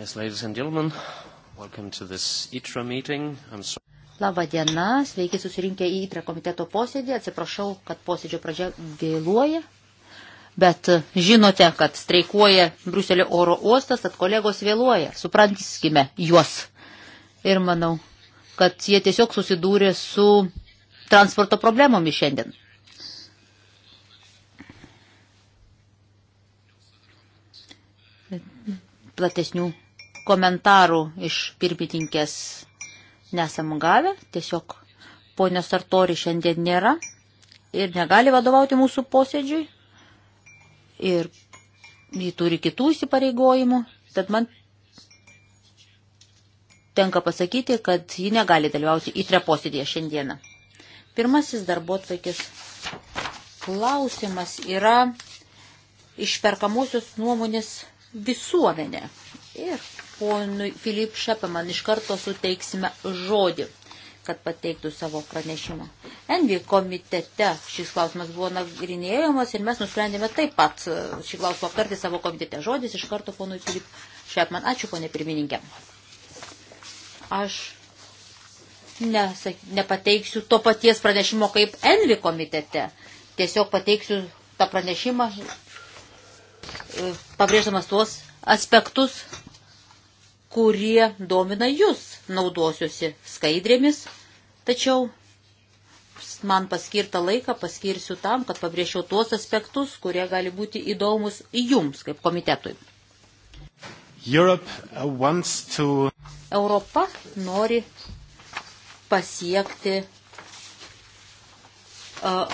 Yes, ladies and gentlemen, welcome to this ITRA meeting. I'm sorry. Labą dieną, sveiki susirinkę į ITRA komiteto posėdį. Atsiprašau, kad posėdžio pradžia vėluoja, bet e, žinote, kad streikuoja Bruselio oro uostas, kad kolegos vėluoja. Suprantiskime juos. Ir manau, kad jie tiesiog susidūrė su transporto problemomis šiandien. platesnių komentarų iš pirmininkės nesam gavę, tiesiog ponios Sartori šiandien nėra ir negali vadovauti mūsų posėdžiui ir jį turi kitų įsipareigojimų, tad man tenka pasakyti, kad ji negali dalyvauti į treposėdėje šiandieną. Pirmasis darbo atsakis klausimas yra išperkamosios nuomonės visuomenė. Ir ponui Filip Šepeman iš karto suteiksime žodį, kad pateiktų savo pranešimą. Envi komitete šis klausimas buvo nagrinėjamas ir mes nusprendėme taip pat e, šį klausimą aptarti savo komitete. Žodis iš karto ponui Filip Šepman. Ačiū, ponė pirmininkė. Aš nesak, nepateiksiu to paties pranešimo kaip Envi komitete. Tiesiog pateiksiu tą pranešimą e, pabrėždamas tuos aspektus, kurie domina jūs. Naudosiuosi skaidrėmis, tačiau man paskirtą laiką paskirsiu tam, kad pabrėžčiau tuos aspektus, kurie gali būti įdomus jums kaip komitetui. Uh, to... Europa nori pasiekti uh,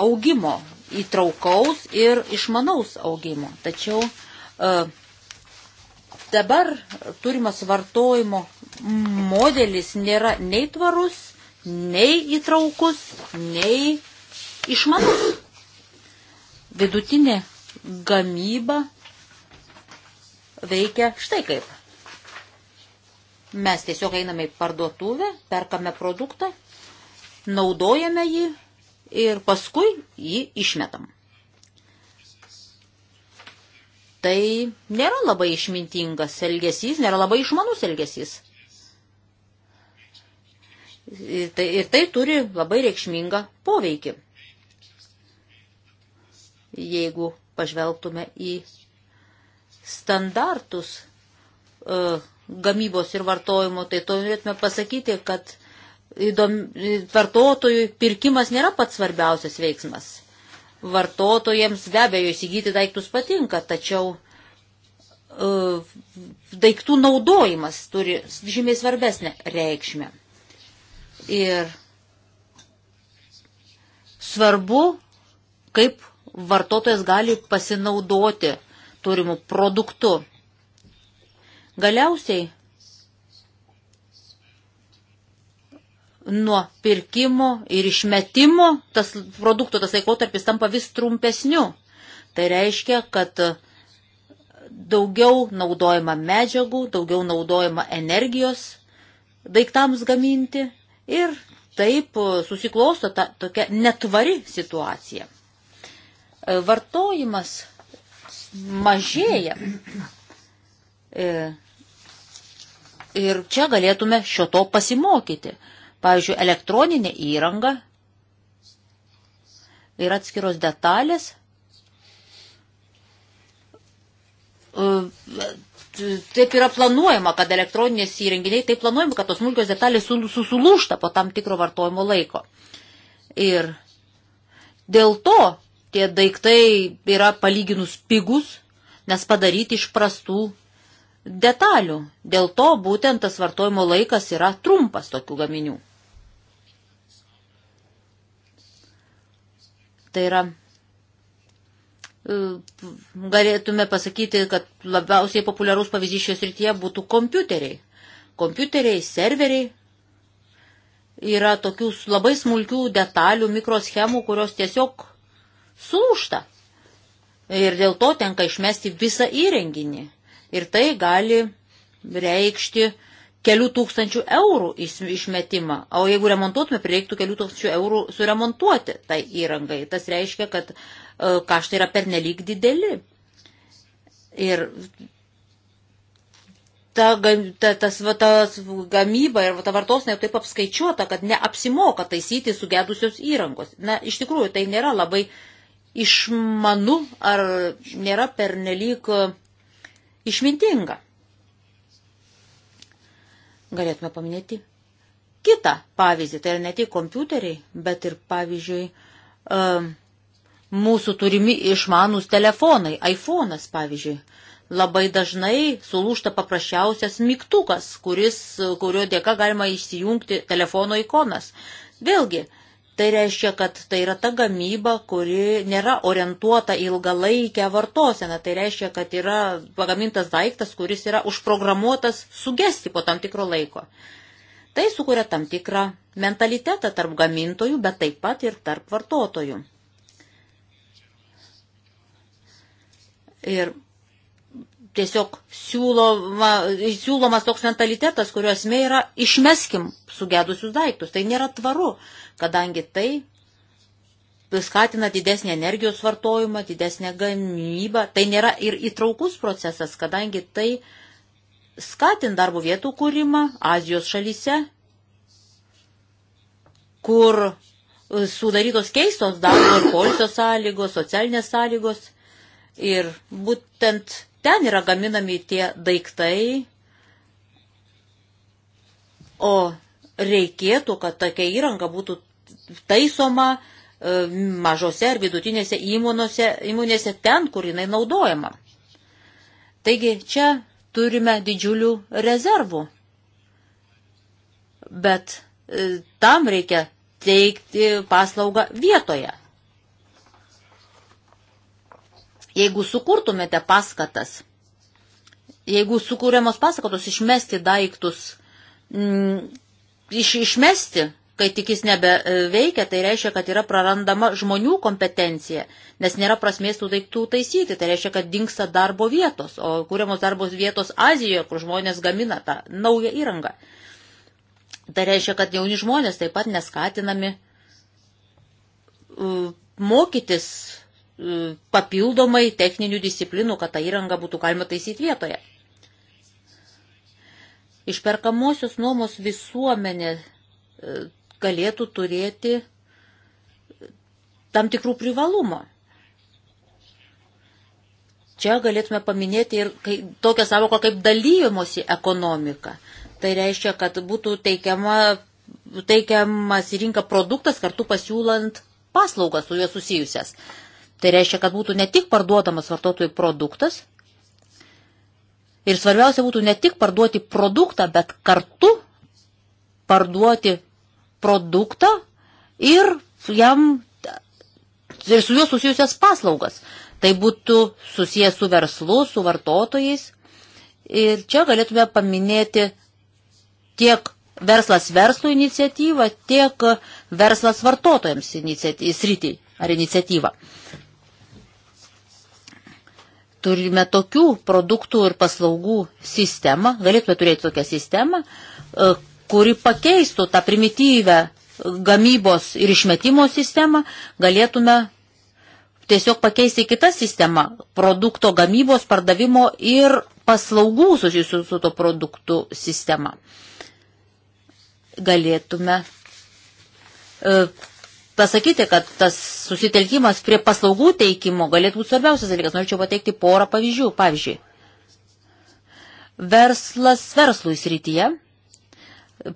augimo, įtraukaus ir išmanaus augimo. Tačiau uh, Dabar turimas vartojimo modelis nėra nei tvarus, nei įtraukus, nei išmanus. Vidutinė gamyba veikia štai kaip. Mes tiesiog einame į parduotuvę, perkame produktą, naudojame jį ir paskui jį išmetam. tai nėra labai išmintingas elgesys, nėra labai išmanus elgesys. Ir tai, ir tai turi labai reikšmingą poveikį. Jeigu pažvelgtume į standartus e, gamybos ir vartojimo, tai to norėtume pasakyti, kad įdom, vartotojų pirkimas nėra pats svarbiausias veiksmas vartotojams be abejo įsigyti daiktus patinka, tačiau e, daiktų naudojimas turi žymiai svarbesnę reikšmę. Ir svarbu, kaip vartotojas gali pasinaudoti turimų produktų. Galiausiai nuo pirkimo ir išmetimo tas produkto, tas laikotarpis tampa vis trumpesniu. Tai reiškia, kad daugiau naudojama medžiagų, daugiau naudojama energijos daiktams gaminti ir taip susiklosto ta tokia netvari situacija. Vartojimas mažėja. E, ir čia galėtume šio to pasimokyti. Pavyzdžiui, elektroninė įranga ir atskiros detalės e, taip yra planuojama, kad elektroninės įrenginiai, taip planuojama, kad tos smulkios detalės susulūšta po tam tikro vartojimo laiko. Ir dėl to tie daiktai yra palyginus pigus, nes padaryti iš prastų detalių. Dėl to būtent tas vartojimo laikas yra trumpas tokių gaminių. Tai yra, e, galėtume pasakyti, kad labiausiai populiarus pavyzdys šios rytyje būtų kompiuteriai. Kompiuteriai, serveriai yra tokių labai smulkių detalių, mikroschemų, kurios tiesiog sulūšta. Ir dėl to tenka išmesti visą įrenginį. Ir tai gali reikšti kelių tūkstančių eurų išmetimą. O jeigu remontuotume, prireiktų tai kelių tūkstančių eurų suremontuoti tai įrangai. Tas reiškia, kad e, kaštai yra pernelyg dideli. Ir ta, ta, tas, va, tas gamyba ir va, ta vartosnė taip apskaičiuota, kad neapsimoka taisyti sugedusios įrangos. Na, iš tikrųjų, tai nėra labai išmanu ar nėra pernelyg išmintinga. Galėtume paminėti kitą pavyzdį, tai yra ne tik kompiuteriai, bet ir pavyzdžiui um, mūsų turimi išmanus telefonai, iPhone'as pavyzdžiui. Labai dažnai sulūšta paprasčiausias mygtukas, kuris, kurio dėka galima įsijungti telefono ikonas. Vėlgi, Tai reiškia, kad tai yra ta gamyba, kuri nėra orientuota ilgalaikę vartoseną. Tai reiškia, kad yra pagamintas daiktas, kuris yra užprogramuotas sugesti po tam tikro laiko. Tai sukuria tam tikrą mentalitetą tarp gamintojų, bet taip pat ir tarp vartotojų. Ir tiesiog siūloma, siūlomas toks mentalitetas, kurio esmė yra išmeskim sugedusius daiktus. Tai nėra tvaru, kadangi tai skatina didesnį energijos vartojimą, didesnę gamybą. Tai nėra ir įtraukus procesas, kadangi tai skatin darbo vietų kūrimą Azijos šalyse, kur e, sudarytos keistos darbo ir polisio sąlygos, socialinės sąlygos. Ir būtent Ten yra gaminami tie daiktai, o reikėtų, kad tokia įranga būtų taisoma e, mažose ar vidutinėse įmonose, įmonėse ten, kur jinai naudojama. Taigi čia turime didžiulių rezervų. Bet e, tam reikia teikti paslaugą vietoje. Jeigu sukurtumėte paskatas, jeigu sukūriamos paskatos išmesti daiktus, m, mm, iš, išmesti, kai tik jis nebeveikia, tai reiškia, kad yra prarandama žmonių kompetencija, nes nėra prasmės tų daiktų taisyti, tai reiškia, kad dinksta darbo vietos, o kūriamos darbos vietos Azijoje, kur žmonės gamina tą naują įrangą. Tai reiškia, kad jauni žmonės taip pat neskatinami uh, mokytis E, papildomai techninių disciplinų, kad tą įrangą būtų galima taisyti vietoje. Išperkamosios nuomos visuomenė e, galėtų turėti tam tikrų privalumų. Čia galėtume paminėti ir kai, tokią savoką kaip dalymosi ekonomika. Tai reiškia, kad būtų teikiama, teikiamas į rinką produktas kartu pasiūlant paslaugas su juo susijusias. Tai reiškia, kad būtų ne tik parduodamas vartotojų produktas, ir svarbiausia būtų ne tik parduoti produktą, bet kartu parduoti produktą ir jam ir su juo susijusias paslaugas. Tai būtų susijęs su verslu, su vartotojais. Ir čia galėtume paminėti tiek verslas verslo iniciatyvą, tiek verslas vartotojams sritį ar iniciatyvą turime tokių produktų ir paslaugų sistemą, galėtume turėti tokią sistemą, e, kuri pakeistų tą primityvę gamybos ir išmetimo sistemą, galėtume tiesiog pakeisti kitą sistemą - produkto gamybos, pardavimo ir paslaugų susijusių su to produktu sistema. Galėtume e, pasakyti, kad tas susitelkimas prie paslaugų teikimo galėtų būti svarbiausias dalykas. Norėčiau pateikti porą pavyzdžių. Pavyzdžiui, verslas verslui srityje,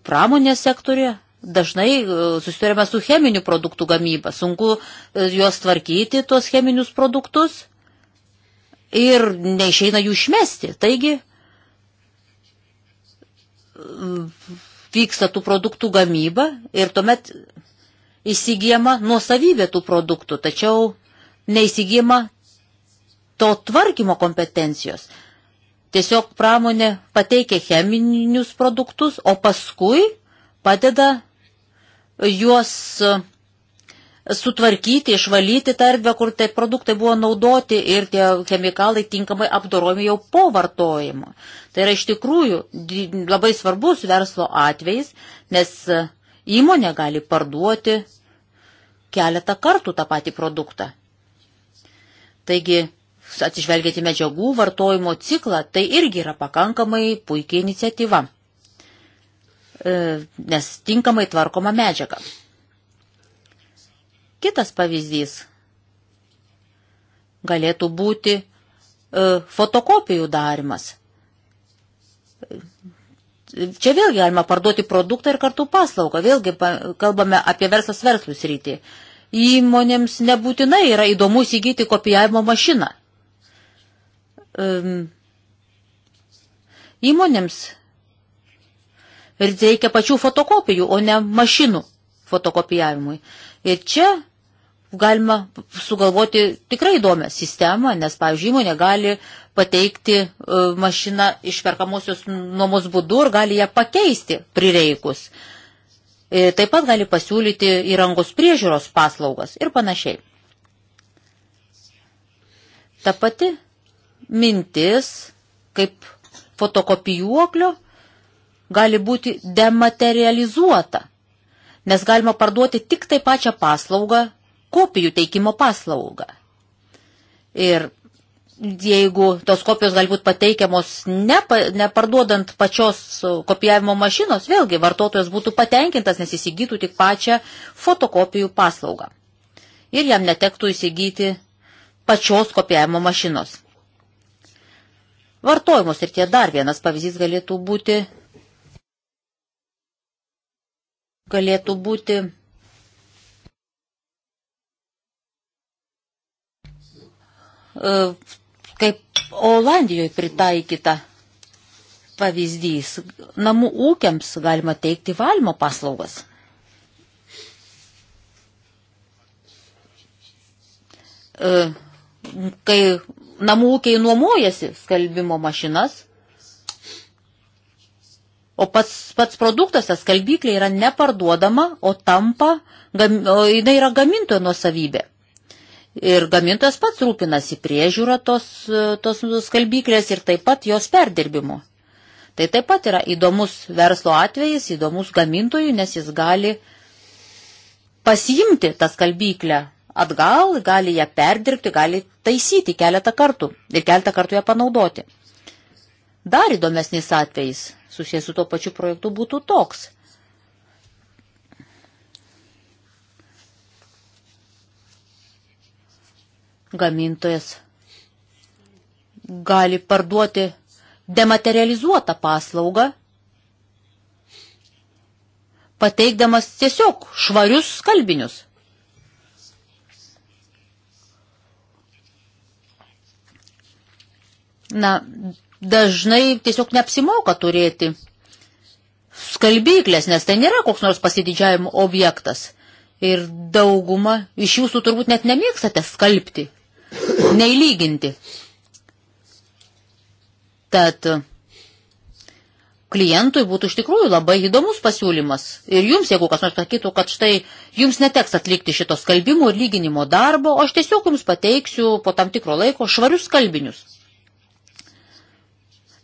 pramonės sektorė, dažnai e, susidurėme su cheminių produktų gamyba. Sunku e, juos tvarkyti, tuos cheminius produktus, ir neišeina jų išmesti. Taigi, vyksta tų produktų gamyba ir tuomet įsigijama nuosavybė tų produktų, tačiau neįsigijama to tvarkymo kompetencijos. Tiesiog pramonė pateikia cheminius produktus, o paskui padeda juos e, sutvarkyti, išvalyti tą erdvę, kur tie produktai buvo naudoti ir tie chemikalai tinkamai apdorojami jau po vartojimo. Tai yra iš tikrųjų labai svarbus verslo atvejs, nes e, Įmonė gali parduoti keletą kartų tą patį produktą. Taigi, atsižvelgėti medžiagų vartojimo ciklą, tai irgi yra pakankamai puikiai iniciatyva, e, nes tinkamai tvarkoma medžiaga. Kitas pavyzdys galėtų būti e, fotokopijų darimas čia vėlgi galima parduoti produktą ir kartu paslaugą. Vėlgi kalbame apie verslas verslus rytį. Įmonėms nebūtinai yra įdomu įsigyti kopijavimo mašiną. Um, įmonėms reikia pačių fotokopijų, o ne mašinų fotokopijavimui. Ir čia galima sugalvoti tikrai įdomią sistemą, nes, pavyzdžiui, įmonė gali pateikti e, mašiną išperkamosios nuomos būdu ir gali ją pakeisti prireikus. E, taip pat gali pasiūlyti įrangos priežiūros paslaugas ir panašiai. Ta pati mintis, kaip fotokopijuoklio, gali būti dematerializuota, nes galima parduoti tik tai pačią paslaugą, kopijų teikimo paslaugą. Ir jeigu tos kopijos galbūt pateikiamos nepa, neparduodant pačios kopijavimo mašinos, vėlgi vartotojas būtų patenkintas, nes įsigytų tik pačią fotokopijų paslaugą. Ir jam netektų įsigyti pačios kopijavimo mašinos. Vartojimus ir tie dar vienas pavyzdys galėtų būti, galėtų būti kaip Olandijoje pritaikyta pavyzdys. Namų ūkiams galima teikti valymo paslaugas. E, kai namų ūkiai nuomojasi skalbimo mašinas, o pats, pats produktas, ta skalbyklė yra neparduodama, o tampa, gam, o jinai yra gamintojo nuosavybė. Ir gamintojas pats rūpinasi priežiūrą tos, tos skalbyklės ir taip pat jos perdirbimu. Tai taip pat yra įdomus verslo atvejis, įdomus gamintojui, nes jis gali pasiimti tą skalbyklę atgal, gali ją perdirbti, gali taisyti keletą kartų ir keletą kartų ją panaudoti. Dar įdomesnis atvejis susijęs su tuo pačiu projektu būtų toks – gamintojas gali parduoti dematerializuotą paslaugą, pateikdamas tiesiog švarius skalbinius. Na, dažnai tiesiog neapsimoka turėti skalbyklės, nes tai nėra koks nors pasididžiavimo objektas. Ir dauguma iš jūsų turbūt net nemėgstate skalbti neįlyginti. Tad klientui būtų iš tikrųjų labai įdomus pasiūlymas. Ir jums, jeigu kas nors sakytų, kad štai jums neteks atlikti šito skalbimo ir lyginimo darbo, aš tiesiog jums pateiksiu po tam tikro laiko švarius skalbinius.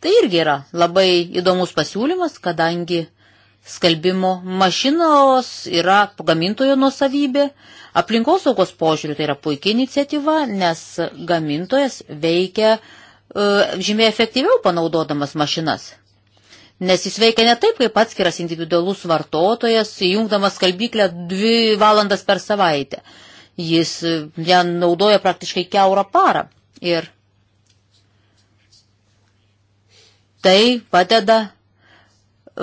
Tai irgi yra labai įdomus pasiūlymas, kadangi skalbimo mašinos yra gamintojo nuosavybė. Aplinkosaugos požiūrių tai yra puikia iniciatyva, nes gamintojas veikia e, žymiai efektyviau panaudodamas mašinas. Nes jis veikia ne taip, kaip atskiras individualus vartotojas, įjungdamas skalbyklę dvi valandas per savaitę. Jis e, ją naudoja praktiškai keurą parą. Ir tai padeda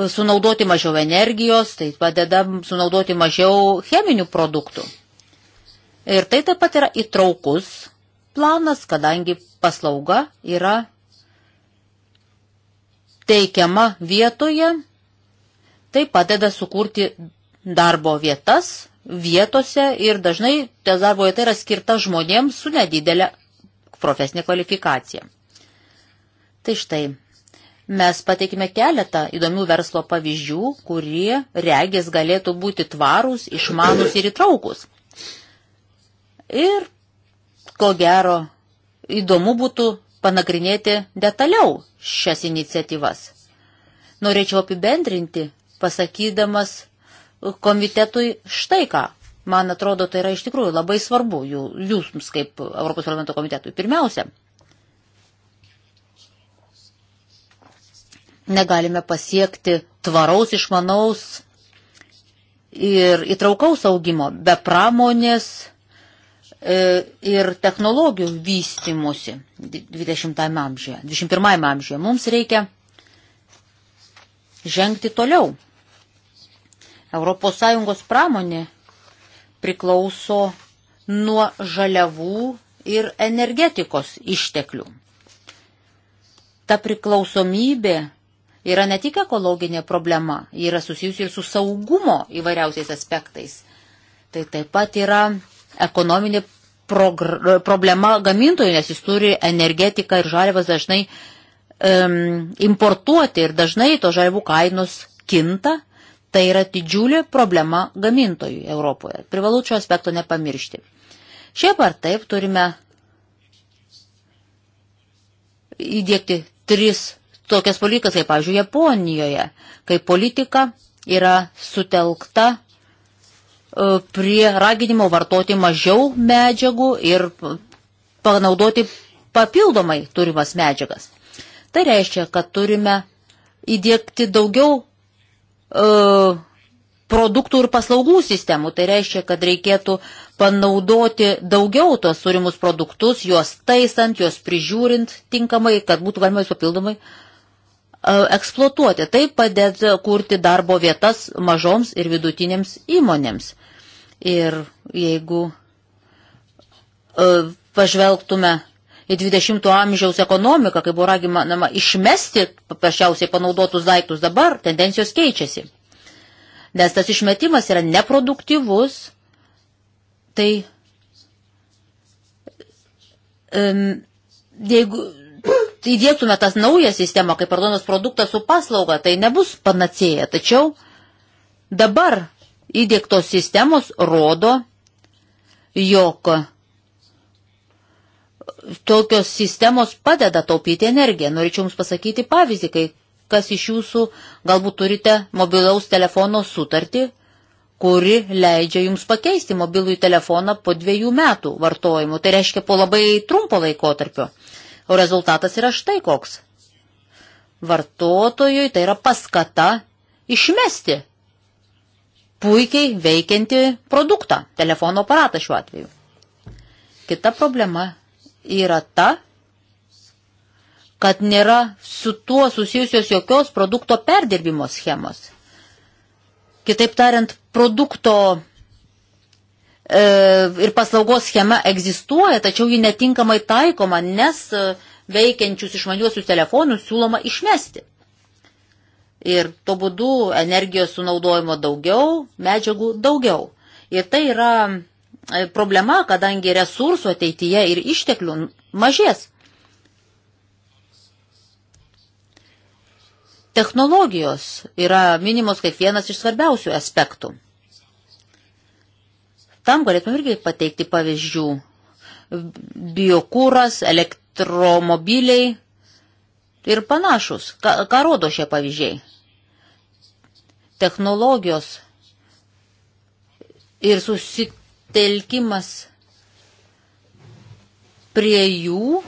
sunaudoti mažiau energijos, tai padeda sunaudoti mažiau cheminių produktų. Ir tai taip pat yra įtraukus planas, kadangi paslauga yra teikiama vietoje, tai padeda sukurti darbo vietas vietose ir dažnai tas darbo vieta yra skirta žmonėms su nedidelė profesinė kvalifikacija. Tai štai Mes pateikime keletą įdomių verslo pavyzdžių, kurie regės galėtų būti tvarūs, išmanus ir įtraukus. Ir ko gero įdomu būtų panagrinėti detaliau šias iniciatyvas. Norėčiau apibendrinti, pasakydamas komitetui štai ką. Man atrodo, tai yra iš tikrųjų labai svarbu jūs, jums kaip Europos parlamento komitetui. Pirmiausia, negalime pasiekti tvaraus, išmanaus ir įtraukaus augimo be pramonės e, ir technologijų vystimusi 20-ame amžiuje, 21-ame amžiuje. Mums reikia žengti toliau. ES pramonė priklauso nuo žaliavų ir energetikos išteklių. Ta priklausomybė yra ne tik ekologinė problema, yra susijusi ir su saugumo įvairiausiais aspektais. Tai taip pat yra ekonominė problema gamintojų, nes jis turi energetiką ir žalėvas dažnai um, importuoti ir dažnai to žalėvų kainos kinta. Tai yra didžiulė problema gamintojų Europoje. Privalu šio aspekto nepamiršti. Šiaip ar taip turime įdėkti tris tokias politikas, kaip, pavyzdžiui, Japonijoje, kai politika yra sutelkta e, prie raginimo vartoti mažiau medžiagų ir panaudoti papildomai turimas medžiagas. Tai reiškia, kad turime įdėkti daugiau e, produktų ir paslaugų sistemų. Tai reiškia, kad reikėtų panaudoti daugiau tos turimus produktus, juos taisant, juos prižiūrint tinkamai, kad būtų galima juos papildomai uh, E, eksploatuoti. Tai padės kurti darbo vietas mažoms ir vidutinėms įmonėms. Ir jeigu e, pažvelgtume į 20-ojo amžiaus ekonomiką, kai buvo raginama išmesti paprasčiausiai panaudotus daiktus, dabar tendencijos keičiasi. Nes tas išmetimas yra neproduktyvus, tai um, jeigu įdėktume tas naują sistemą, kaip parduodamas produktas su paslauga, tai nebus panacėja. Tačiau dabar įdėktos sistemos rodo, jog tokios sistemos padeda taupyti energiją. Norėčiau Jums pasakyti pavyzdį, kai kas iš Jūsų galbūt turite mobilaus telefono sutartį, kuri leidžia Jums pakeisti mobilųjį telefoną po dviejų metų vartojimų. Tai reiškia po labai trumpo laikotarpio. tarpio. O rezultatas yra štai koks. Vartotojui tai yra paskata išmesti puikiai veikianti produktą, telefono aparatą šiuo atveju. Kita problema yra ta, kad nėra su tuo susijusios jokios produkto perdirbimo schemos. Kitaip tariant, produkto E, ir paslaugos schema egzistuoja, tačiau ji netinkamai taikoma, nes e, veikiančius išmaniuosius telefonus siūloma išmesti. Ir to būdu energijos sunaudojimo daugiau, medžiagų daugiau. Ir tai yra e, problema, kadangi resursų ateityje ir išteklių mažės. Technologijos yra minimos kaip vienas iš svarbiausių aspektų. Tam galėtume irgi pateikti pavyzdžių. Biokūras, elektromobiliai ir panašus. Ką, ką rodo šie pavyzdžiai? Technologijos ir susitelkimas prie jų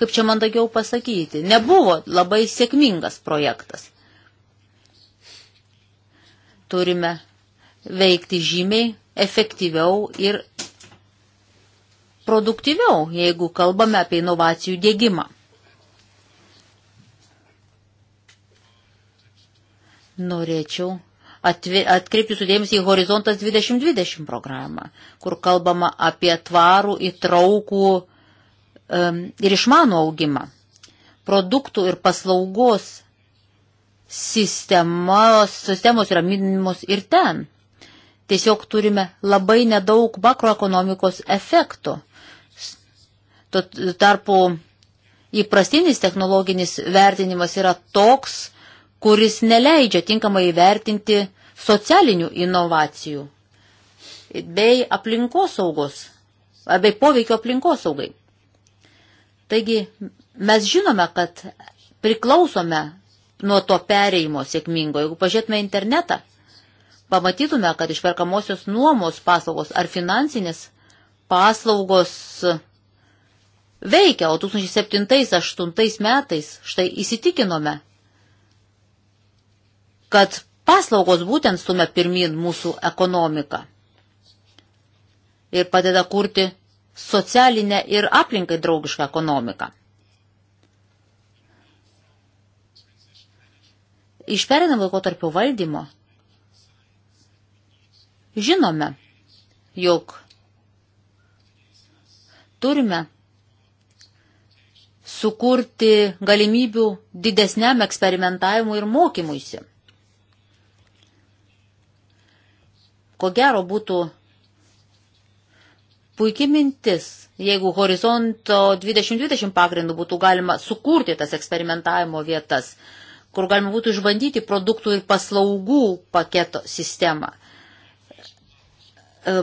kaip čia mandagiau pasakyti, nebuvo labai sėkmingas projektas turime veikti žymiai efektyviau ir produktyviau, jeigu kalbame apie inovacijų dėgymą. Norėčiau atkreipti sudėmesį į Horizontas 2020 programą, kur kalbama apie tvarų, įtraukų um, ir išmanų augimą. Produktų ir paslaugos sistemos, sistemos yra minimos ir ten. Tiesiog turime labai nedaug makroekonomikos efektų. Tuo tarpu įprastinis technologinis vertinimas yra toks, kuris neleidžia tinkamai įvertinti socialinių inovacijų bei aplinkosaugos, bei poveikio aplinkosaugai. Taigi mes žinome, kad priklausome nuo to pereimo sėkmingo. Jeigu pažiūrėtume internetą, pamatytume, kad išperkamosios nuomos paslaugos ar finansinės paslaugos veikia, o 2007-2008 metais štai įsitikinome, kad paslaugos būtent stumia pirmin mūsų ekonomiką ir padeda kurti socialinę ir aplinkai draugišką ekonomiką. iš perinam laikotarpio valdymo žinome, jog turime sukurti galimybių didesniam eksperimentavimui ir mokymuisi. Ko gero būtų puikiai mintis, jeigu horizonto 2020 pagrindų būtų galima sukurti tas eksperimentavimo vietas kur galima būtų išbandyti produktų ir paslaugų paketo sistemą. E,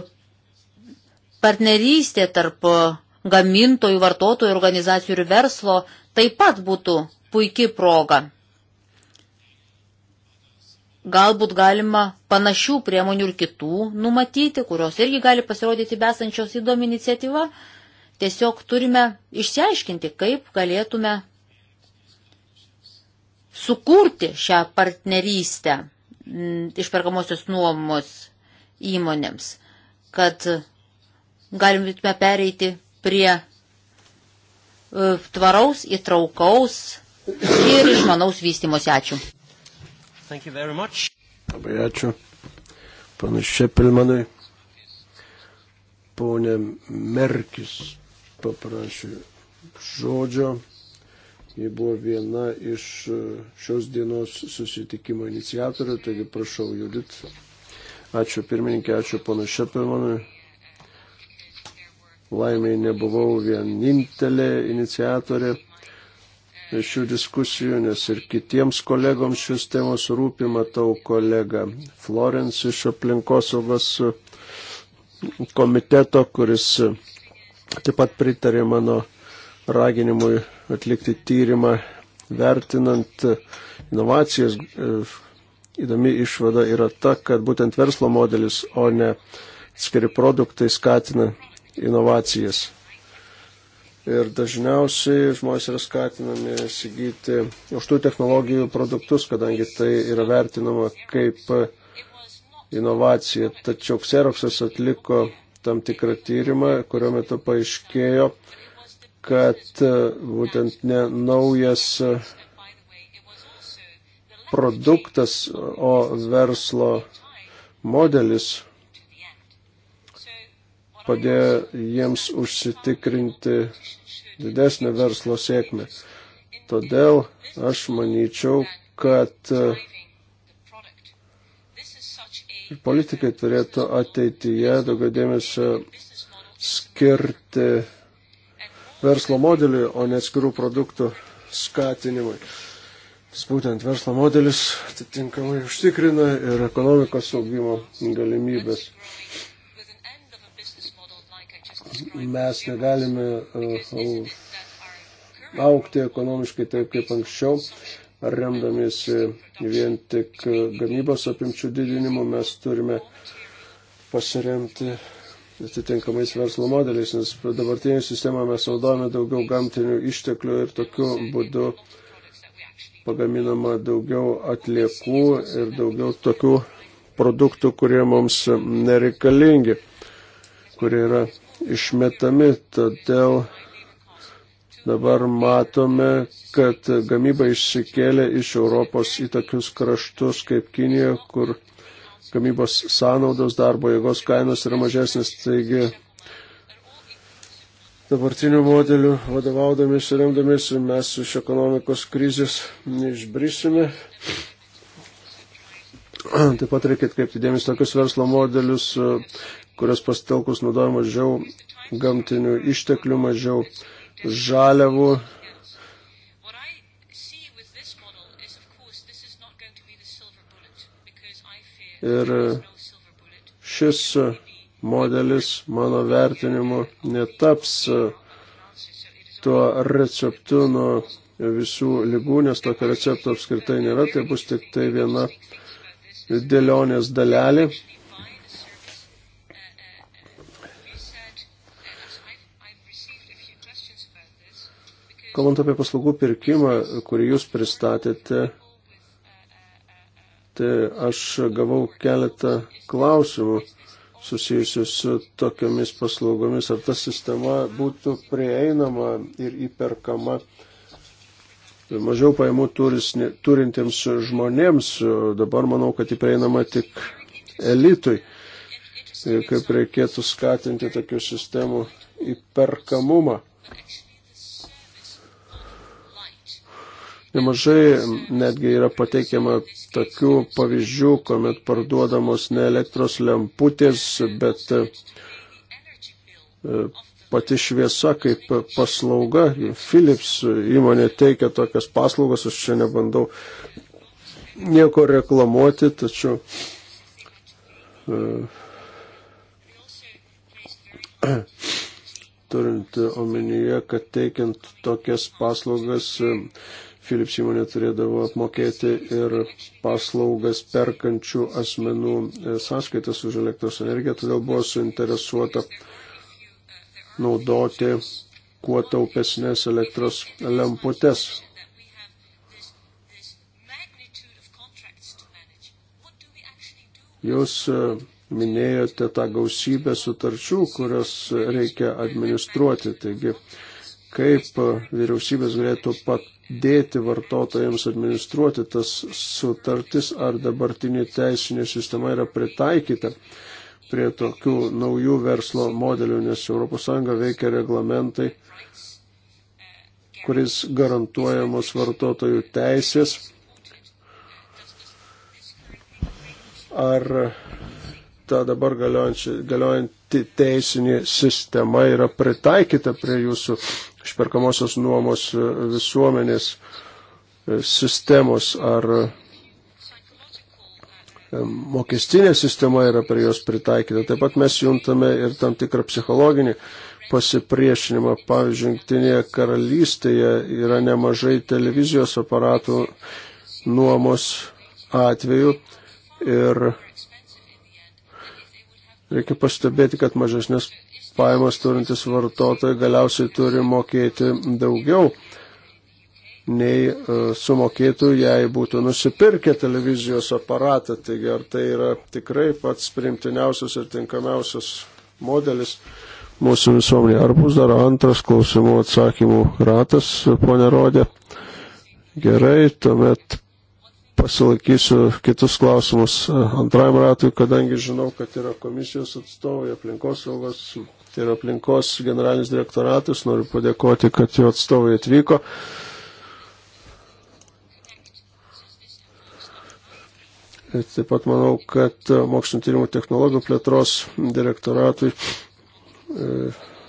partnerystė tarp gamintojų, vartotojų, organizacijų ir verslo taip pat būtų puikiai proga. Galbūt galima panašių priemonių ir kitų numatyti, kurios irgi gali pasirodyti besančios įdomi iniciatyva. Tiesiog turime išsiaiškinti, kaip galėtume sukurti šią partnerystę mm, išperkamosios nuomos įmonėms, kad galime pereiti prie e, tvaraus, įtraukaus ir išmanaus vystimosi. Ačiū. Labai ačiū. Panašiai Pilmanui. Pone Merkis paprašė žodžio. Ji buvo viena iš e, šios dienos susitikimo iniciatorių, taigi prašau, Judit. Ačiū pirmininkė, ačiū pana Šepelmanui. Laimiai nebuvau vienintelė iniciatorė šių diskusijų, nes ir kitiems kolegoms šios temos rūpi, matau kolega Florence iš aplinkosaugos komiteto, kuris taip pat pritarė mano raginimui atlikti tyrimą vertinant e, inovacijas. E, įdomi išvada yra ta, kad būtent verslo modelis, o ne skiri produktai skatina inovacijas. Ir dažniausiai žmonės yra skatinami įsigyti už tų technologijų produktus, kadangi tai yra vertinama kaip inovacija. Tačiau Xeroxas atliko tam tikrą tyrimą, kurio metu paaiškėjo, kad e, būtent ne naujas e, produktas, o verslo modelis padėjo jiems užsitikrinti didesnę verslo sėkmę. Todėl aš manyčiau, kad e, politikai turėtų ateityje daugiau dėmesio skirti verslo modeliui, o ne atskirų produktų skatinimui. Jis būtent verslo modelis atitinkamai užtikrina ir ekonomikos augimo galimybės. Mes negalime uh, aukti ekonomiškai taip kaip anksčiau, ar remdamiesi vien tik gamybos apimčių didinimu mes turime pasiremti atitinkamais verslo modeliais, nes dabartinį sistemą mes naudojame daugiau gamtinių išteklių ir tokiu būdu pagaminama daugiau atliekų ir daugiau tokių produktų, kurie mums nereikalingi, kurie yra išmetami. Todėl dabar matome, kad gamyba išsikėlė iš Europos į tokius kraštus kaip Kinija, kur gamybos sąnaudos, darbo jėgos kainos yra mažesnės, taigi dabartiniu modeliu vadovaudomis ir remdomis mes iš ekonomikos krizės neišbrisime. Taip pat reikia atkreipti dėmesį tokius verslo modelius, kurios pastelkus naudojama mažiau gamtinių išteklių, mažiau žaliavų Ir šis modelis mano vertinimu netaps tuo receptu nuo visų lygų, nes tokio recepto apskritai nėra, tai bus tik tai viena dėlionės dalelė. Kalbant apie paslaugų pirkimą, kurį jūs pristatėte, Tai aš gavau keletą klausimų susijusių su tokiamis paslaugomis, ar ta sistema būtų prieinama ir įperkama mažiau pajamų turis, turintiems žmonėms. Dabar manau, kad įprieinama tik elitui. Ir kaip reikėtų skatinti tokių sistemų įperkamumą. Nemažai netgi yra pateikiama tokių pavyzdžių, kuomet parduodamos ne elektros lemputės, bet e, pati šviesa kaip paslauga. Philips įmonė teikia tokias paslaugas, aš čia nebandau nieko reklamuoti, tačiau e, turint omenyje, kad teikiant tokias paslaugas Philips įmonė turėdavo apmokėti ir paslaugas perkančių asmenų e, sąskaitas už elektros energiją, todėl buvo suinteresuota naudoti kuo taupesnės elektros lemputes. Jūs e, minėjote tą gausybę sutarčių, kurias reikia administruoti. Taigi, kaip e, vyriausybės galėtų pat padėti vartotojams administruoti tas sutartis, ar dabartinė teisinė sistema yra pritaikyta prie tokių naujų verslo modelių, nes ES veikia reglamentai, kuris garantuojamos vartotojų teisės. Ar ta dabar galiojanti teisinė sistema yra pritaikyta prie jūsų išperkamosios nuomos e, visuomenės e, sistemos ar e, mokestinė sistema yra prie jos pritaikyta. Taip pat mes juntame ir tam tikrą psichologinį pasipriešinimą. Pavyzdžiui, Junktinėje karalystėje yra nemažai televizijos aparatų nuomos atveju ir Reikia pastebėti, kad mažesnės pajamas turintis vartotojai galiausiai turi mokėti daugiau nei e, sumokėtų, jei būtų nusipirkę televizijos aparatą. Taigi ar tai yra tikrai pats primtiniausias ir tinkamiausias modelis mūsų visuomenėje. Ar bus dar antras klausimų atsakymų ratas, ponė Rodė? Gerai, tuomet pasilaikysiu kitus klausimus e, antrajam ratui, kadangi žinau, kad yra komisijos atstovai, aplinkos saugos, tai yra aplinkos generalinis direktoratas, noriu padėkoti, kad jo atstovai atvyko. Ir taip pat manau, kad mokslinio tyrimų technologijų plėtros direktoratui e,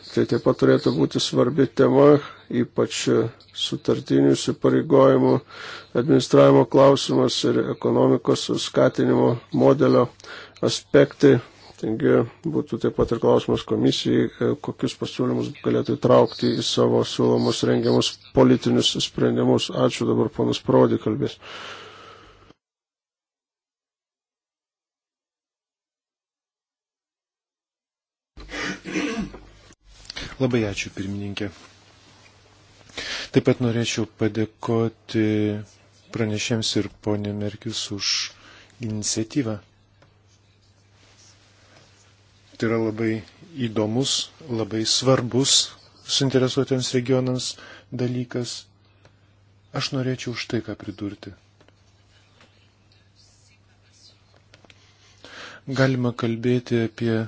Tai taip pat turėtų būti svarbi tema, ypač sutartinių įsipareigojimų, administravimo klausimas ir ekonomikos skatinimo modelio aspektai. Taigi būtų taip pat ir klausimas komisijai, e, kokius pasiūlymus galėtų įtraukti į savo siūlomus rengiamus politinius sprendimus. Ačiū dabar ponas Prodi kalbės. Labai ačiū pirmininkė. Taip pat norėčiau padėkoti pranešėms ir ponė Merkius už iniciatyvą. Tai yra labai įdomus, labai svarbus suinteresuotiems regionams dalykas. Aš norėčiau už tai ką pridurti. Galima kalbėti apie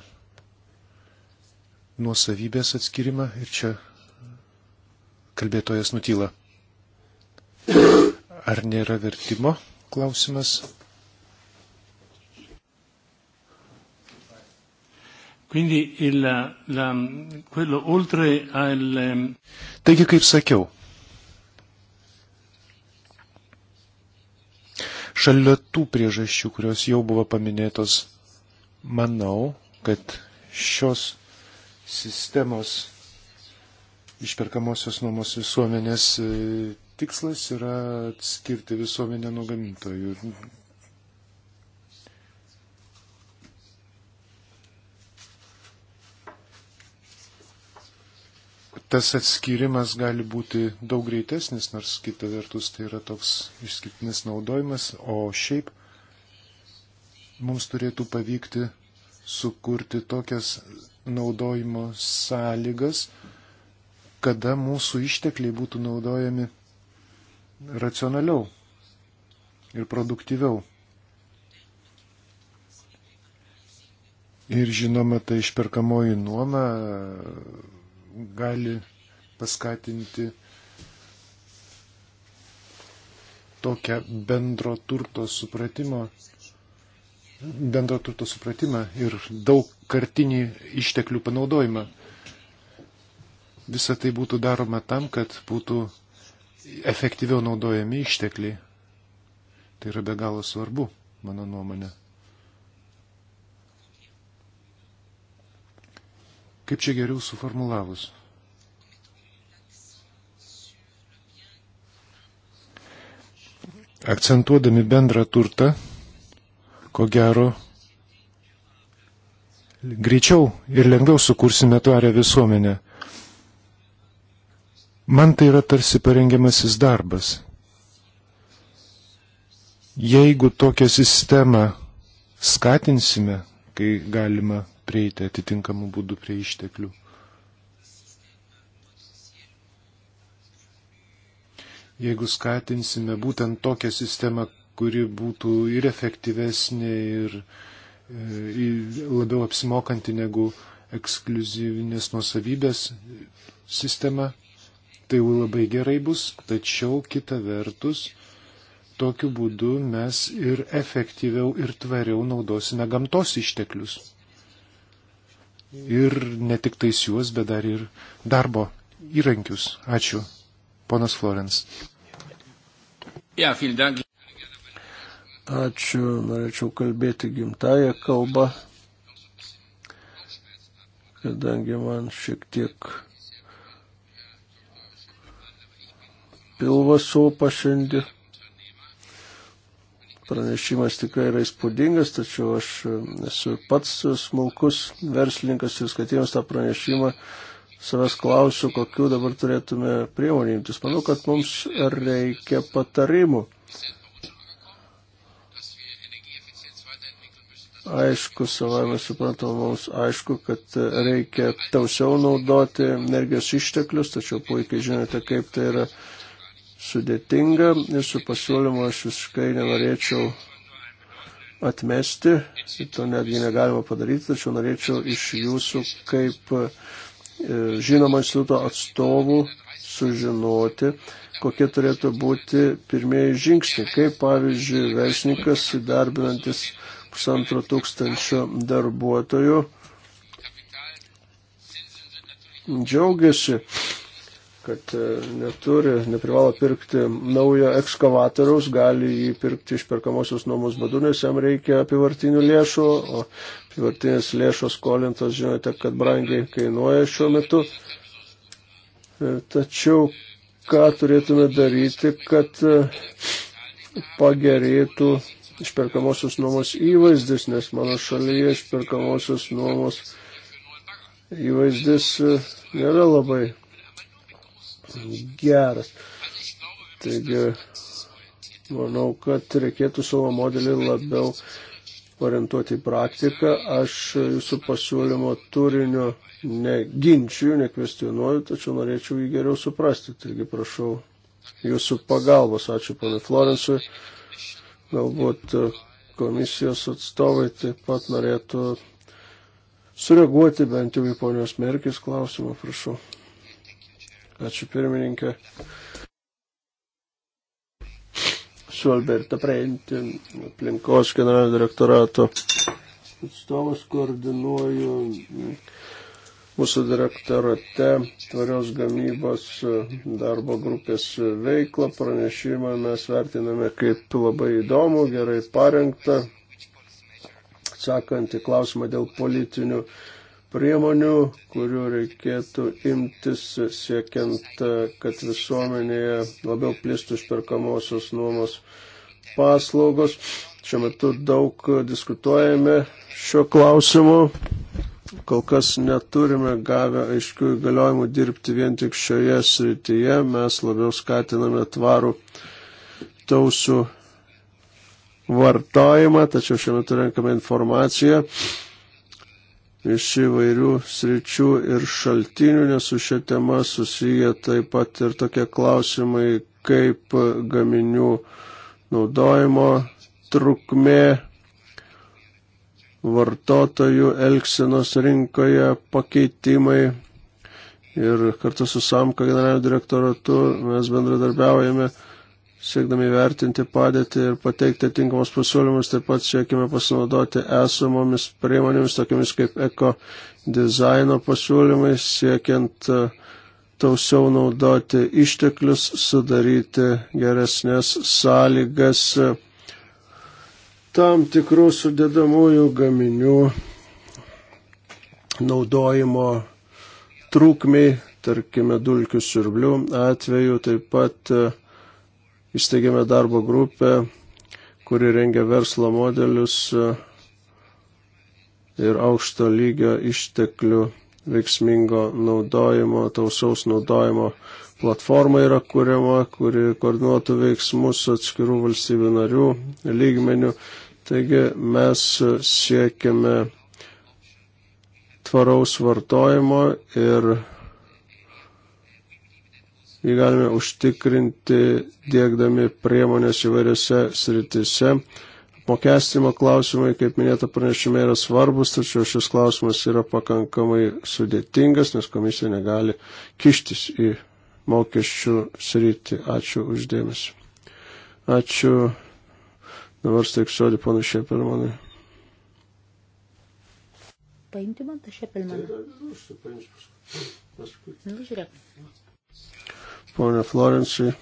nuosavybės atskirimą ir čia kalbėtojas nutyla. Ar nėra vertimo klausimas? Quindi il, la, quello, oltre al... Ehm, Taigi, kaip sakiau, šalia tų priežasčių, kurios jau buvo paminėtos, manau, kad šios sistemos išperkamosios nuomos visuomenės e, tikslas yra atskirti visuomenę nuo gamintojų. Tas atskirimas gali būti daug greitesnis, nors kita vertus tai yra toks išskirtinis naudojimas, o šiaip mums turėtų pavykti sukurti tokias naudojimo sąlygas, kada mūsų ištekliai būtų naudojami racionaliau ir produktyviau. Ir žinoma, ta išperkamoji nuoma gali paskatinti tokią bendro turto supratimo, bendro turto supratimą ir daug vienkartinį išteklių panaudojimą. Visa tai būtų daroma tam, kad būtų efektyviau naudojami ištekliai. Tai yra be galo svarbu, mano nuomonė. Kaip čia geriau suformulavus? Akcentuodami bendrą turtą, ko gero, greičiau ir lengviau sukursime tvarę visuomenę. Man tai yra tarsi parengiamasis darbas. Jeigu tokią sistemą skatinsime, kai galima prieiti atitinkamų būdų prie išteklių. Jeigu skatinsime būtent tokią sistemą, kuri būtų ir efektyvesnė, ir uh, labiau apsimokanti negu ekskluzyvinės nusavybės sistema. Tai jau labai gerai bus, tačiau kita vertus, tokiu būdu mes ir efektyviau ir tvariau naudosime gamtos išteklius. Ir ne tik tais juos, bet dar ir darbo įrankius. Ačiū. Ponas Florens. Ja, Ačiū, norėčiau kalbėti gimtają kalbą, kadangi man šiek tiek pilvas sopa šiandien. Pranešimas tikrai yra įspūdingas, tačiau aš esu pats smulkus verslininkas ir skatėjęs tą pranešimą savęs klausiu, kokiu dabar turėtume priemonį imtis. Manau, kad mums reikia patarimų. aišku, savame suprantama, mums aišku, kad reikia tausiau naudoti energijos išteklius, tačiau puikiai žinote, kaip tai yra sudėtinga ir su pasiūlymu aš visiškai nenorėčiau atmesti, to netgi negalima padaryti, tačiau norėčiau iš jūsų kaip e, žinoma instituto atstovų sužinoti, kokie turėtų būti pirmieji žingsniai, kaip pavyzdžiui verslininkas įdarbinantis pusantro tūkstančio darbuotojų džiaugiasi, kad e, neturi, neprivalo pirkti naujo ekskavatoriaus, gali jį pirkti iš perkamosios nuomos būdų, nes jam reikia apivartinių lėšų, o apivartinės lėšos skolintos, žinote, kad brangiai kainuoja šiuo metu. E, tačiau ką turėtume daryti, kad e, pagerėtų išperkamosios nuomos įvaizdis, nes mano šalyje išperkamosios nuomos įvaizdis e, nėra labai geras. Taigi, manau, kad reikėtų savo modelį labiau orientuoti į praktiką. Aš jūsų pasiūlymo turinio neginčiu, nekvestionuoju, tačiau norėčiau jį geriau suprasti. Taigi, prašau jūsų pagalbos. Ačiū, ponai Florensui. Galbūt e, komisijos atstovai taip pat norėtų sureaguoti bent jau į ponios Merkis klausimą, prašau. Ačiū pirmininkė. Su Alberta Preinti, aplinkos generalinio direktorato atstovas koordinuoju mūsų direktorate tvarios gamybos e, darbo grupės veiklą. Pranešimą mes vertiname kaip labai įdomų, gerai parengtą, atsakant į klausimą dėl politinių priemonių, kurių reikėtų imtis siekiant, e, kad visuomenėje labiau plistų išperkamosios nuomos paslaugos. Šiuo metu daug diskutuojame šiuo klausimu kol kas neturime gavę aiškių įgaliojimų dirbti vien tik šioje srityje. Mes labiau skatiname tvarų tausų vartojimą, tačiau šiuo metu renkame informaciją iš įvairių sričių ir šaltinių, nes su šia tema susiję taip pat ir tokie klausimai kaip gaminių naudojimo trukmė, vartotojų elgsenos rinkoje pakeitimai. Ir kartu su SAMKO generaliniu direktoratu mes bendradarbiaujame, siekdami vertinti padėtį ir pateikti tinkamus pasiūlymus, taip pat siekime pasinaudoti esamomis priemonėmis, tokiamis kaip eko dizaino pasiūlymai, siekiant e, tausiau naudoti išteklius, sudaryti geresnės sąlygas tam tikrų sudėdamųjų gaminių naudojimo trūkmiai, tarkime, dulkių siurblių atveju. Taip pat e, įsteigėme darbo grupę, kuri rengia verslo modelius e, ir aukšto lygio išteklių veiksmingo naudojimo, tausaus naudojimo platforma yra kuriama, kuri koordinuotų veiksmus atskirų valstybių narių lygmenių. Taigi mes siekiame tvaraus vartojimo ir jį galime užtikrinti dėkdami priemonės įvairiose sritise. Mokestimo klausimai, kaip minėta pranešime, yra svarbus, tačiau šis klausimas yra pakankamai sudėtingas, nes komisija negali kištis į mokesčių sritį. Ačiū uždėmesi. Ačiū. Dabar steiksiu žodį panašiai per mane. Paimti man tą šepelmaną. Nu, žiūrėk. Pone Florencijai.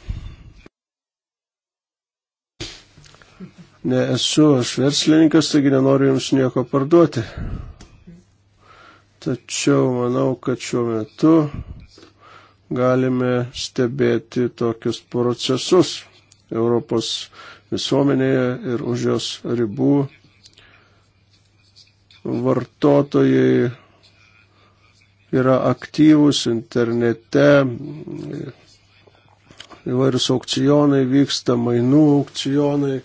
Nesu aš verslininkas, taigi nenoriu jums nieko parduoti. Tačiau manau, kad šiuo metu galime stebėti tokius procesus Europos visuomenėje ir už jos ribų. Vartotojai yra aktyvūs internete, įvairius aukcionai vyksta, mainų aukcionai,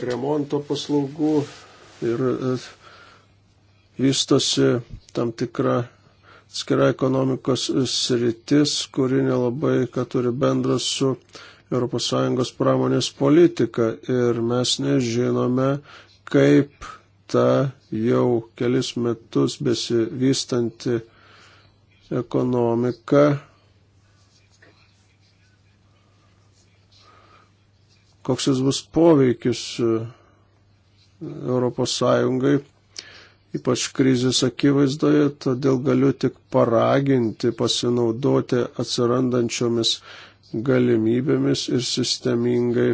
remonto paslaugų ir e, vystosi tam tikra skira ekonomikos sritis, kuri nelabai, kad turi bendras su ES pramonės politika ir mes nežinome, kaip ta jau kelis metus besivystanti ekonomika koks jis bus poveikis Europos Sąjungai ypač krizės akivaizdoje, todėl galiu tik paraginti pasinaudoti atsirandančiomis galimybėmis ir sistemingai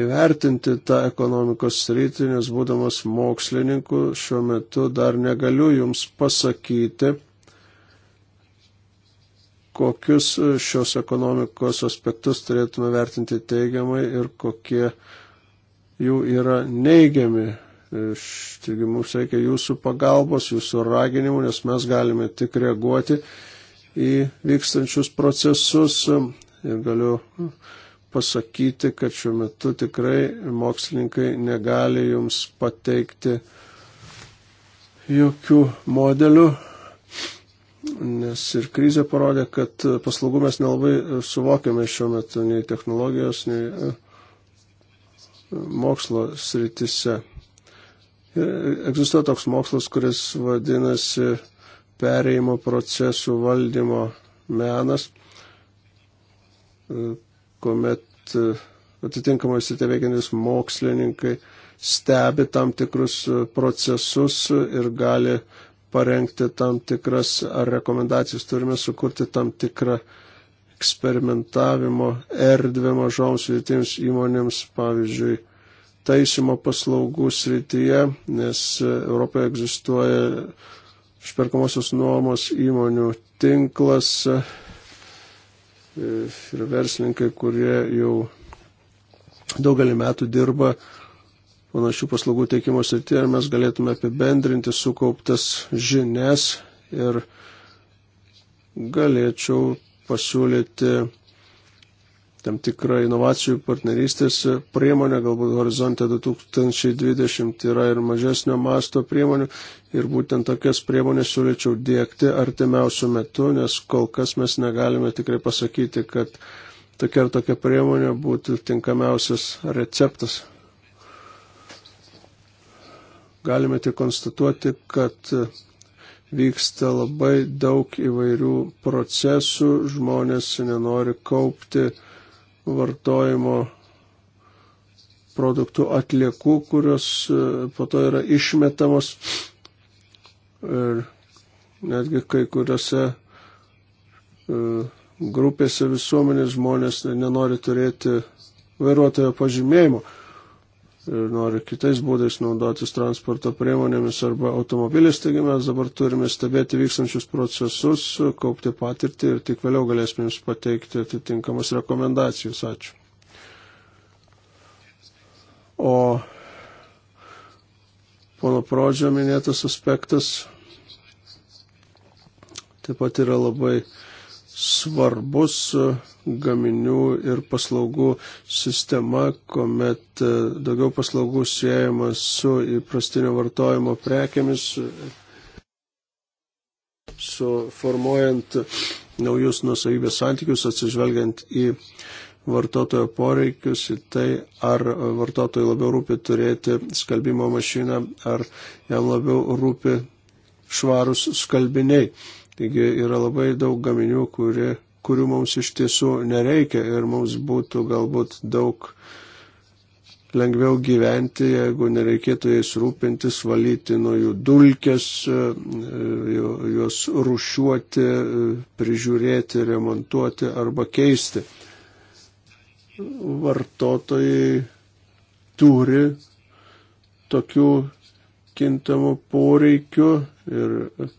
įvertinti tą ekonomikos sritį, nes būdamas mokslininku šiuo metu dar negaliu jums pasakyti, kokius šios ekonomikos aspektus turėtume vertinti teigiamai ir kokie jų yra neigiami Taigi mums reikia jūsų pagalbos, jūsų raginimų, nes mes galime tik reaguoti į vykstančius procesus ir galiu pasakyti, kad šiuo metu tikrai mokslininkai negali jums pateikti jokių modelių, nes ir krizė parodė, kad paslaugų mes nelabai suvokiame šiuo metu nei technologijos, nei mokslo sritise. Egzistuoja toks mokslas, kuris vadinasi perėjimo procesų valdymo menas, kuomet atitinkamai siteveikiantis mokslininkai stebi tam tikrus procesus ir gali parengti tam tikras ar rekomendacijas. Turime sukurti tam tikrą eksperimentavimo erdvę mažoms vietiniams įmonėms, pavyzdžiui, taisimo paslaugų srityje, nes Europoje egzistuoja išperkamosios nuomos įmonių tinklas ir verslininkai, kurie jau daugelį metų dirba panašių paslaugų teikimo srityje ir mes galėtume apibendrinti sukauptas žinias ir galėčiau pasiūlyti tam tikra inovacijų partnerystės priemonė, galbūt horizonte 2020 yra ir mažesnio masto priemonių ir būtent tokias priemonės siūlyčiau dėkti artimiausių metų, nes kol kas mes negalime tikrai pasakyti, kad tokia ar tokia priemonė būtų tinkamiausias receptas. Galime tik konstatuoti, kad vyksta labai daug įvairių procesų, žmonės nenori kaupti, vartojimo produktų atliekų, kurios e, po to yra išmetamos. Ir netgi kai kuriuose e, grupėse visuomenės žmonės nenori turėti vairuotojo pažymėjimo nori kitais būdais naudotis transporto priemonėmis arba automobiliais, taigi mes dabar turime stebėti vykstančius procesus, kaupti patirtį ir tik vėliau galėsime jums pateikti atitinkamas rekomendacijas. Ačiū. O pono Prodžio minėtas aspektas taip pat yra labai svarbus gaminių ir paslaugų sistema, kuomet e, daugiau paslaugų siejama su įprastinio vartojimo prekiamis, su formuojant naujus nusavybės santykius, atsižvelgiant į vartotojo poreikius, į tai, ar vartotojai labiau rūpi turėti skalbimo mašiną, ar jam labiau rūpi švarus skalbiniai. Taigi yra labai daug gaminių, kurie kurių mums iš tiesų nereikia ir mums būtų galbūt daug lengviau gyventi, jeigu nereikėtų jais rūpintis, valyti nuo jų dulkes, e, juos rušiuoti, e, prižiūrėti, remontuoti arba keisti. Vartotojai turi tokių kintamų poreikių ir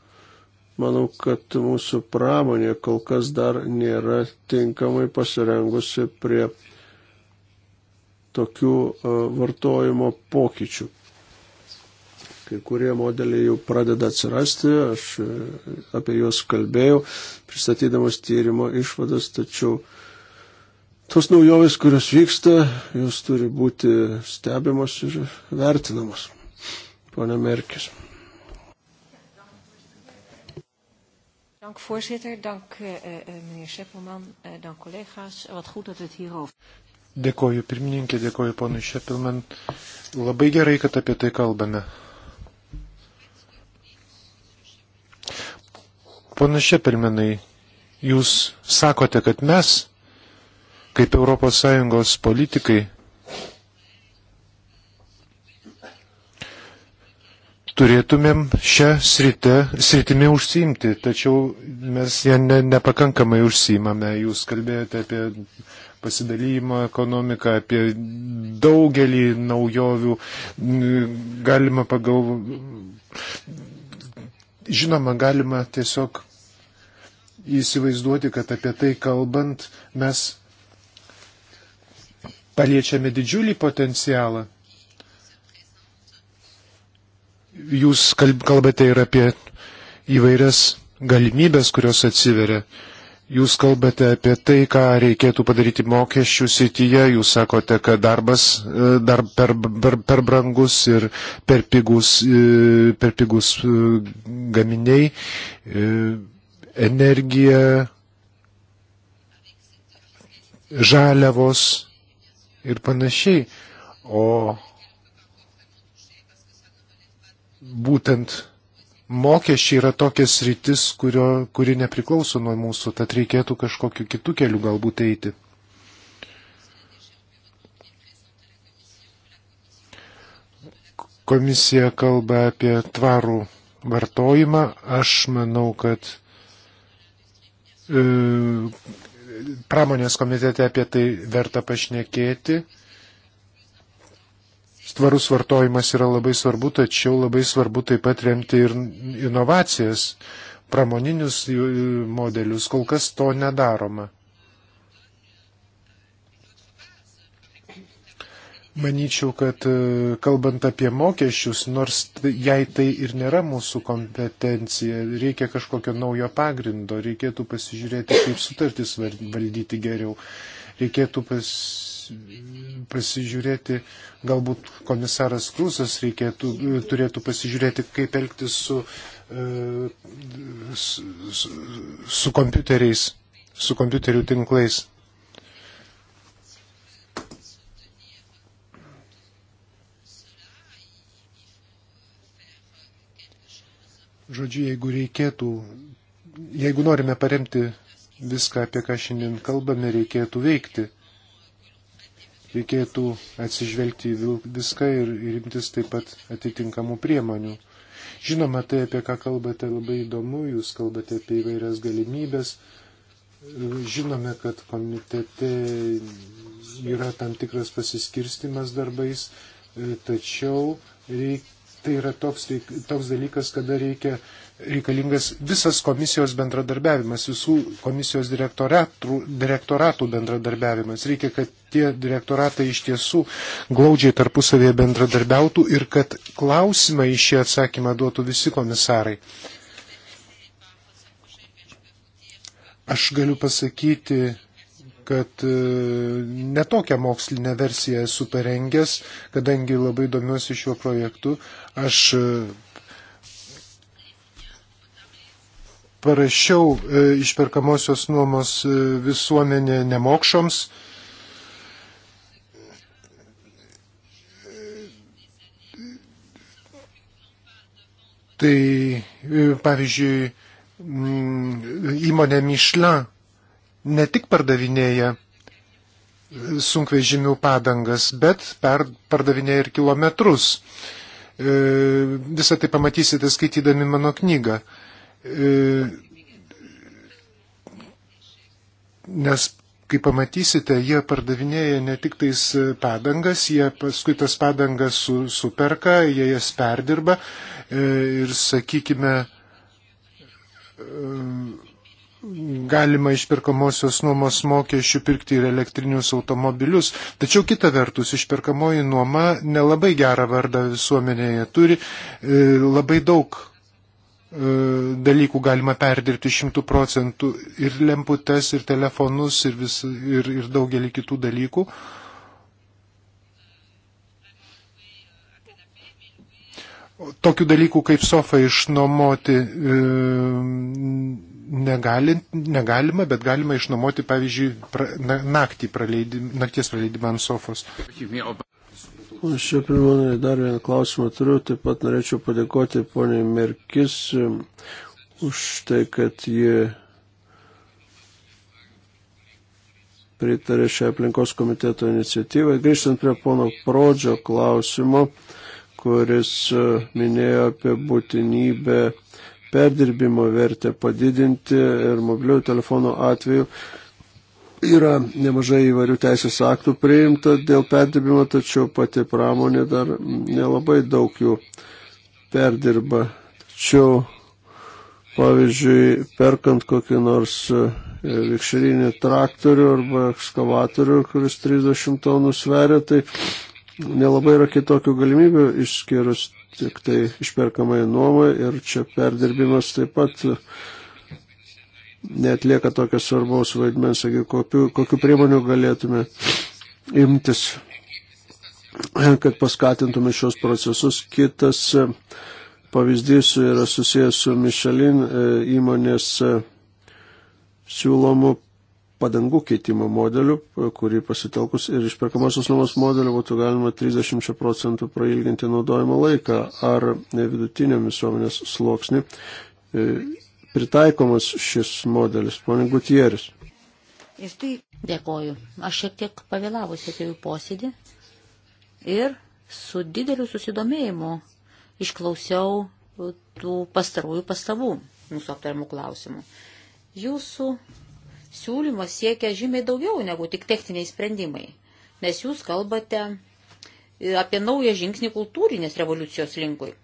manau, kad mūsų pramonė kol kas dar nėra tinkamai pasirengusi prie tokių e, vartojimo pokyčių. Kai kurie modeliai jau pradeda atsirasti, aš e, apie juos kalbėjau, pristatydamas tyrimo išvadas, tačiau tos naujovės, kurios vyksta, jos turi būti stebimos ir vertinamos. Pone Merkis. Dank voorzitter, dank uh, uh, meneer Seppelman, uh, dank collega's. Wat goed dat het hierover. Dėkoju pirmininkė, dėkoju ponui Šepilman. Labai gerai, kad apie tai kalbame. Pana Šepilmenai, jūs sakote, kad mes, kaip ES politikai, turėtumėm šią sritę, sritimi užsiimti, tačiau mes ją ne, nepakankamai užsiimame. Jūs kalbėjote apie pasidalymo ekonomiką, apie daugelį naujovių. Galima pagalvoti. Žinoma, galima tiesiog įsivaizduoti, kad apie tai kalbant mes paliečiame didžiulį potencialą jūs kalbate ir apie įvairias galimybės, kurios atsiveria. Jūs kalbate apie tai, ką reikėtų padaryti mokesčių sityje, jūs sakote, kad darbas e, dar per, per, per brangus ir per pigus, e, per pigus e, gaminiai, energija, žaliavos ir panašiai. O būtent mokesčiai yra tokias rytis, kurio, kuri nepriklauso nuo mūsų, tad reikėtų kažkokiu kitų kelių galbūt eiti. Komisija kalba apie tvarų vartojimą. Aš manau, kad e, pramonės komitete apie tai verta pašnekėti. E, Tvarus vartojimas yra labai svarbu, tačiau labai svarbu taip pat remti ir inovacijas, pramoninius modelius. Kol kas to nedaroma. Maničiau, kad e, kalbant apie mokesčius, nors jei tai ir nėra mūsų kompetencija, reikia kažkokio naujo pagrindo, reikėtų pasižiūrėti, kaip sutartis valdyti geriau, reikėtų pas, pasižiūrėti, galbūt komisaras Krūsas reikėtų, turėtų pasižiūrėti, kaip elgtis su, su, e, su kompiuteriais, su kompiuterių tinklais. Žodžiu, jeigu reikėtų, jeigu norime paremti viską, apie ką šiandien kalbame, reikėtų veikti reikėtų atsižvelgti į viską ir, ir imtis taip pat atitinkamų priemonių. Žinoma, tai apie ką kalbate labai įdomu, jūs kalbate apie įvairias galimybės. Žinome, kad komitete yra tam tikras pasiskirstimas darbais, e, tačiau reik, tai yra toks, reik, toks dalykas, kada reikia uh, reikalingas visas komisijos bendradarbiavimas, visų komisijos direktoratų, direktoratų bendradarbiavimas. Reikia, kad tie direktoratai iš tiesų glaudžiai tarpusavėje bendradarbiautų ir kad klausimą iš šį atsakymą duotų visi komisarai. Aš galiu pasakyti, kad e, netokią mokslinę versiją esu parengęs, kadangi labai domiuosi šiuo projektu. Aš e, parašiau e, išperkamosios nuomos e, visuomenė nemokšoms. Tai e, pavyzdžiui, įmonė Mišla ne tik pardavinėja sunkvežimių padangas, bet per, pardavinėja ir kilometrus. Visą tai pamatysite skaitydami mano knygą. E, nes kai pamatysite, jie pardavinėja ne tik tais padangas, jie paskui tas padangas su, superka, jie jas perdirba e, ir, sakykime, e, galima iš perkamosios nuomos mokesčių pirkti ir elektrinius automobilius. Tačiau kita vertus, išperkamoji nuoma nelabai gerą vardą visuomenėje turi, labai daug E, dalykų galima perdirbti šimtų procentų ir lemputes, ir telefonus, ir, vis, ir, ir daugelį kitų dalykų. Tokių dalykų kaip sofa išnuomoti e, negali, negalima, bet galima išnuomoti, pavyzdžiui, pra, na, naktį praleidi, nakties praleidimą ant sofos. Aš čia pirmonai dar vieną klausimą turiu, taip pat norėčiau padėkoti poniai Merkis um, už tai, kad ji pritarė šią aplinkos komiteto iniciatyvą. Grįžtant prie pono Prodžio klausimo, kuris uh, minėjo apie būtinybę perdirbimo vertę padidinti ir mobiliųjų telefonų atveju Yra nemažai įvairių teisės aktų priimta dėl perdirbimo, tačiau pati pramonė dar nelabai daug jų perdirba. Tačiau, pavyzdžiui, perkant kokį nors e, vikšrinį traktorių arba ekskavatorių, kuris 30 tonų sveria, tai nelabai yra kitokių galimybių išskyrus tik tai išperkamąją nuomą ir čia perdirbimas taip pat netlieka tokio svarbaus vaidmens, sakykime, kokiu, kokiu priemonių galėtume imtis, kad paskatintume šios procesus. Kitas e, pavyzdys yra susijęs su Michelin e, įmonės e, siūlomu padangų keitimo modeliu, kurį pasitelkus ir išperkamosios nuomos modeliu būtų galima 30 procentų prailginti naudojimo laiką ar vidutinio visuomenės sluoksnį pritaikomas šis modelis, ponė Gutieris. Dėkoju. Aš šiek tiek pavėlavusi atėjau posėdį ir su dideliu susidomėjimu išklausiau tų pastarųjų pastabų mūsų aptariamų klausimų. Jūsų siūlymas siekia žymiai daugiau negu tik techniniai sprendimai, nes jūs kalbate apie naują žingsnį kultūrinės revoliucijos linkui.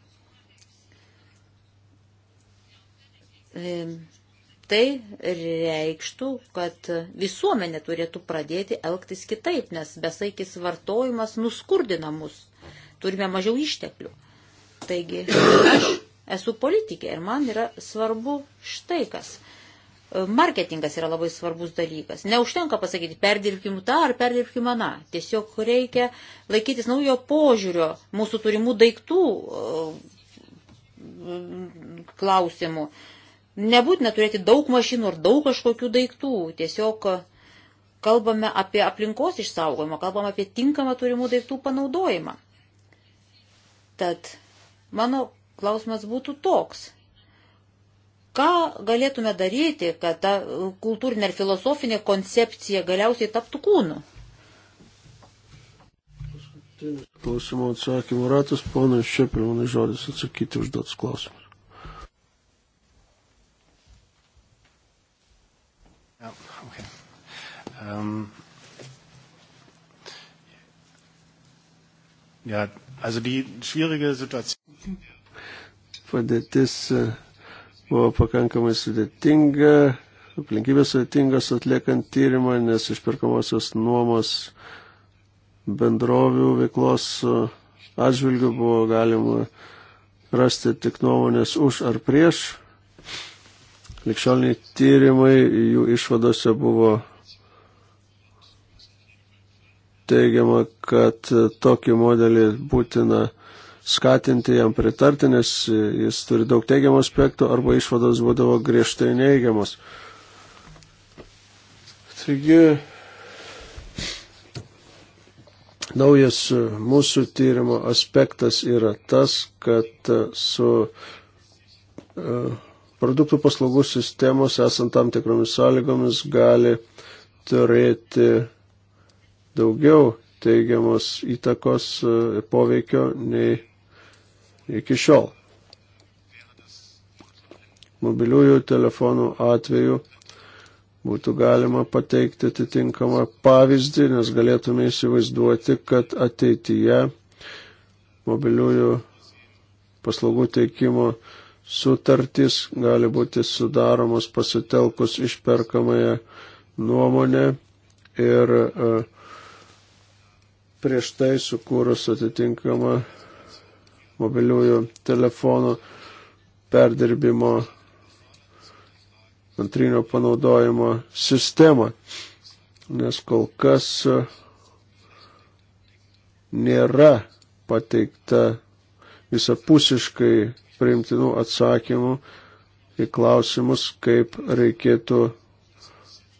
E, tai reikštų, kad visuomenė turėtų pradėti elgtis kitaip, nes besaikis vartojimas nuskurdina mus. Turime mažiau išteklių. Taigi aš esu politikė ir man yra svarbu štai kas. E, marketingas yra labai svarbus dalykas. Neužtenka pasakyti perdirbkim tą ar perdirbkim aną. Tiesiog reikia laikytis naujo požiūrio mūsų turimų daiktų e, klausimų. Uh, Nebūtina turėti daug mašinų ar daug kažkokių daiktų. Tiesiog e, kalbame apie aplinkos išsaugojimą, kalbame apie tinkamą turimų daiktų panaudojimą. Tad mano klausimas būtų toks. Ką galėtume daryti, kad ta kultūrinė ir filosofinė koncepcija galiausiai taptų kūnu? Klausimų atsakymų ratas, ponas Šepilmanai žodis atsakyti užduotus klausimus. Ähm, ja, also die schwierige Situation. Padėtis buvo äh, er pakankamai sudėtinga, aplinkybės sudėtingos atliekant tyrimą, nes išperkamosios nuomos bendrovių veiklos äh, atžvilgių buvo galima rasti tik nuomonės už ar prieš. Likščioliniai tyrimai jų išvadose buvo teigiama, kad tokį modelį būtina skatinti jam pritarti, nes jis turi daug teigiamų aspektų arba išvados būdavo griežtai neigiamos. Taigi, naujas mūsų tyrimo aspektas yra tas, kad su e, produktų paslaugų sistemos esant tam tikromis sąlygomis gali turėti daugiau teigiamos įtakos e, poveikio nei iki šiol. Mobiliųjų telefonų atveju būtų galima pateikti atitinkamą pavyzdį, nes galėtume įsivaizduoti, kad ateityje mobiliųjų paslaugų teikimo sutartys gali būti sudaromos pasitelkus išperkamąją nuomonę ir uh, prieš tai sukūrus atitinkamą mobiliųjų telefonų perdirbimo antrinio panaudojimo sistemą, nes kol kas nėra pateikta visapusiškai priimtinų atsakymų į klausimus, kaip reikėtų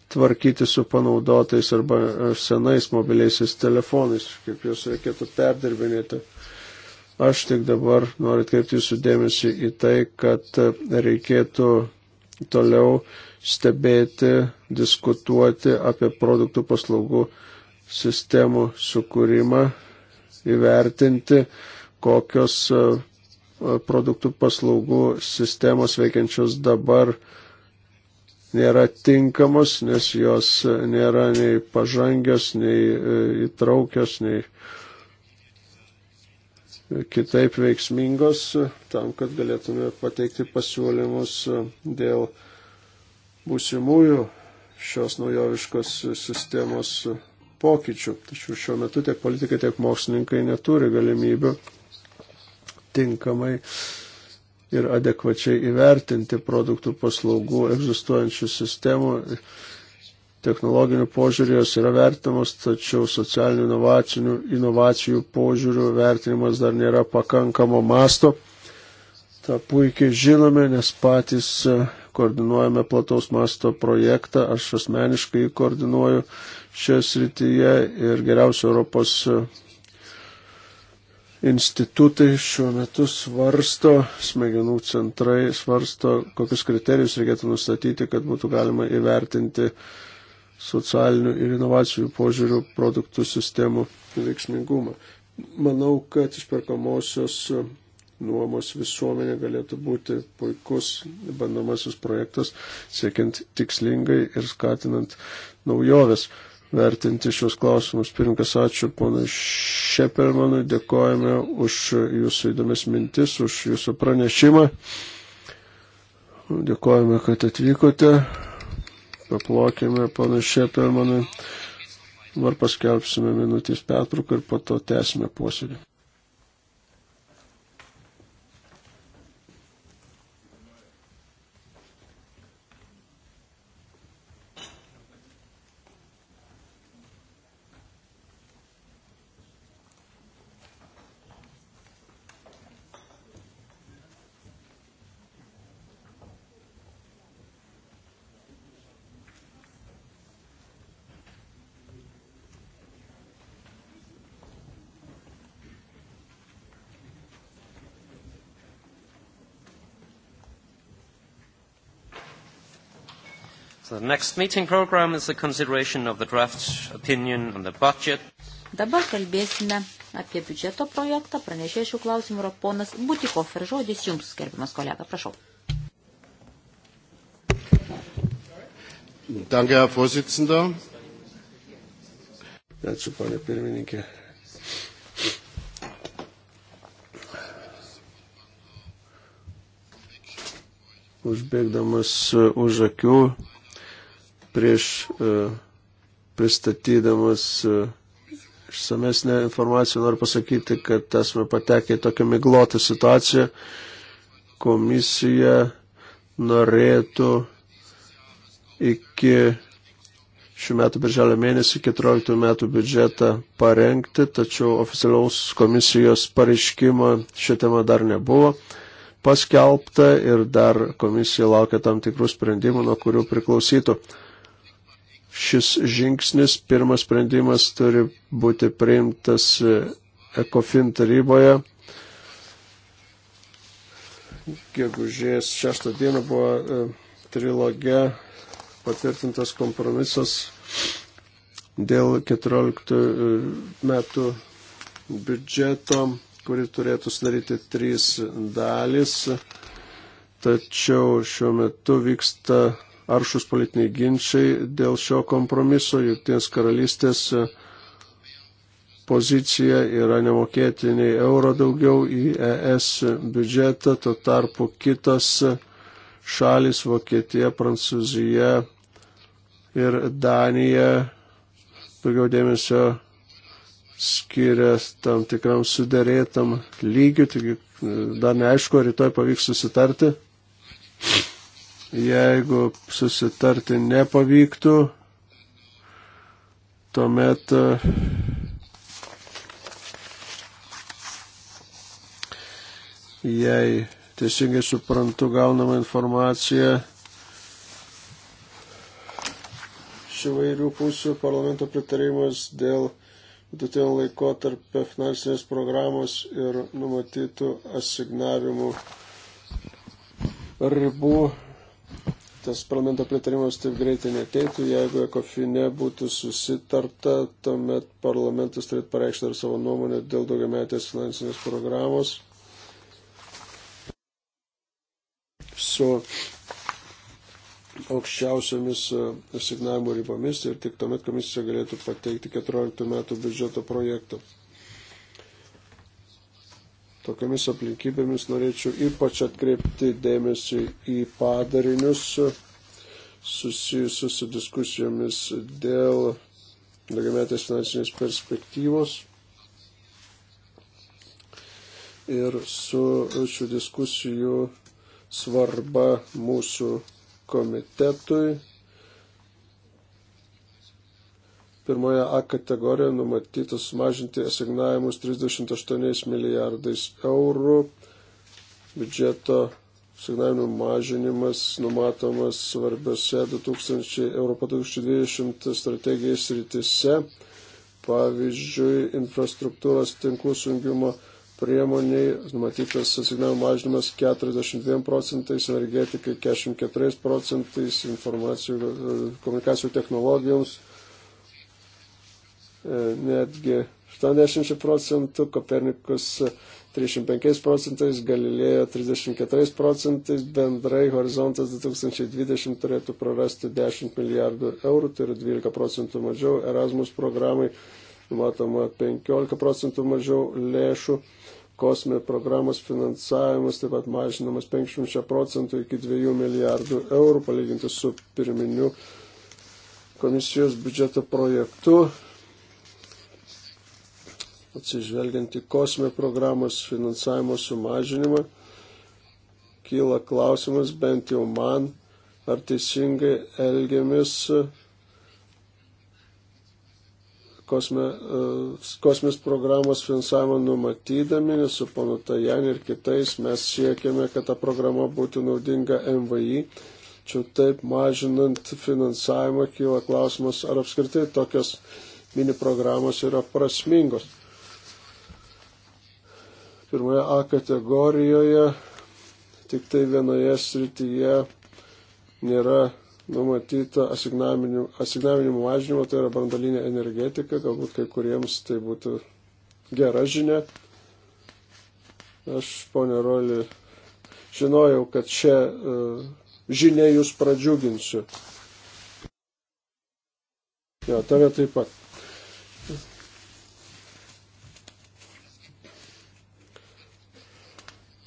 tvarkyti su panaudotais arba e, senais mobiliaisiais telefonais, kaip juos reikėtų perdirbinėti. Aš tik dabar noriu atkreipti jūsų dėmesį į tai, kad e, reikėtų toliau stebėti, diskutuoti apie produktų paslaugų sistemų sukūrimą, įvertinti, kokios e, produktų paslaugų sistemos veikiančios dabar uh, nėra tinkamos, nes jos nėra nei pažangios, nei e, įtraukios, nei kitaip veiksmingos, tam, kad galėtume pateikti pasiūlymus dėl būsimųjų šios naujoviškos sistemos pokyčių. Tačiau šiuo metu tiek politikai, tiek mokslininkai neturi galimybių tinkamai uh, ir adekvačiai įvertinti produktų paslaugų egzistuojančių sistemų. Technologinių požiūrį jos yra vertinamos, tačiau socialinių inovacijų požiūrių vertinimas dar nėra pakankamo masto. Ta puikiai žinome, nes patys e, koordinuojame plataus masto projektą, aš asmeniškai koordinuoju šioje srityje ir geriausia Europos e, institutai šiuo metu svarsto, smegenų centrai svarsto, kokius kriterijus reikėtų nustatyti, kad būtų galima įvertinti socialinių ir inovacijų požiūrių produktų sistemų veiksmingumą. Manau, kad išperkamosios nuomos visuomenė galėtų būti puikus bandomasis projektas, siekiant tikslingai ir skatinant naujoves vertinti šios klausimus. Pirinkas, ačiū ponai Šepelmanui, dėkojame už jūsų įdomias mintis, už jūsų pranešimą. Dėkojame, kad atvykote. Paplokime ponai Šepelmanui. Dabar paskelbsime minutės petruką ir po to tęsime posėdį. next meeting program is the consideration of the draft opinion on the budget. Dabar kalbėsime apie biudžeto projektą. Pranešė šių klausimų yra ponas Butikov ir žodis jums, gerbimas kolega, prašau. Danke, Herr Vorsitzender. Ačiū, ponė pirmininkė. Užbėgdamas už akių prieš e, pristatydamas e, išsamesnę informaciją noriu pasakyti, kad esame patekę į tokią miglotą situaciją. Komisija norėtų iki šių metų birželio mėnesį 14 metų biudžetą parengti, tačiau oficialiaus komisijos pareiškimo šią temą dar nebuvo paskelbta ir dar komisija laukia tam tikrų sprendimų, nuo kurių priklausytų šis žingsnis, pirmas sprendimas turi būti priimtas ECOFIN taryboje. Gegužės 6 dieną buvo e, trilogė patvirtintas kompromisas dėl 14 e, metų biudžeto, kuri turėtų sudaryti trys dalis. Tačiau šiuo metu vyksta aršus politiniai ginčiai dėl šio kompromiso. Jungtinės karalystės e, pozicija yra nemokėti nei euro daugiau į ES biudžetą, tuo tarpu kitos šalis Vokietija, Prancūzija ir Danija daugiau dėmesio skiria tam tikram suderėtam lygiu, taigi e, dar neaišku, ar rytoj pavyks susitarti. Jeigu susitarti nepavyktų, tuomet e, jei teisingai suprantu gaunamą informaciją iš įvairių pusių parlamento pritarimas dėl vidutinio laiko tarp finansinės programos ir numatytų asignavimų ribų tas parlamento pritarimas taip greitai neteitų, jeigu ekofine būtų susitarta, tuomet parlamentas turėtų pareikšti ar savo nuomonę dėl daugiametės finansinės programos su aukščiausiamis e, asignavimo ribomis ir tik tuomet komisija galėtų pateikti 14 metų biudžeto projektą. Tokiamis aplinkybėmis norėčiau ypač atkreipti dėmesį į padarinius susijusius su diskusijomis dėl daugiametės finansinės perspektyvos ir su šių diskusijų svarba mūsų komitetui Pirmoje A kategorijoje numatyta sumažinti asignavimus 38 milijardais eurų. Biudžeto asignavimų mažinimas numatomas svarbiose 2000, Europo 2020 strategijos rytise pavyzdžiui, infrastruktūros tinklų sujungimo priemoniai numatytas asignavimo mažinimas 42 procentais, energetikai 44 procentais, informacijų komunikacijų technologijoms E, netgi 80 procentų, Kopernikus 35 procentais, Galilėjo 34 procentais, bendrai horizontas 2020 turėtų prarasti 10 milijardų eurų, tai yra 12 procentų mažiau, Erasmus programai numatoma 15 procentų mažiau lėšų, kosmė programos finansavimas taip pat mažinamas 50 procentų iki 2 milijardų eurų, palyginti su pirminiu komisijos biudžeto projektu atsižvelgiant į kosmė programos finansavimo sumažinimą, kyla klausimas bent jau man, ar teisingai elgiamės kosmė, e, kosmės programos finansavimą numatydami, nes su panu Tajani ir kitais mes siekiame, kad ta programa būtų naudinga MVI. Čia taip mažinant finansavimą kyla klausimas, ar apskritai tokios mini programos yra prasmingos. Pirmoje A kategorijoje tik tai vienoje srityje nėra numatyta asignavinimų, asignavinimų mažinimo, tai yra brandalinė energetika, galbūt kai kuriems tai būtų gera žinia. Aš, ponė Roli, žinojau, kad čia uh, e, žinia jūs pradžiuginsiu. Jo, tave taip pat.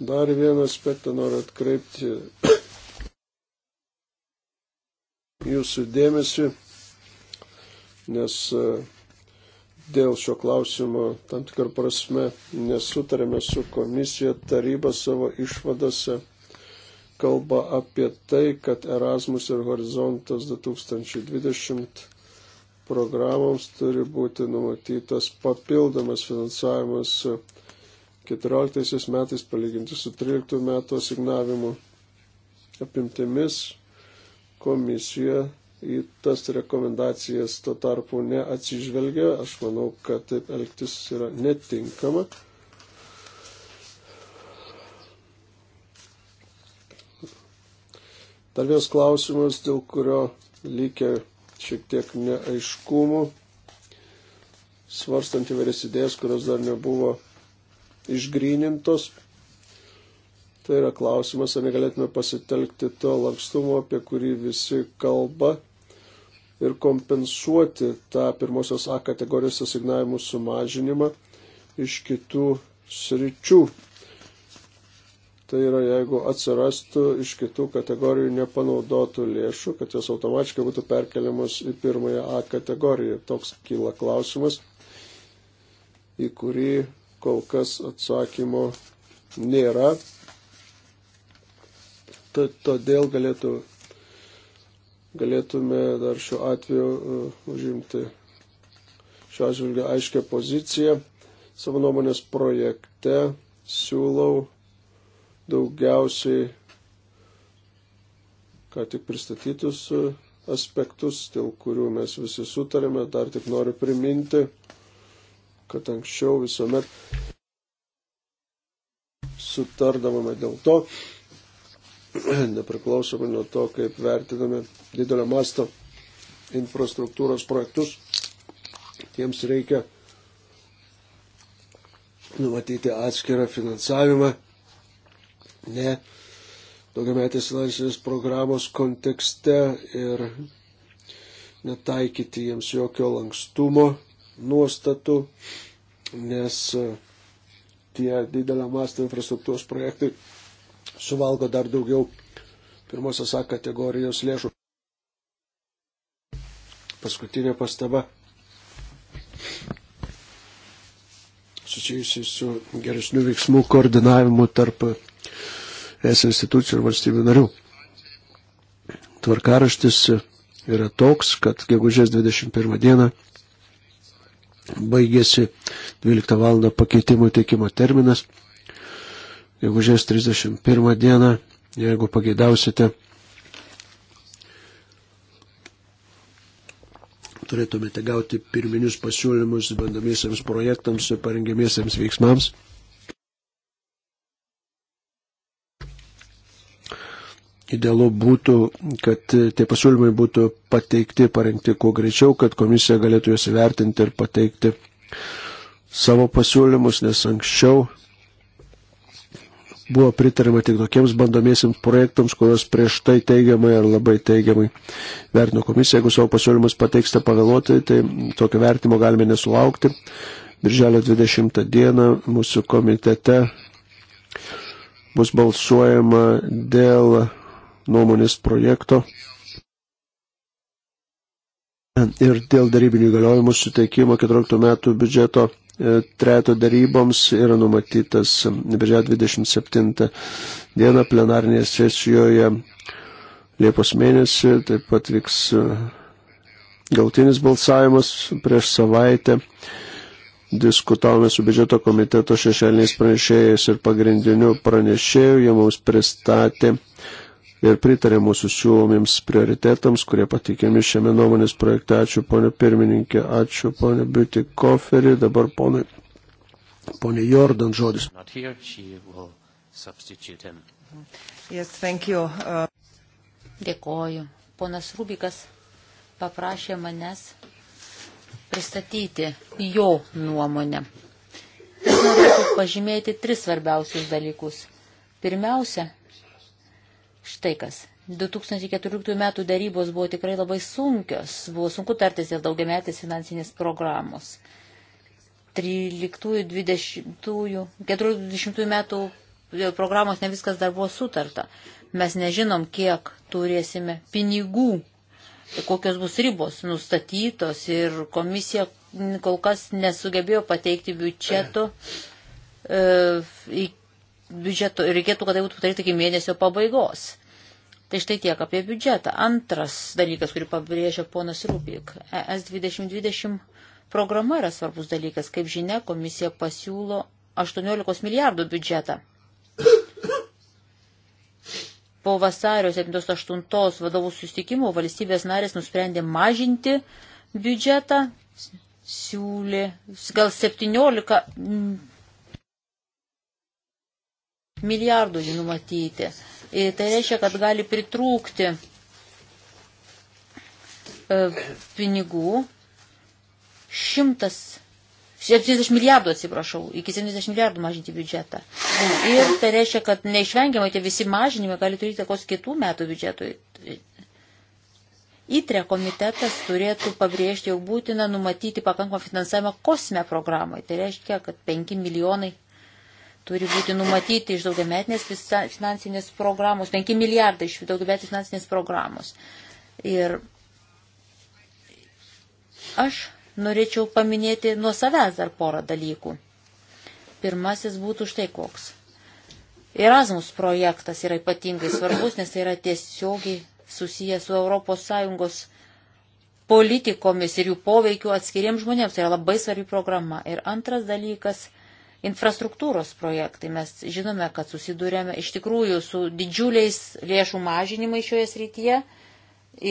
Dar vieną aspektą noriu atkreipti jūsų dėmesį, nes e, dėl šio klausimo tam tikrą prasme nesutarėme su komisija, taryba savo išvadose kalba apie tai, kad Erasmus ir Horizontas 2020 programoms turi būti numatytas papildomas finansavimas 14 metais palyginti su 13 metų asignavimu apimtimis komisija į tas rekomendacijas tuo tarpu neatsižvelgia. Aš manau, kad taip elgtis yra netinkama. Dar vienas klausimas, dėl kurio lygia šiek tiek neaiškumų, svarstant įvairias idėjas, kurios dar nebuvo išgrynintos. Tai yra klausimas, ar negalėtume pasitelkti to lankstumo, apie kurį visi kalba ir kompensuoti tą pirmosios A kategorijos asignavimų sumažinimą iš kitų sričių. Tai yra, jeigu atsirastų iš kitų kategorijų nepanaudotų lėšų, kad jos automatiškai būtų perkeliamos į pirmąją A kategoriją. Toks kyla klausimas, į kurį kol kas atsakymo nėra. Todėl galėtų, galėtume dar šiuo atveju uh, užimti šiuo atžvilgiu aiškę poziciją. Savo nuomonės projekte siūlau daugiausiai ką tik pristatytus uh, aspektus, dėl kurių mes visi sutarėme, dar tik noriu priminti, kad anksčiau visuomet sutardavome dėl to, nepriklausomai nuo to, kaip vertiname didelio masto infrastruktūros projektus, jiems reikia numatyti atskirą finansavimą, ne daugiametės finansinės programos kontekste ir netaikyti jiems jokio lankstumo, nuostatų, nes e, tie didelio masto infrastruktūros projektai suvalgo dar daugiau pirmosios A kategorijos lėšų. Paskutinė pastaba susijusi su geresnių veiksmų koordinavimu tarp es institucijų ir valstybių narių. Tvarkaraštis yra toks, kad gegužės 21 dieną baigėsi 12 val. pakeitimų teikimo terminas. Jeigu žies 31 dieną, jeigu pageidausite, turėtumėte gauti pirminius pasiūlymus bandomiesiams projektams ir parengiamiesiams veiksmams. idealu būtų, kad tie pasiūlymai būtų pateikti, parengti kuo greičiau, kad komisija galėtų juos įvertinti ir pateikti savo pasiūlymus, nes anksčiau buvo pritarima tik tokiems bandomiesiams projektams, kurios prieš tai teigiamai ar labai teigiamai vertino komisija. Jeigu savo pasiūlymus pateiksite pavėluotai, tai tokio vertimo galime nesulaukti. Birželio 20 dieną mūsų komitete bus balsuojama dėl nuomonės projekto ir dėl darybinių įgaliojimų suteikimo 14 metų biudžeto e, treto daryboms yra numatytas birželio 27 dieną plenarnėje sesijoje Liepos mėnesį, taip pat vyks e, galtinis balsavimas prieš savaitę. Diskutavome su biudžeto komiteto šešėliniais pranešėjais ir pagrindiniu pranešėju, jie mums pristatė uh, ir pritarė mūsų siūlomiems prioritetams, kurie patikiami šiame nuomonės projekte. Ačiū, ponė pirmininkė, ačiū, ponė Biuti Koferį, dabar ponė, ponė Jordan žodis. Yes, uh... Dėkoju. Ponas Rubikas paprašė manęs pristatyti jo nuomonę. Norėčiau pažymėti tris svarbiausius dalykus. Pirmiausia, štai kas. 2014 metų darybos buvo tikrai labai sunkios, buvo sunku tartis dėl daugiametės finansinės programos. 13-20 metų dėl programos ne viskas dar buvo sutarta. Mes nežinom, kiek turėsime pinigų, kokios bus ribos nustatytos ir komisija kol kas nesugebėjo pateikti biudžeto e, biudžeto, reikėtų, kad tai būtų padaryta iki mėnesio pabaigos. Tai štai tiek apie biudžetą. Antras dalykas, kurį pabrėžia ponas Rubik, ES 2020 programa yra svarbus dalykas. Kaip žinia, komisija pasiūlo 18 milijardų biudžetą. Po vasario 78 vadovų sustikimo valstybės narės nusprendė mažinti biudžetą, siūlė gal 17 milijardų jį numatyti. Ir tai reiškia, kad gali pritrūkti e, pinigų 100, 70 milijardų, atsiprašau, iki 70 milijardų mažinti biudžetą. Ir tai reiškia, kad neišvengiamai tie visi mažinimai gali turėti takos kitų metų biudžetui. ITRE komitetas turėtų pabrėžti, jog būtina numatyti pakankamą finansavimą kosme programai. Tai reiškia, kad 5 milijonai turi būti numatyti iš daugiametinės finansinės programos, 5 milijardai iš daugiametinės finansinės programos. Ir aš norėčiau paminėti nuo savęs dar porą dalykų. Pirmasis būtų štai koks. Erasmus projektas yra ypatingai svarbus, nes tai yra tiesiogiai susijęs su ES politikomis ir jų poveikiu atskiriems žmonėms. Tai yra labai svarbi programa. Ir antras dalykas – Infrastruktūros projektai. Mes žinome, kad susidurėme iš tikrųjų su didžiuliais lėšų mažinimai šioje srityje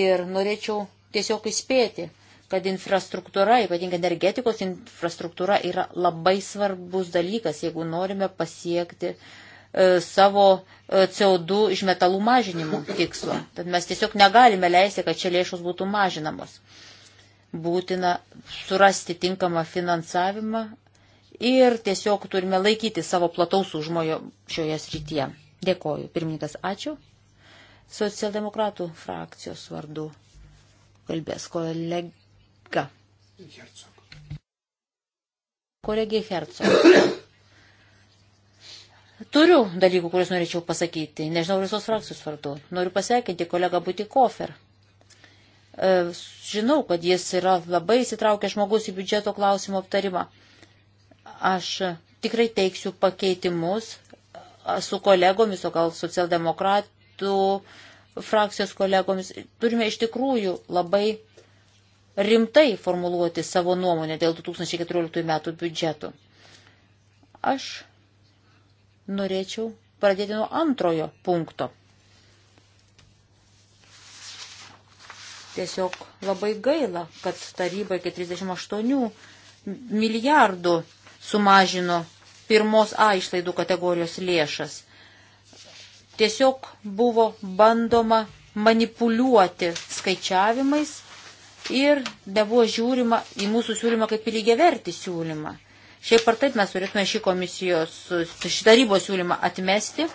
ir norėčiau tiesiog įspėti, kad infrastruktūra, ypatingai energetikos infrastruktūra, yra labai svarbus dalykas, jeigu norime pasiekti e, savo e, CO2 iš metalų mažinimo tikslo. Tad mes tiesiog negalime leisti, kad čia lėšos būtų mažinamos. Būtina surasti tinkamą finansavimą ir tiesiog turime laikyti savo plataus užmojo šioje srityje. Dėkoju. Pirmininkas, ačiū. Socialdemokratų frakcijos vardu kalbės kolega. Hercog. Kolegė Hercog. Turiu dalykų, kuriuos norėčiau pasakyti. Nežinau visos frakcijos vardu. Noriu pasveikinti kolegą Butikofer. E, žinau, kad jis yra labai įsitraukęs žmogus į biudžeto klausimo aptarimą. Aš tikrai teiksiu pakeitimus su kolegomis, o gal socialdemokratų frakcijos kolegomis. Turime iš tikrųjų labai rimtai formuluoti savo nuomonę dėl 2014 metų biudžetų. Aš norėčiau pradėti nuo antrojo punkto. Tiesiog labai gaila, kad taryba iki 38 milijardų sumažino pirmos A išlaidų kategorijos lėšas. Tiesiog buvo bandoma manipuliuoti skaičiavimais ir nebuvo žiūrima į mūsų siūlymą kaip į lygiavertį siūlymą. Šiaip ar taip mes turėtume šį komisijos, šį tarybos siūlymą atmesti.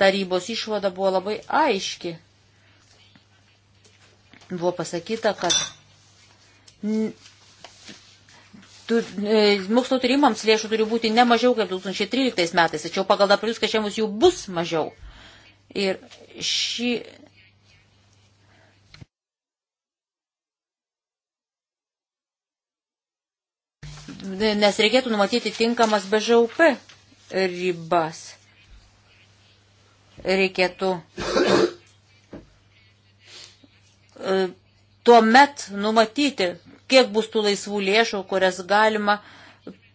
Tarybos išvada buvo labai aiški. Buvo pasakyta, kad tu, e, mokslo tyrimams lėšų turi būti ne mažiau kaip 2013 metais, tačiau pagal dabar jūs skaičiavimus jų bus mažiau. Ir šį. Nes reikėtų numatyti tinkamas BŽUP ribas. Reikėtų e, tuomet numatyti kiek bus tų laisvų lėšų, kurias galima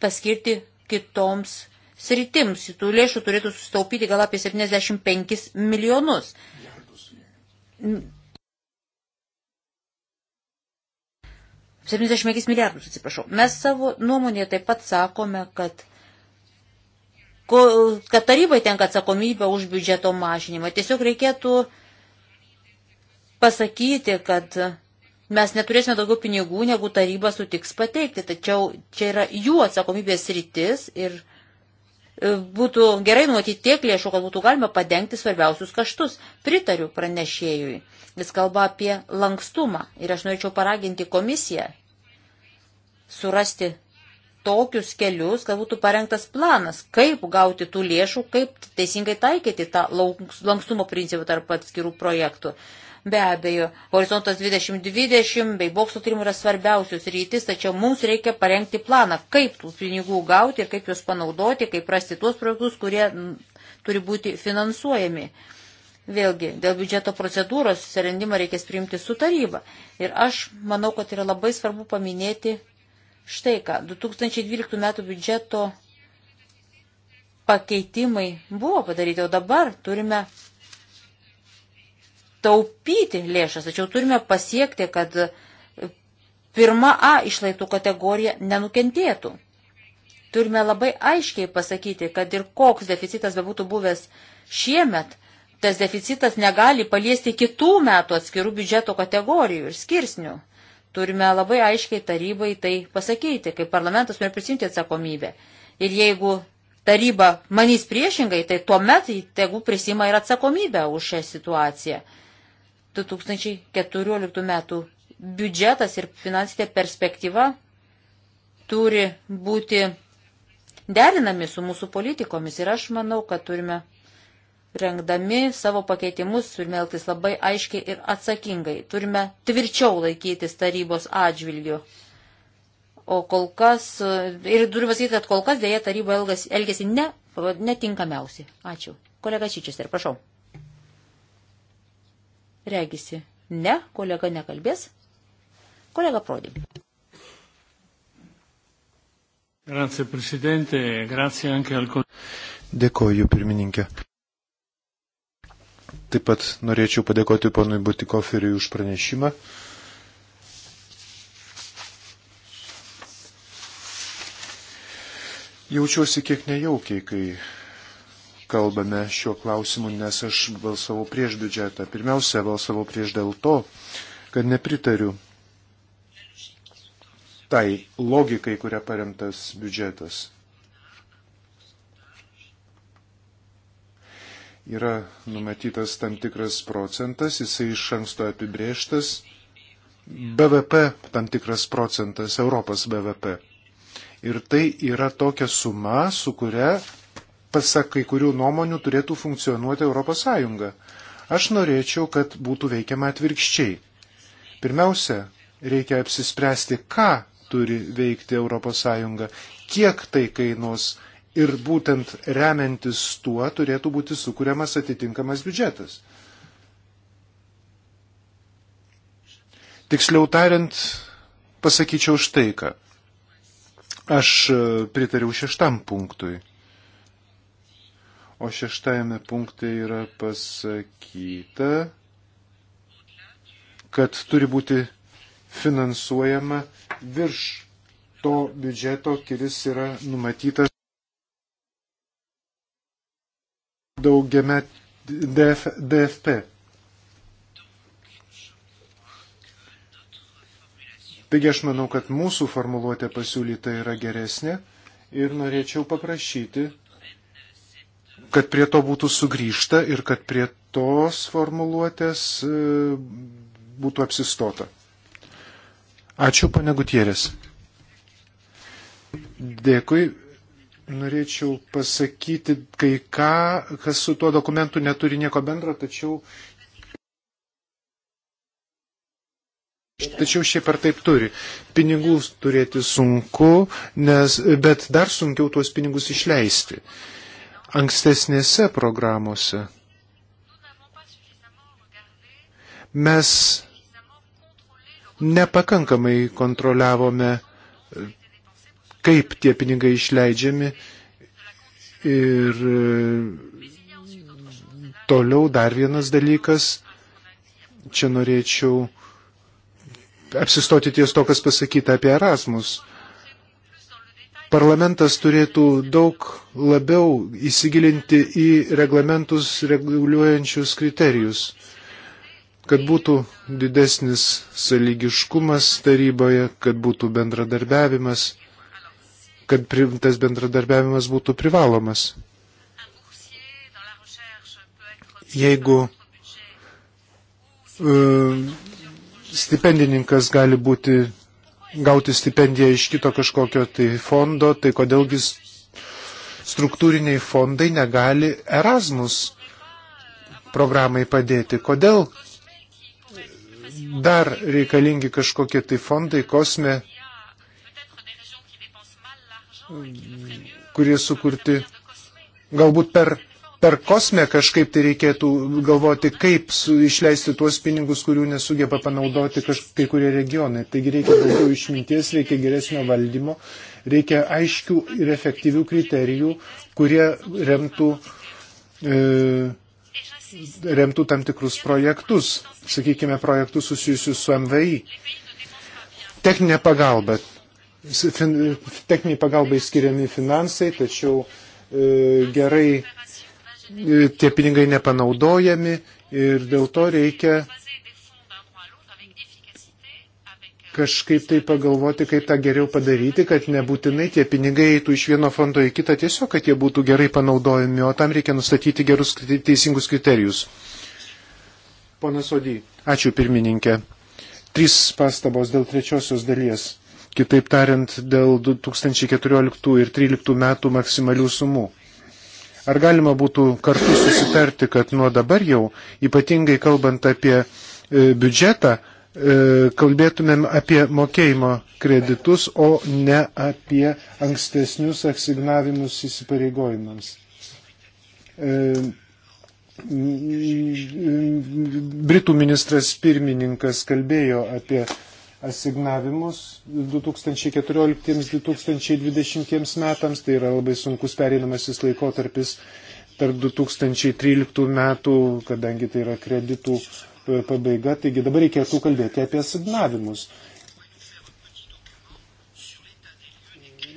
paskirti kitoms sritims. Tų lėšų turėtų sustaupyti gal apie 75 milijonus. Milijardus. 75 milijardus, atsiprašau. Mes savo nuomonėje taip pat sakome, kad kad tarybai tenka atsakomybė už biudžeto mažinimą. Tiesiog reikėtų pasakyti, kad mes neturėsime daugiau pinigų, negu taryba sutiks pateikti. Tačiau čia yra jų atsakomybės rytis ir e, būtų gerai numatyti tiek lėšų, kad būtų galima padengti svarbiausius kaštus. Pritariu pranešėjui. Jis kalba apie lankstumą ir aš norėčiau paraginti komisiją surasti tokius kelius, kad būtų parengtas planas, kaip gauti tų lėšų, kaip teisingai taikyti tą lankstumo principą tarp atskirų projektų. Be abejo, horizontas 2020 bei bokso tyrimų yra svarbiausios rytis, tačiau mums reikia parengti planą, kaip tų pinigų gauti ir kaip juos panaudoti, kaip rasti tuos projektus, kurie turi būti finansuojami. Vėlgi, dėl biudžeto procedūros sprendimą reikės priimti su taryba. Ir aš manau, kad yra labai svarbu paminėti štai ką. 2012 metų biudžeto pakeitimai buvo padaryti, o dabar turime taupyti lėšas, tačiau turime pasiekti, kad pirma A išlaidų kategorija nenukentėtų. Turime labai aiškiai pasakyti, kad ir koks deficitas bebūtų buvęs šiemet, tas deficitas negali paliesti kitų metų atskirų biudžeto kategorijų ir skirsnių. Turime labai aiškiai tarybai tai pasakyti, kaip parlamentas turi prisimti atsakomybę. Ir jeigu taryba manys priešingai, tai tuomet tegu prisima ir atsakomybę už šią situaciją. 2014 metų biudžetas ir finansinė perspektyva turi būti derinami su mūsų politikomis. Ir aš manau, kad turime, rengdami savo pakeitimus, turime elgtis labai aiškiai ir atsakingai. Turime tvirčiau laikytis tarybos atžvilgių. O kol kas, ir turiu pasakyti, kad kol kas dėja taryba elgesi, elgesi ne, netinkamiausi. Ačiū. Kolega Čičester, prašau. Regisi. Ne, kolega nekalbės. Kolega Prodi. Grazie, Presidente, grazie anche al... Dėkoju, pirmininkė. Taip pat norėčiau padėkoti ponui Butikoferiui už pranešimą. Jaučiuosi kiek nejaukiai, kai kalbame šiuo klausimu, nes aš balsavau prieš biudžetą. Pirmiausia, balsavau prieš dėl to, kad nepritariu tai logikai, kuria paremtas biudžetas. Yra numatytas tam tikras procentas, jisai iš anksto apibrėžtas. BVP tam tikras procentas, Europos BVP. Ir tai yra tokia suma, su kuria pasak kai kurių nuomonių, turėtų funkcionuoti ES. Aš norėčiau, kad būtų veikiama atvirkščiai. Pirmiausia, reikia apsispręsti, ką turi veikti ES, kiek tai kainuos ir būtent remiantis tuo turėtų būti sukūriamas atitinkamas biudžetas. Tiksliau tariant, pasakyčiau štai ką. Aš pritariau šeštam punktui. O šeštajame punkte yra pasakyta, kad turi būti finansuojama virš to biudžeto, kuris yra numatytas daugiame DF, DFP. Taigi aš manau, kad mūsų formuluotė pasiūlyta yra geresnė ir norėčiau paprašyti kad prie to būtų sugrįžta ir kad prie tos formuluotės e, būtų apsistota. Ačiū, pane Gutierės. Dėkui. Norėčiau pasakyti kai ką, kas su tuo dokumentu neturi nieko bendro, tačiau. Tačiau šiaip ar taip turi. Pinigų turėti sunku, nes, bet dar sunkiau tuos pinigus išleisti. Uh, ankstesnėse programuose. Mes nepakankamai kontroliavome, kaip tie pinigai išleidžiami ir toliau dar vienas dalykas, čia norėčiau apsistoti ties to, kas pasakyta apie Erasmus. Parlamentas turėtų daug labiau įsigilinti į reglamentus reguliuojančius kriterijus, kad būtų didesnis sąlygiškumas taryboje, kad būtų bendradarbiavimas, kad tas bendradarbiavimas būtų privalomas. Jeigu e, stipendininkas gali būti gauti stipendiją iš kito kažkokio tai fondo, tai kodėlgi struktūriniai fondai negali Erasmus programai padėti. Kodėl dar reikalingi kažkokie tai fondai, kosme, kurie sukurti galbūt per per kosmę kažkaip tai reikėtų galvoti, kaip su, išleisti tuos pinigus, kurių nesugeba panaudoti kai kurie regionai. Taigi reikia daugiau išminties, reikia geresnio valdymo, reikia aiškių ir efektyvių kriterijų, kurie remtų, e, remtų tam tikrus projektus, sakykime, projektus susijusius su MVI. Techninė pagalba. Fin, techniniai pagalbai skiriami finansai, tačiau e, gerai E, tie pinigai nepanaudojami ir dėl to reikia kažkaip tai pagalvoti, kaip tą geriau padaryti, kad nebūtinai tie pinigai eitų iš vieno fondo į kitą, tiesiog, kad jie būtų gerai panaudojami, o tam reikia nustatyti gerus teisingus kriterijus. Ponas Odį, ačiū pirmininkė. Trys pastabos dėl trečiosios dalies, kitaip tariant, dėl 2014 ir 2013 metų maksimalių sumų. Ar galima būtų kartu susitarti, kad nuo dabar jau, ypatingai kalbant apie e, biudžetą, e, kalbėtumėm apie mokėjimo kreditus, o ne apie ankstesnius asignavimus įsipareigojimams. E, Britų ministras pirmininkas kalbėjo apie asignavimus 2014-2020 metams, tai yra labai sunkus pereinamasis laikotarpis tarp 2013 metų, kadangi tai yra kreditų e, pabaiga, taigi dabar reikėtų kalbėti apie asignavimus.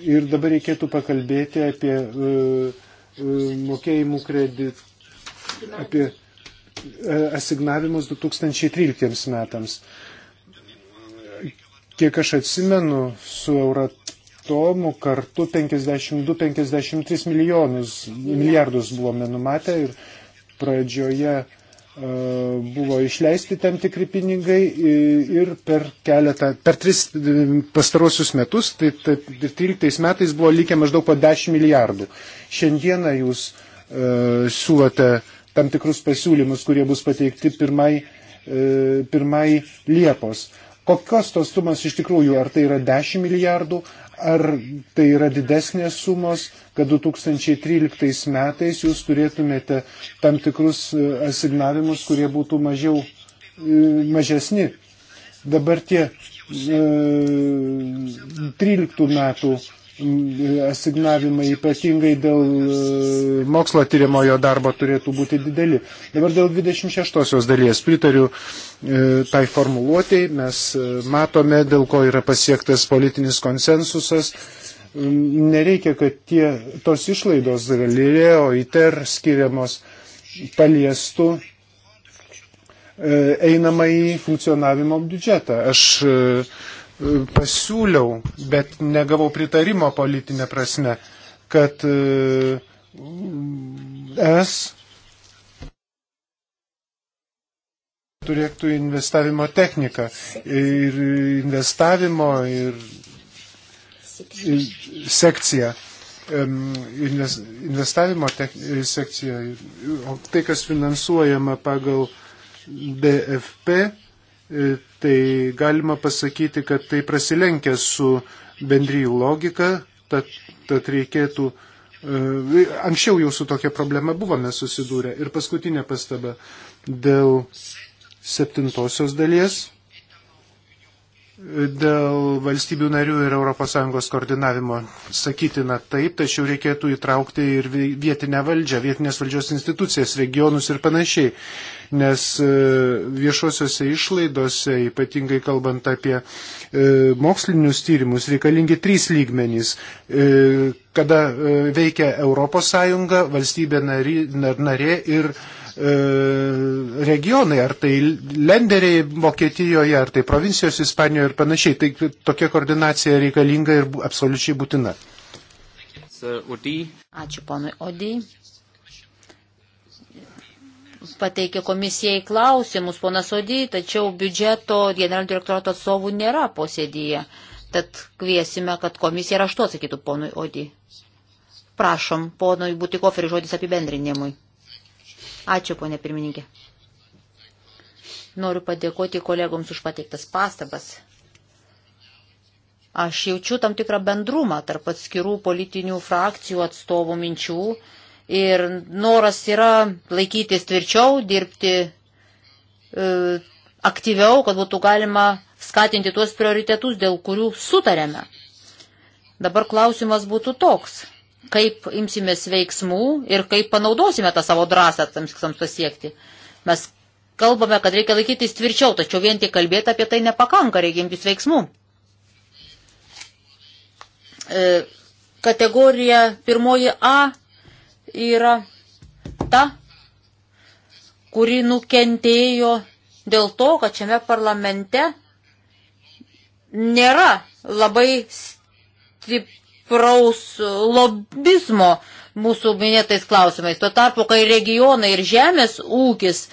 Ir dabar reikėtų pakalbėti apie uh, uh, mokėjimų kredit, apie uh, asignavimus 2013 metams. Uh, Kiek aš atsimenu, su Euratomu kartu 52-53 milijonus, milijardus buvome numatę ir pradžioje e, buvo išleisti tam tikri pinigai ir per keletą, per tris e, pastarosius metus, tai, tai 13 tai metais buvo likę maždaug po 10 milijardų. Šiandieną jūs e, siūlote tam tikrus pasiūlymus, kurie bus pateikti pirmai, e, pirmai Liepos. E, Kokios tos sumos iš tikrųjų, ar tai yra 10 milijardų, ar tai yra didesnės sumos, kad 2013 metais jūs turėtumėte tam tikrus e, asignavimus, kurie būtų mažiau, e, mažesni. Dabar tie 13 e, metų asignavimai ypatingai dėl e, mokslo tyrimojo darbo turėtų būti dideli. Dabar dėl 26 dalies pritariu e, tai formuluotėjai, mes e, matome, dėl ko yra pasiektas politinis konsensusas. Mm, nereikia, kad tie, tos išlaidos Galileo ITER skiriamos paliestų einamąjį funkcionavimo biudžetą. Aš pasiūliau, bet negavau pritarimo politinė prasme, kad e, es turėtų investavimo techniką ir investavimo ir, ir sekciją. Investavimo tech, sekcija, o tai, kas finansuojama pagal DFP, e, tai galima pasakyti, kad tai prasilenkia su bendryjų logika, tad, tad reikėtų. E, anksčiau jau su tokia problema buvome susidūrę. Ir paskutinė pastaba dėl septintosios dalies, dėl valstybių narių ir ES koordinavimo. Sakytina taip, tačiau reikėtų įtraukti ir vietinę valdžią, vietinės valdžios institucijas, regionus ir panašiai nes e, viešuosiuose išlaidose, ypatingai kalbant apie e, mokslinius tyrimus, reikalingi trys lygmenys e, kada veikia ES, valstybė nari, narė ir regionai, ar tai lenderiai Vokietijoje, ar tai provincijos Ispanijoje ir panašiai. Tai tokia koordinacija reikalinga ir absoliučiai būtina. Ačiū ponui Odijai pateikė komisijai klausimus, ponas Odį, tačiau biudžeto generalinio direktorato atstovų nėra posėdyje. Tad kviesime, kad komisija raštu atsakytų ponui Odį. Prašom, ponui Butikoferi žodis apibendrinimui. Ačiū, ponė pirmininkė. Noriu padėkoti kolegoms už pateiktas pastabas. Aš jaučiu tam tikrą bendrumą tarp atskirų politinių frakcijų atstovų minčių Ir noras yra laikytis tvirčiau, dirbti e, aktyviau, kad būtų galima skatinti tuos prioritetus, dėl kurių sutarėme. Dabar klausimas būtų toks, kaip imsimės veiksmų ir kaip panaudosime tą savo drąsą tam tikslams pasiekti. Mes kalbame, kad reikia laikytis tvirčiau, tačiau vien tik kalbėti apie tai nepakanka, reikia imtis veiksmų. E, kategorija pirmoji A yra ta, kuri nukentėjo dėl to, kad šiame parlamente nėra labai stipraus lobizmo mūsų minėtais klausimais. Tuo tarpu, kai regionai ir žemės ūkis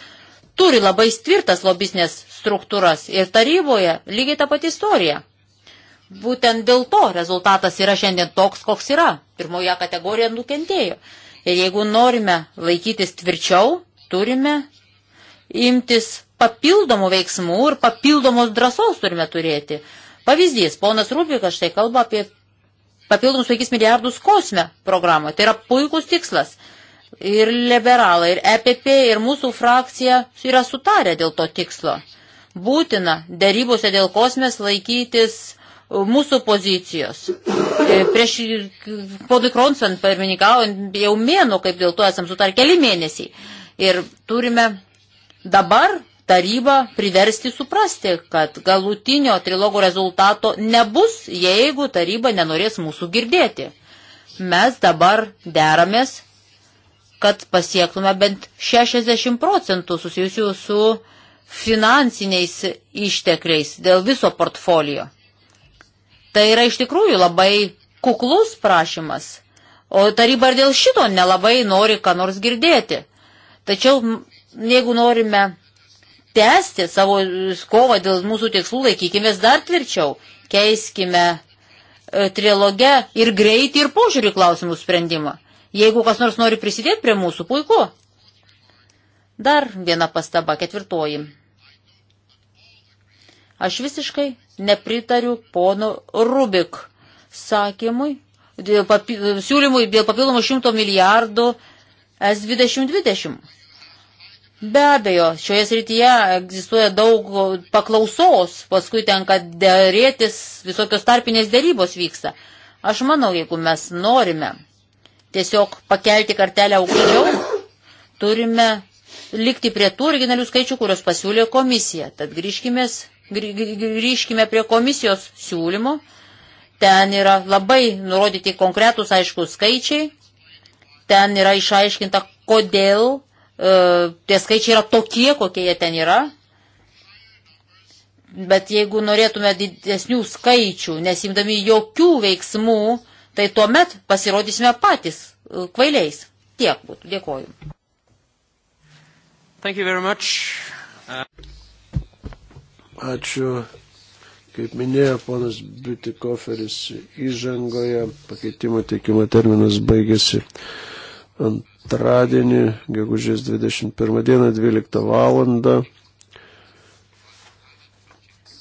turi labai tvirtas lobisnės struktūras ir taryboje lygiai ta pati istorija. Būtent dėl to rezultatas yra šiandien toks, koks yra. Pirmoje kategorija nukentėjo. Ir jeigu norime laikytis tvirčiau, turime imtis papildomų veiksmų ir papildomos drąsos turime turėti. Pavyzdys, ponas Rubikas štai kalba apie papildomus 5 milijardus kosme programoje. Tai yra puikus tikslas. Ir liberalai, ir EPP, ir mūsų frakcija yra sutarę dėl to tikslo. Būtina darybose dėl kosmės laikytis mūsų pozicijos. E, prieš podui Kronsen pirmininkaujant jau mėnų, kaip dėl to esam sutar keli mėnesiai. Ir turime dabar tarybą priversti suprasti, kad galutinio trilogo rezultato nebus, jeigu taryba nenorės mūsų girdėti. Mes dabar deramės, kad pasiektume bent 60 procentų susijusių su finansiniais ištekliais dėl viso portfolio. Tai yra iš tikrųjų labai kuklus prašymas, o taryba ir dėl šito nelabai nori ką nors girdėti. Tačiau jeigu norime tęsti savo kovą dėl mūsų tikslų, laikykimės dar tvirčiau, keiskime e, triloge ir greitį, ir požiūrį klausimų sprendimą. Jeigu kas nors nori prisidėti prie mūsų, puiku. Dar viena pastaba, ketvirtoji. Aš visiškai nepritariu pono Rubik sakymui, dėl papi, siūlymui dėl papildomų 100 milijardų S2020. Be abejo, šioje srityje egzistuoja daug paklausos, paskui tenka dėrėtis, visokios tarpinės dėrybos vyksta. Aš manau, jeigu mes norime tiesiog pakelti kartelę aukščiau, turime likti prie tų originalių skaičių, kurios pasiūlė komisija. Tad grįžkime grįžkime prie komisijos siūlymo. Ten yra labai nurodyti konkretus aiškus skaičiai. Ten yra išaiškinta, kodėl e, tie skaičiai yra tokie, kokie jie ten yra. Bet jeigu norėtume didesnių skaičių, nesimdami jokių veiksmų, tai tuomet pasirodysime patys e, kvailiais. Tiek būtų. Dėkoju. Thank you very much. Uh... Ačiū. Kaip minėjo ponas Bitikoferis įžangoje, pakeitimo teikimo terminas baigėsi antradienį, gegužės 21 dieną, 12 valandą.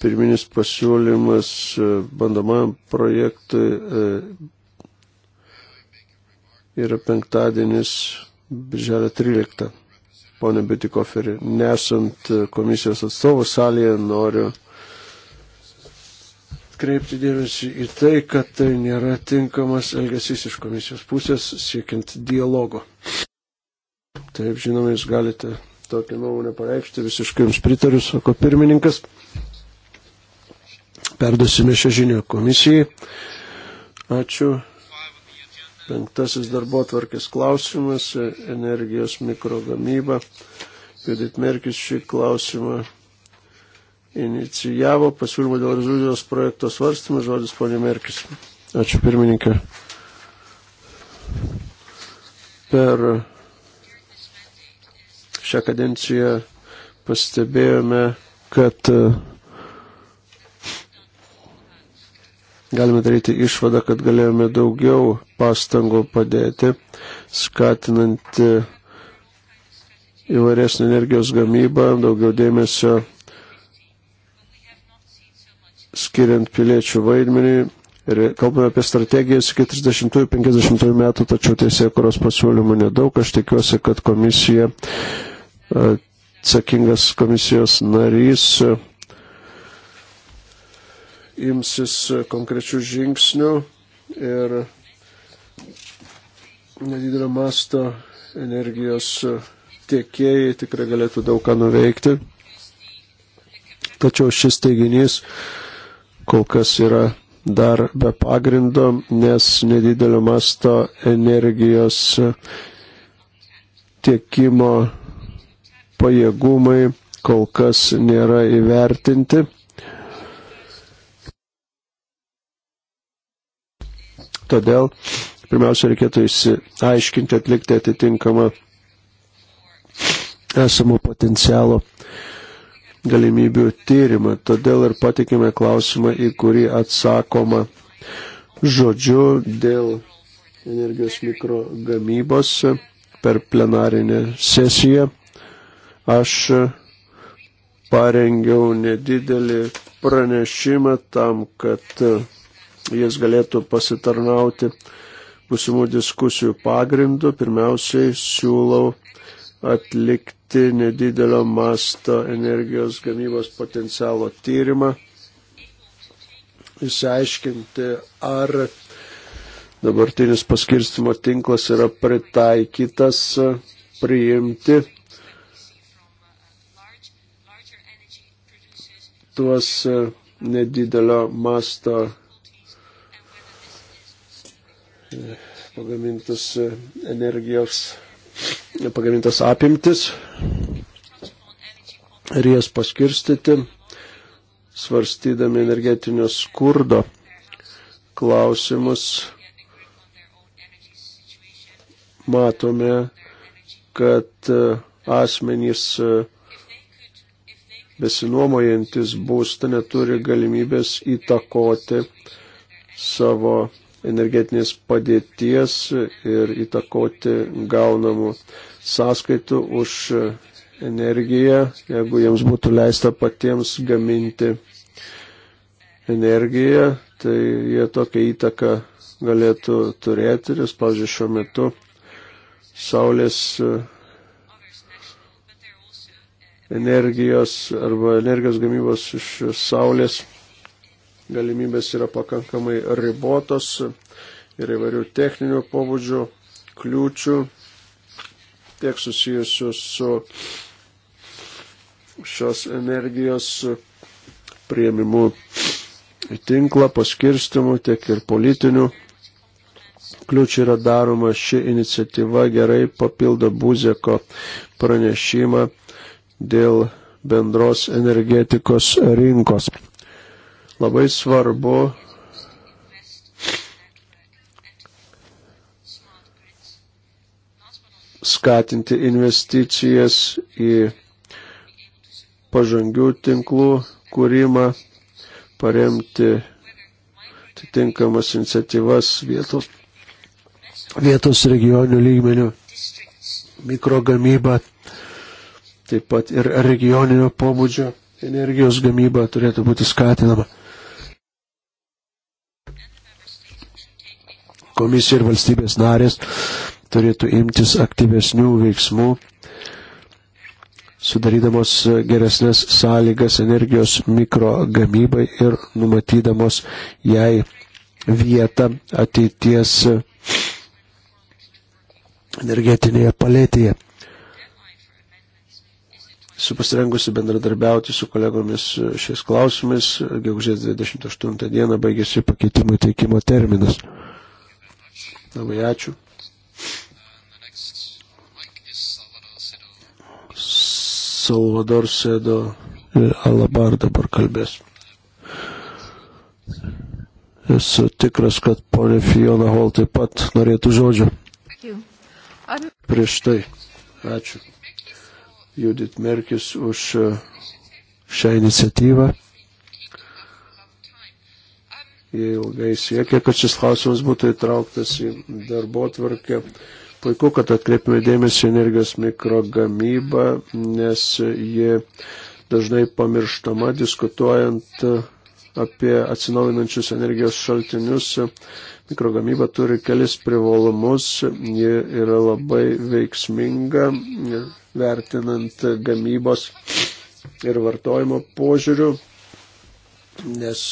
Pirminis pasiūlymas e, bandomajam projektui e, yra penktadienis, birželio 13. Pone Betikoferi, nesant komisijos atstovų salėje noriu kreipti dėmesį į tai, kad tai nėra tinkamas elgesys iš komisijos pusės siekiant dialogo. Taip, žinoma, jūs galite tokią nuomonę pareikšti, visiškai jums pritariu, sako pirmininkas. Perdosime šią žinią komisijai. Ačiū. Penktasis darbo tvarkės klausimas - energijos mikrogamyba. Judit Merkis šį klausimą inicijavo pasiūlymą dėl rezoliucijos projekto svarstymą. Žodis ponė Merkis. Ačiū pirmininkė. Per šią kadenciją pastebėjome, kad galime daryti išvadą, kad galėjome daugiau pastangų padėti, skatinant įvairesnį energijos gamybą, daugiau dėmesio skiriant piliečių vaidmenį. Ir kalbame apie strategijas iki 30-50 metų, tačiau tiesiog, kurios pasiūlymų nedaug. Aš tikiuosi, kad komisija, atsakingas komisijos narys imsis konkrečių žingsnių ir nedidelio masto energijos tiekėjai tikrai galėtų daug ką nuveikti. Tačiau šis teiginys kol kas yra dar be pagrindo, nes nedidelio masto energijos tiekimo pajėgumai kol kas nėra įvertinti todėl pirmiausia reikėtų įsiaiškinti, atlikti atitinkamą esamų potencialo galimybių tyrimą. Todėl ir patikime klausimą, į kurį atsakoma žodžiu dėl energijos mikrogamybos per plenarinę sesiją. Aš parengiau nedidelį pranešimą tam, kad jis galėtų pasitarnauti būsimų diskusijų pagrindu. Pirmiausiai siūlau atlikti nedidelio masto energijos gamybos potencialo tyrimą, išsiaiškinti, ar dabartinis paskirstimo tinklas yra pritaikytas priimti tuos nedidelio masto pagamintas e, energijos, pagamintas apimtis ir jas paskirstyti, svarstydami energetinio skurdo klausimus, matome, kad e, asmenys e, besinuomojantis būstą neturi galimybės įtakoti savo energetinės padėties ir įtakoti gaunamų sąskaitų už energiją, jeigu jiems būtų leista patiems gaminti energiją, tai jie tokią įtaką galėtų turėti, nes, pavyzdžiui, šiuo metu Saulės e, energijos arba energijos gamybos iš Saulės galimybės yra pakankamai ribotos ir įvairių techninių pobūdžių kliūčių, tiek susijusių su šios energijos prieimimu į tinklą, paskirstimu, tiek ir politiniu. Kliūčių yra daroma ši iniciatyva gerai papildo Buzeko pranešimą dėl bendros energetikos rinkos. Labai svarbu skatinti investicijas į pažangių tinklų kūrimą, paremti atitinkamas iniciatyvas vietos, vietos regionių lygmenių, mikrogamybą, taip pat ir regioninio pobūdžio energijos gamyba turėtų būti skatinama. komisija ir valstybės narės turėtų imtis aktyvesnių veiksmų, sudarydamos geresnės sąlygas energijos mikrogamybai ir numatydamos jai vietą ateities energetinėje palėtėje. Su pasirengusi bendradarbiauti su kolegomis šiais klausimais, gegužės 28 dieną baigėsi pakeitimų teikimo terminas. Labai ačiū. Salvador Sedo Alabar dabar kalbės. Esu tikras, kad ponė Fiona Hall taip pat norėtų žodžio. Prieš tai. Ačiū. Judit Merkis už e, šią iniciatyvą. Jie ilgai siekia, kad šis klausimas būtų įtrauktas į darbo tvarkę. Puiku, kad atkreipime dėmesį energijos mikrogamybą, nes ji dažnai pamirštama diskutuojant apie atsinaujinančius energijos šaltinius. Mikrogamyba turi kelis privalumus, ji yra labai veiksminga, vertinant gamybos ir vartojimo požiūrių, nes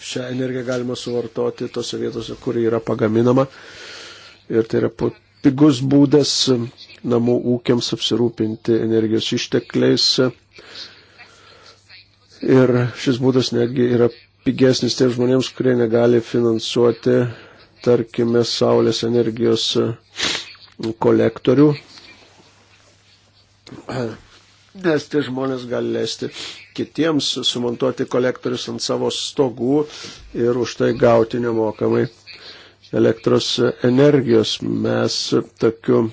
šią energiją galima suvartoti tose vietose, kur yra pagaminama. Ir tai yra pigus būdas namų ūkiams apsirūpinti energijos ištekliais. Ir šis būdas netgi yra pigesnis tiems žmonėms, kurie negali finansuoti, tarkime, saulės energijos kolektorių nes tie žmonės gali leisti kitiems sumontuoti kolektorius ant savo stogų ir už tai gauti nemokamai elektros energijos. Mes tokiu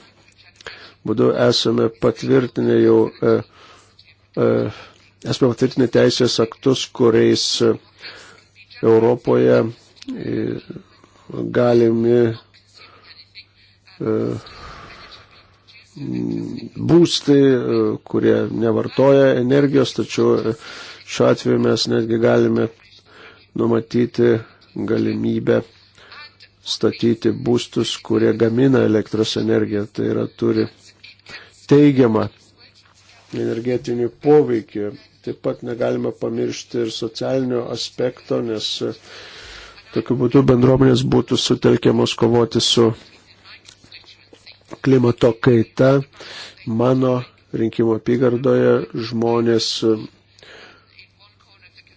būdu esame patvirtinę jau, e, e, esame patvirtinę teisės aktus, kuriais e, Europoje e, galimi e, būstai, e, kurie nevartoja energijos, tačiau e, šiuo atveju mes netgi galime numatyti galimybę statyti būstus, kurie gamina elektros energiją, tai yra turi teigiamą energetinį poveikį. Taip pat negalime pamiršti ir socialinio aspekto, nes e, tokiu būdu bendruomenės būtų sutelkiamos kovoti su klimato kaita. Mano rinkimo apygardoje žmonės e,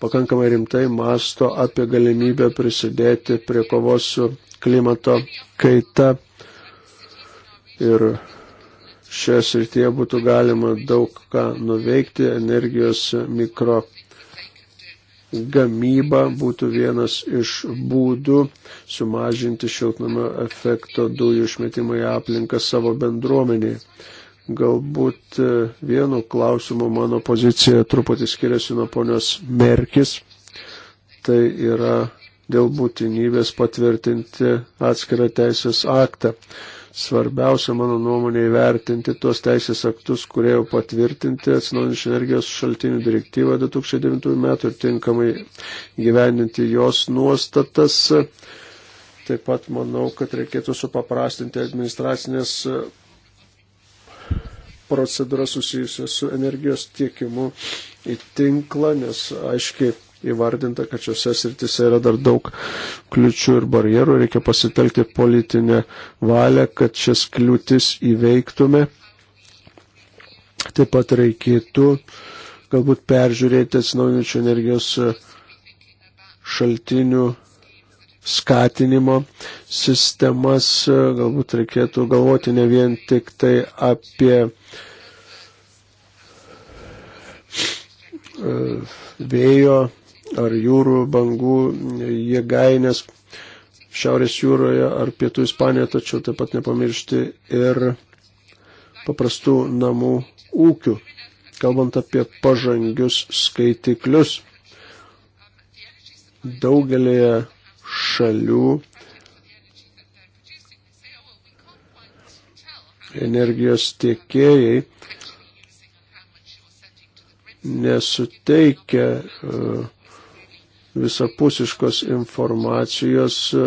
pakankamai rimtai masto apie galimybę prisidėti prie kovos su klimato kaita. Ir šioje srityje būtų galima daug ką nuveikti energijos mikro gamyba būtų vienas iš būdų sumažinti šiltnamio efekto dujų išmetimą į aplinką savo bendruomenėje. Galbūt e, vienu klausimu mano pozicija truputį skiriasi nuo ponios Merkis. Tai yra dėl būtinybės patvirtinti atskirą teisės aktą Svarbiausia, mano nuomonė, įvertinti tuos teisės aktus, kurie jau patvirtinti atsinaujinančių energijos šaltinių direktyvą 2009 metų ir tinkamai gyveninti jos nuostatas. Taip pat manau, kad reikėtų supaprastinti administracinės procedūras susijusias su energijos tiekimu į tinklą, nes aiškiai įvardinta, kad šiuose srityse yra dar daug kliučių ir barjerų, reikia pasitelkti politinę valią, kad šias kliūtis įveiktume. Taip pat reikėtų galbūt peržiūrėti atsinaujinančių energijos šaltinių skatinimo sistemas, galbūt reikėtų galvoti ne vien tik tai apie e, vėjo ar jūrų bangų jėgainės Šiaurės jūroje ar Pietų Ispanijoje, tačiau taip pat nepamiršti ir paprastų namų ūkių, kalbant apie pažangius skaitiklius. Daugelėje šalių energijos tiekėjai nesuteikia uh, visapusiškos informacijos e,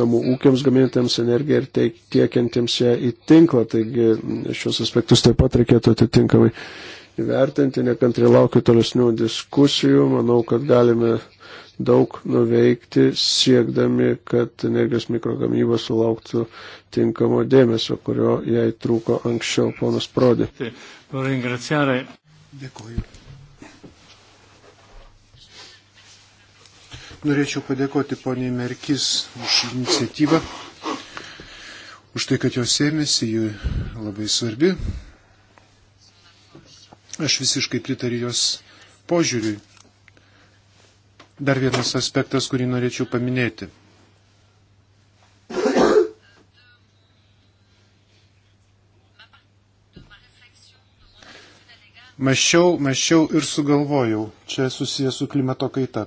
namų ūkiams gamintams energiją ir teik, tiekiantiems ją į tinklą. Taigi šios aspektus taip pat reikėtų atitinkamai įvertinti. Nekantri laukiu tolesnių diskusijų. Manau, kad galime daug nuveikti siekdami, kad energijos mikrogamyba sulauktų tinkamo dėmesio, kurio jai trūko anksčiau ponas Prodi. Dėkuoju. norėčiau padėkoti poniai Merkis už iniciatyvą, už tai, kad jos ėmėsi, ji labai svarbi. Aš visiškai pritariu jos požiūriui. Dar vienas aspektas, kurį norėčiau paminėti. Mašiau, mašiau ir sugalvojau, čia susijęs su klimato kaita.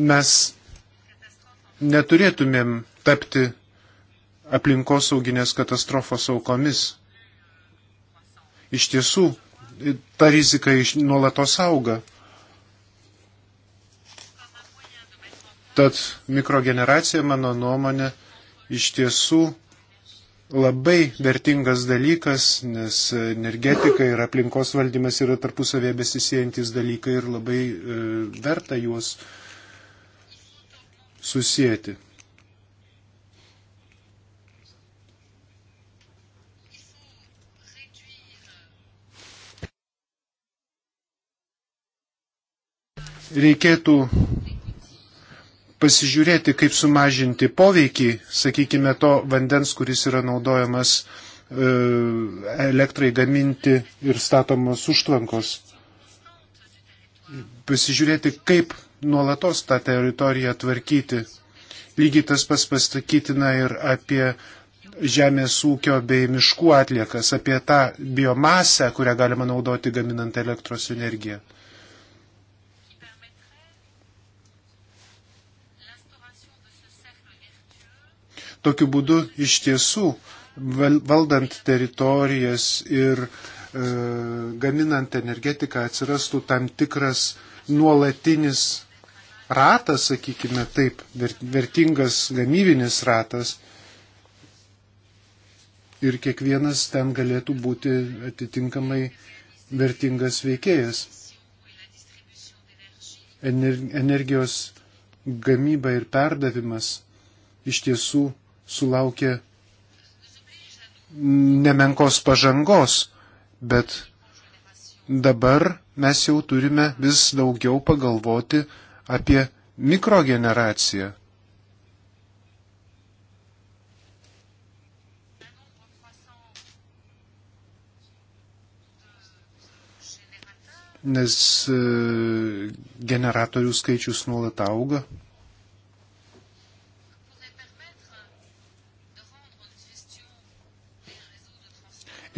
mes neturėtumėm tapti aplinkosauginės katastrofos aukomis. Iš tiesų, ta rizika iš nuolatos auga. Tad mikrogeneracija, mano nuomonė, iš tiesų labai vertingas dalykas, nes energetika ir aplinkos valdymas yra tarpusavėje besisėjantis dalykai ir labai e, verta juos e, susijęti. Reikėtų pasižiūrėti, kaip sumažinti poveikį, sakykime, to vandens, kuris yra naudojamas e, elektrai gaminti ir statomos užtvankos. Pasižiūrėti, kaip nuolatos tą teritoriją tvarkyti. Lygiai tas pas pasakytina ir apie žemės ūkio bei miškų atliekas, apie tą biomasę, kurią galima naudoti gaminant elektros energiją. Tokiu būdu iš tiesų valdant teritorijas ir e, gaminant energetiką atsirastų tam tikras e, nuolatinis ratas, sakykime taip, vertingas gamybinis ratas. Ir kiekvienas ten galėtų būti atitinkamai vertingas veikėjas. Energijos gamyba ir perdavimas iš tiesų sulaukė nemenkos pažangos, bet dabar mes jau turime vis daugiau pagalvoti apie mikrogeneraciją. Nes e, generatorių skaičius nuolat auga.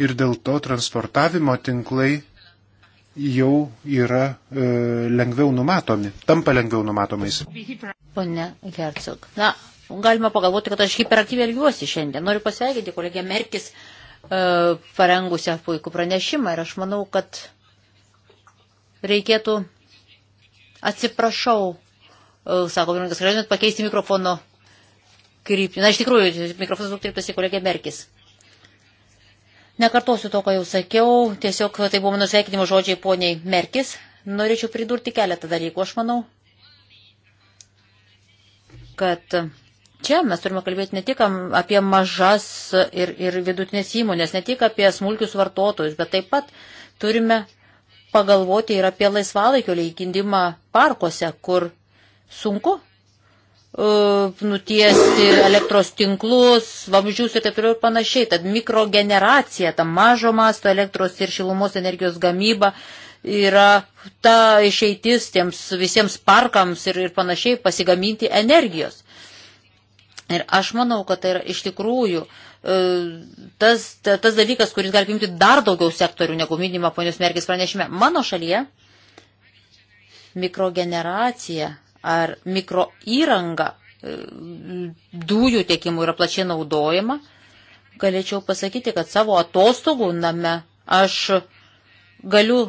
Ir dėl to transportavimo tinklai jau yra e, lengviau numatomi, tampa lengviau numatomais. Pone Hercog, na, galima pagalvoti, kad aš hiperaktyviai elgiuosi šiandien. Noriu pasveikinti kolegę Merkis e, parengusią puikų pranešimą ir aš manau, kad reikėtų, atsiprašau, e, sako Vilnius, galėtumėt pakeisti mikrofono kryptį. Na, iš tikrųjų, mikrofonas nukreiptas į kolegę Merkis. Nekartosiu to, ką jau sakiau, tiesiog tai buvo mano sveikinimo žodžiai poniai Merkis. Norėčiau pridurti keletą dalykų. Aš manau, kad čia mes turime kalbėti ne tik apie mažas ir, ir vidutinės įmonės, ne tik apie smulkius vartotojus, bet taip pat turime pagalvoti ir apie laisvalaikio leikindimą parkuose, kur sunku Uh, nutiesti elektros tinklus, vamzdžius ir taip toliau ir panašiai. Tad mikrogeneracija, ta mažo masto elektros ir šilumos energijos gamyba yra ta išeitis tiems visiems parkams ir, ir panašiai pasigaminti energijos. Ir aš manau, kad tai yra iš tikrųjų uh, tas, tas dalykas, kuris gali imti dar daugiau sektorių negu minima ponios mergis pranešime. Mano šalyje mikrogeneracija ar mikro įranga e, dujų tiekimų yra plačiai naudojama, galėčiau pasakyti, kad savo atostogų name aš galiu,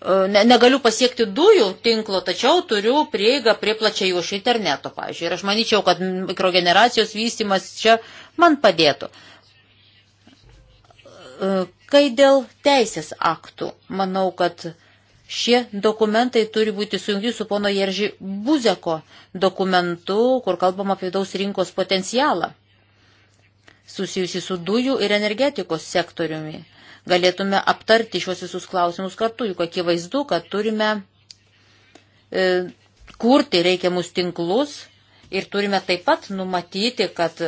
e, ne, negaliu pasiekti dujų tinklo, tačiau turiu prieigą prie plačiai už interneto, pavyzdžiui. Ir aš manyčiau, kad mikrogeneracijos vystimas čia man padėtų. E, kai dėl teisės aktų, manau, kad Šie dokumentai turi būti sujungti su pono Jerži Buzeko dokumentu, kur kalbam apie daus rinkos potencialą susijusi su dujų ir energetikos sektoriumi. Galėtume aptarti šios visus klausimus kartu, juk akivaizdu, kad turime e, kurti reikiamus tinklus ir turime taip pat numatyti, kad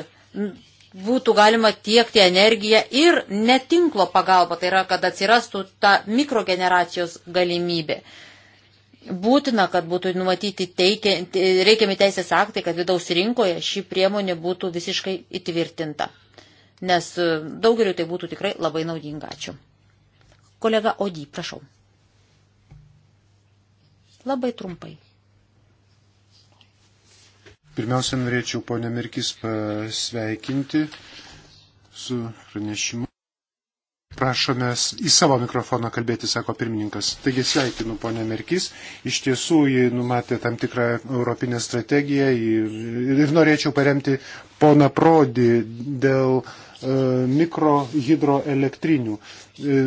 būtų galima tiekti energiją ir netinklo pagalba, tai yra, kad atsirastų ta mikrogeneracijos galimybė. Būtina, kad būtų numatyti teikė, reikiami teisės aktai, kad vidaus rinkoje ši priemonė būtų visiškai įtvirtinta. Nes e, daugeliu tai būtų tikrai labai naudinga. Ačiū. Kolega Odį, prašau. Labai trumpai. Pirmiausia, norėčiau ponę Merkis pasveikinti su pranešimu. Prašome į savo mikrofoną kalbėti, sako pirmininkas. Taigi sveikinu ponę Merkis. Iš tiesų, ji numatė tam tikrą europinę strategiją ir, ir norėčiau paremti poną Prodį dėl e, mikrohidroelektrinių. E,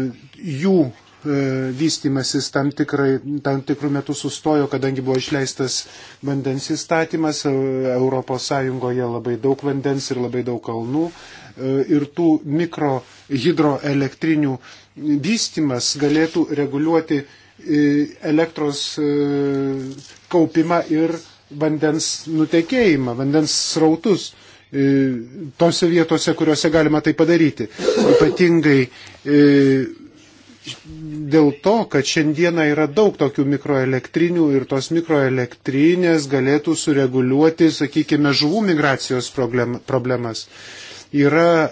jų E, vystimasis tam, tikrai, tam tikrų metų sustojo, kadangi buvo išleistas vandens įstatymas, ES labai daug vandens ir labai daug kalnų e, ir tų mikro hidroelektrinių vystimas galėtų reguliuoti e, elektros kaupimą ir vandens nutekėjimą, vandens srautus tose vietose, kuriuose galima tai padaryti. Ypatingai dėl to, kad šiandieną yra daug tokių mikroelektrinių ir tos mikroelektrinės galėtų sureguliuoti, sakykime, žuvų migracijos problemas. Yra e,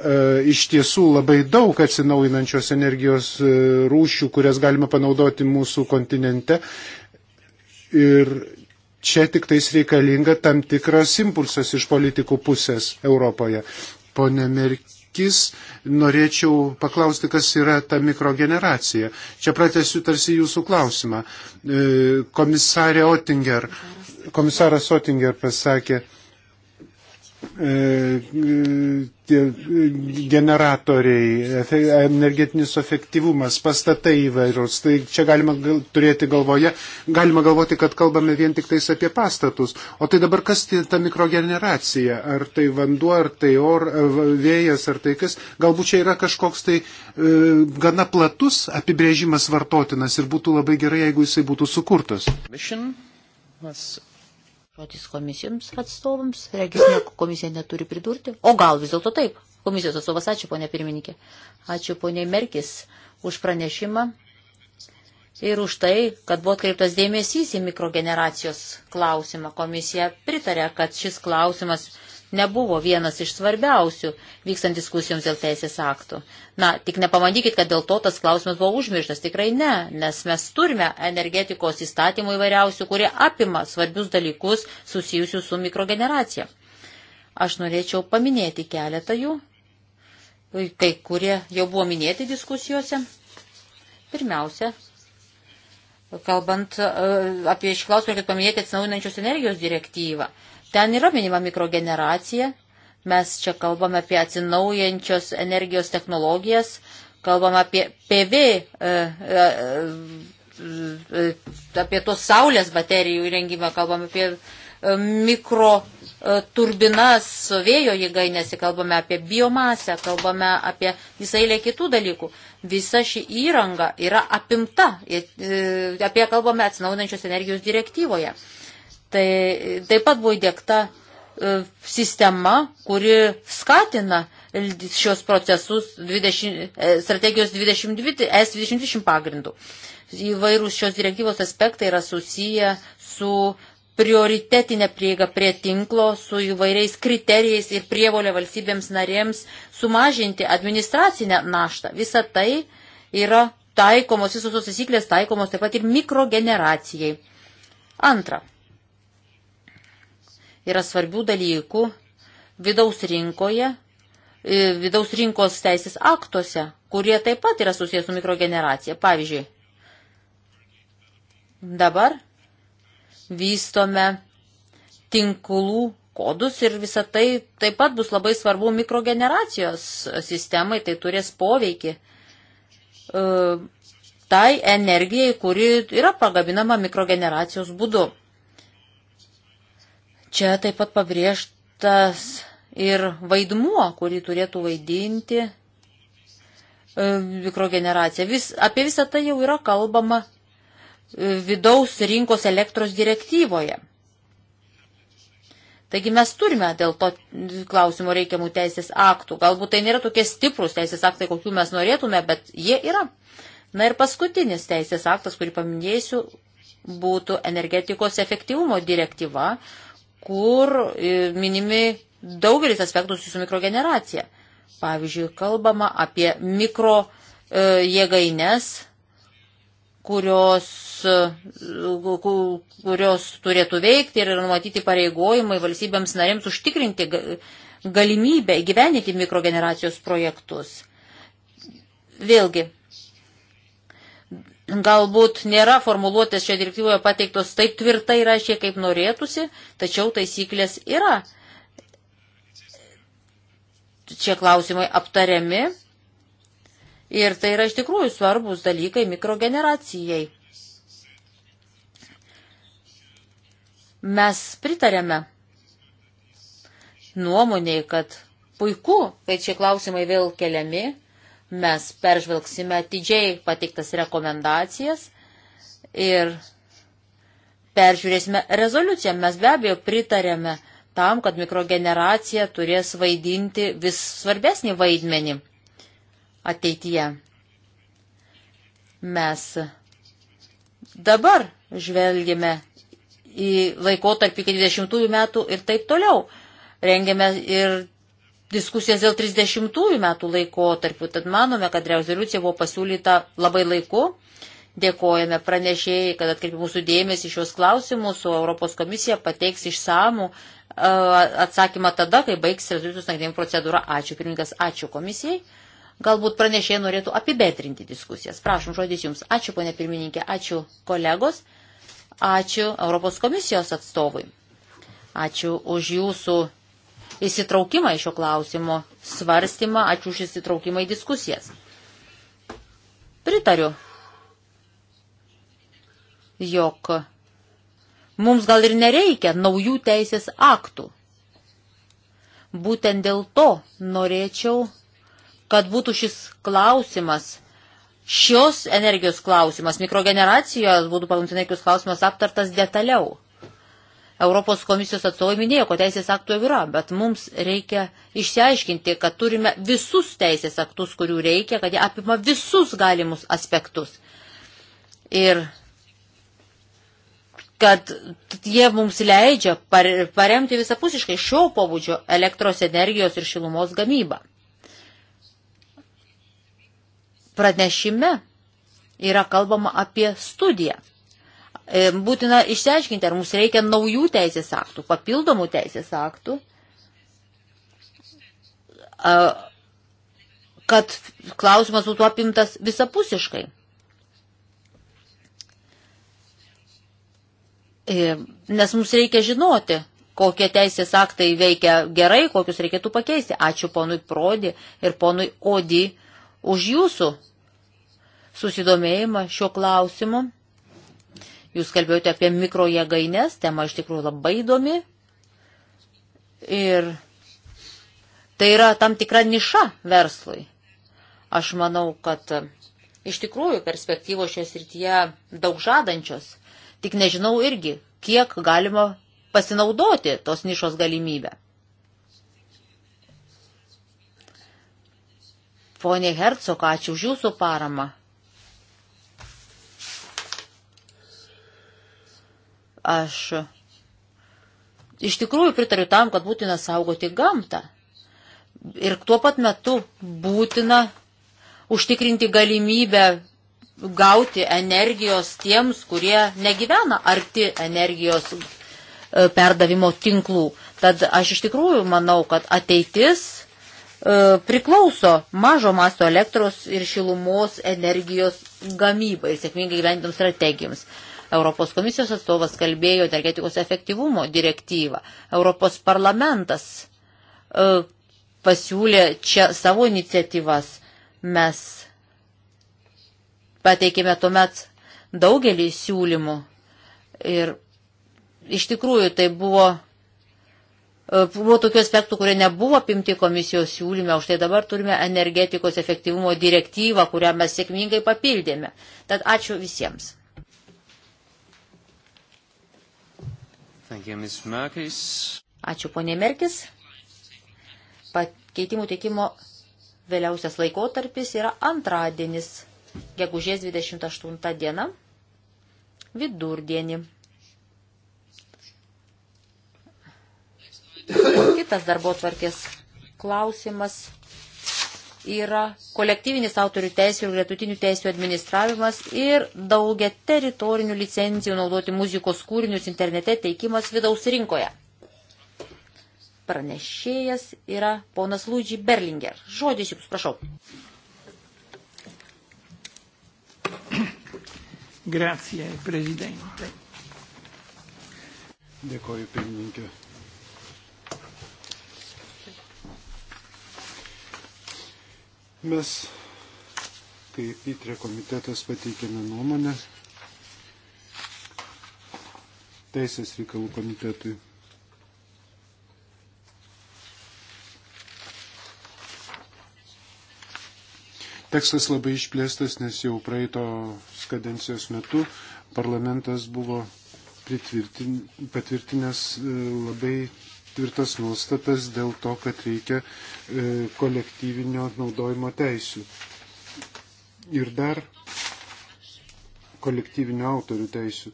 iš tiesų labai daug atsinaujinančios energijos e, rūšių, kurias galima panaudoti mūsų kontinente. Ir čia tik tais reikalinga tam tikras impulsas iš politikų pusės Europoje. Pone Merkė akis, norėčiau paklausti, kas yra ta mikrogeneracija. Čia pratesiu tarsi jūsų klausimą. E, komisarė Otinger, komisaras Otinger pasakė, E, e, tie generatoriai, energetinis efektyvumas, pastatai įvairūs. Tai čia galima gal, turėti galvoje, galima galvoti, kad kalbame vien tik tais apie pastatus. O tai dabar kas ta mikrogeneracija? Ar tai vanduo, ar tai or, e, vėjas, ar tai kas? Galbūt čia yra kažkoks tai e, gana platus apibrėžimas vartotinas ir būtų labai gerai, jeigu jisai būtų sukurtas. Mission was Žodis komisijoms atstovams. Regis nieko komisija neturi pridurti. O gal vis dėlto taip. Komisijos atstovas, ačiū ponė pirmininkė. Ačiū ponė Merkis už pranešimą ir už tai, kad buvo atkreiptas dėmesys į mikrogeneracijos klausimą. Komisija pritarė, kad šis klausimas nebuvo vienas iš svarbiausių vykstant diskusijoms dėl teisės aktų. Na, tik nepamandykit, kad dėl to tas klausimas buvo užmirštas. Tikrai ne, nes mes turime energetikos įstatymų įvairiausių, kurie apima svarbius dalykus susijusius su mikrogeneracija. Aš norėčiau paminėti keletą jų, kai kurie jau buvo minėti diskusijose. Pirmiausia, kalbant e, apie išklausimą, kad paminėti atsinaujinančios energijos direktyvą. Ten yra minima mikrogeneracija, mes čia kalbame apie atsinaujančios energijos technologijas, kalbame apie PV, e, e, e, apie tos saulės baterijų įrengimą, kalbame apie mikro turbinas, vėjo jėgainėse, kalbame apie biomasę, kalbame apie visą eilę kitų dalykų. Visa ši įranga yra apimta, apie kalbame atsinaujančios energijos direktyvoje. Tai taip pat buvo įdėkta e, sistema, kuri skatina šios procesus 20, e, strategijos 22, S2020 pagrindų. Įvairūs šios direktyvos aspektai yra susiję su prioritetinė prieiga prie tinklo, su įvairiais kriterijais ir prievolė valstybėms narėms sumažinti administracinę naštą. Visa tai yra taikomos, visos taisyklės taikomos taip pat ir mikrogeneracijai. Antra, yra svarbių dalykų vidaus rinkoje, e, vidaus rinkos teisės aktuose, kurie taip pat yra susijęs su mikrogeneracija. Pavyzdžiui, dabar vystome tinklų kodus ir visa tai taip pat bus labai svarbu mikrogeneracijos sistemai, tai turės poveikį e, tai energijai, kuri yra pagaminama mikrogeneracijos būdu. Čia taip pat pabrėžtas ir vaidmuo, kurį turėtų vaidinti e, mikrogeneracija. Vis, apie visą tai jau yra kalbama e, vidaus rinkos elektros direktyvoje. Taigi mes turime dėl to klausimo reikiamų teisės aktų. Galbūt tai nėra tokie stiprus teisės aktai, kokių mes norėtume, bet jie yra. Na ir paskutinis teisės aktas, kurį paminėsiu, būtų energetikos efektyvumo direktyva, kur e, minimi daugelis aspektų su mikrogeneracija. Pavyzdžiui, kalbama apie mikro e, jėgaines, kurios, e, kurios turėtų veikti ir numatyti pareigojimai valstybėms narėms užtikrinti galimybę įgyveninti mikrogeneracijos projektus. Vėlgi, galbūt nėra formuluotės šioje direktyvoje pateiktos taip tvirtai rašė, kaip norėtųsi, tačiau taisyklės yra. Čia klausimai aptariami ir tai yra iš tikrųjų svarbus dalykai mikrogeneracijai. Mes pritarėme nuomonėj, kad puiku, kad šie klausimai vėl keliami Mes peržvelgsime atidžiai pateiktas rekomendacijas ir peržiūrėsime rezoliuciją. Mes be abejo pritarėme tam, kad mikrogeneracija turės vaidinti vis svarbesnį vaidmenį ateityje. Mes dabar žvelgėme į laikotarpį iki 20 metų ir taip toliau. Rengėme ir diskusijas dėl 30-ųjų metų laikotarpių, tad manome, kad rezoliucija buvo pasiūlyta labai laiku. Dėkojame pranešėjai, kad atkreipė mūsų dėmesį šios klausimus, o Europos komisija pateiks išsamų e, atsakymą tada, kai baigs rezoliucijos nagrinėjimo procedūra. Ačiū, pirmininkas, ačiū komisijai. Galbūt pranešėjai norėtų apibendrinti diskusijas. Prašom, žodis jums. Ačiū, ponė pirmininkė, ačiū kolegos, ačiū Europos komisijos atstovui. Ačiū už jūsų įsitraukimą į šio klausimo svarstymą, ačiū už įsitraukimą į diskusijas. Pritariu, jog mums gal ir nereikia naujų teisės aktų. Būtent dėl to norėčiau, kad būtų šis klausimas šios energijos klausimas, mikrogeneracijos būtų palantinaikius klausimas aptartas detaliau. Europos komisijos atstovai minėjo, ko teisės aktų yra, bet mums reikia išsiaiškinti, kad turime visus teisės aktus, kurių reikia, kad jie apima visus galimus aspektus. Ir kad jie mums leidžia paremti visapusiškai šio pobūdžio elektros energijos ir šilumos gamybą. Pranešime yra kalbama apie studiją. E, būtina išsiaiškinti, ar mums reikia naujų teisės aktų, papildomų teisės aktų, kad klausimas būtų apimtas visapusiškai. E, nes mums reikia žinoti, kokie teisės aktai veikia gerai, kokius reikėtų pakeisti. Ačiū ponui Prodi ir ponui Odi už jūsų susidomėjimą šiuo klausimu. Jūs kalbėjote apie mikrojėgainės, tema iš tikrųjų labai įdomi. Ir tai yra tam tikra niša verslui. Aš manau, kad iš tikrųjų perspektyvos šios rytyje daug žadančios. Tik nežinau irgi, kiek galima pasinaudoti tos nišos galimybę. Pone Hercog, ačiū už jūsų paramą. Aš iš tikrųjų pritariu tam, kad būtina saugoti gamtą. Ir tuo pat metu būtina užtikrinti galimybę gauti energijos tiems, kurie negyvena arti energijos e, perdavimo tinklų. Tad aš iš tikrųjų manau, kad ateitis e, priklauso mažo masto elektros ir šilumos energijos gamybai ir sėkmingai gyvendam strategijams. Europos komisijos atstovas kalbėjo energetikos efektyvumo direktyvą. Europos parlamentas e, pasiūlė čia savo iniciatyvas. Mes pateikėme tuomet daugelį siūlymų ir iš tikrųjų tai buvo e, Buvo tokių aspektų, kurie nebuvo apimti komisijos siūlyme, už tai dabar turime energetikos efektyvumo direktyvą, kurią mes sėkmingai papildėme. Tad ačiū visiems. Ačiū, ponė Merkis. Pakeitimų teikimo vėliausias laikotarpis yra antradienis, gegužės 28 diena, vidurdienį. Kitas darbo tvarkės klausimas yra kolektyvinis autorių teisų ir gretutinių teisų administravimas ir daugia teritorinių licencijų naudoti muzikos kūrinius internete teikimas vidaus rinkoje. Pranešėjas yra ponas Luigi Berlinger. Žodis jums, prašau. Grazie, prezidente. Dėkoju, pirmininkė. Mes, kaip įtrė komitetas, pateikėme nuomonę Teisės reikalų komitetui. Tekstas labai išplėstas, nes jau praeito kadencijos metu parlamentas buvo patvirtinęs e, labai tvirtas nuostatas dėl to, kad reikia e, kolektyvinio naudojimo teisių. Ir dar kolektyvinio autorių teisių.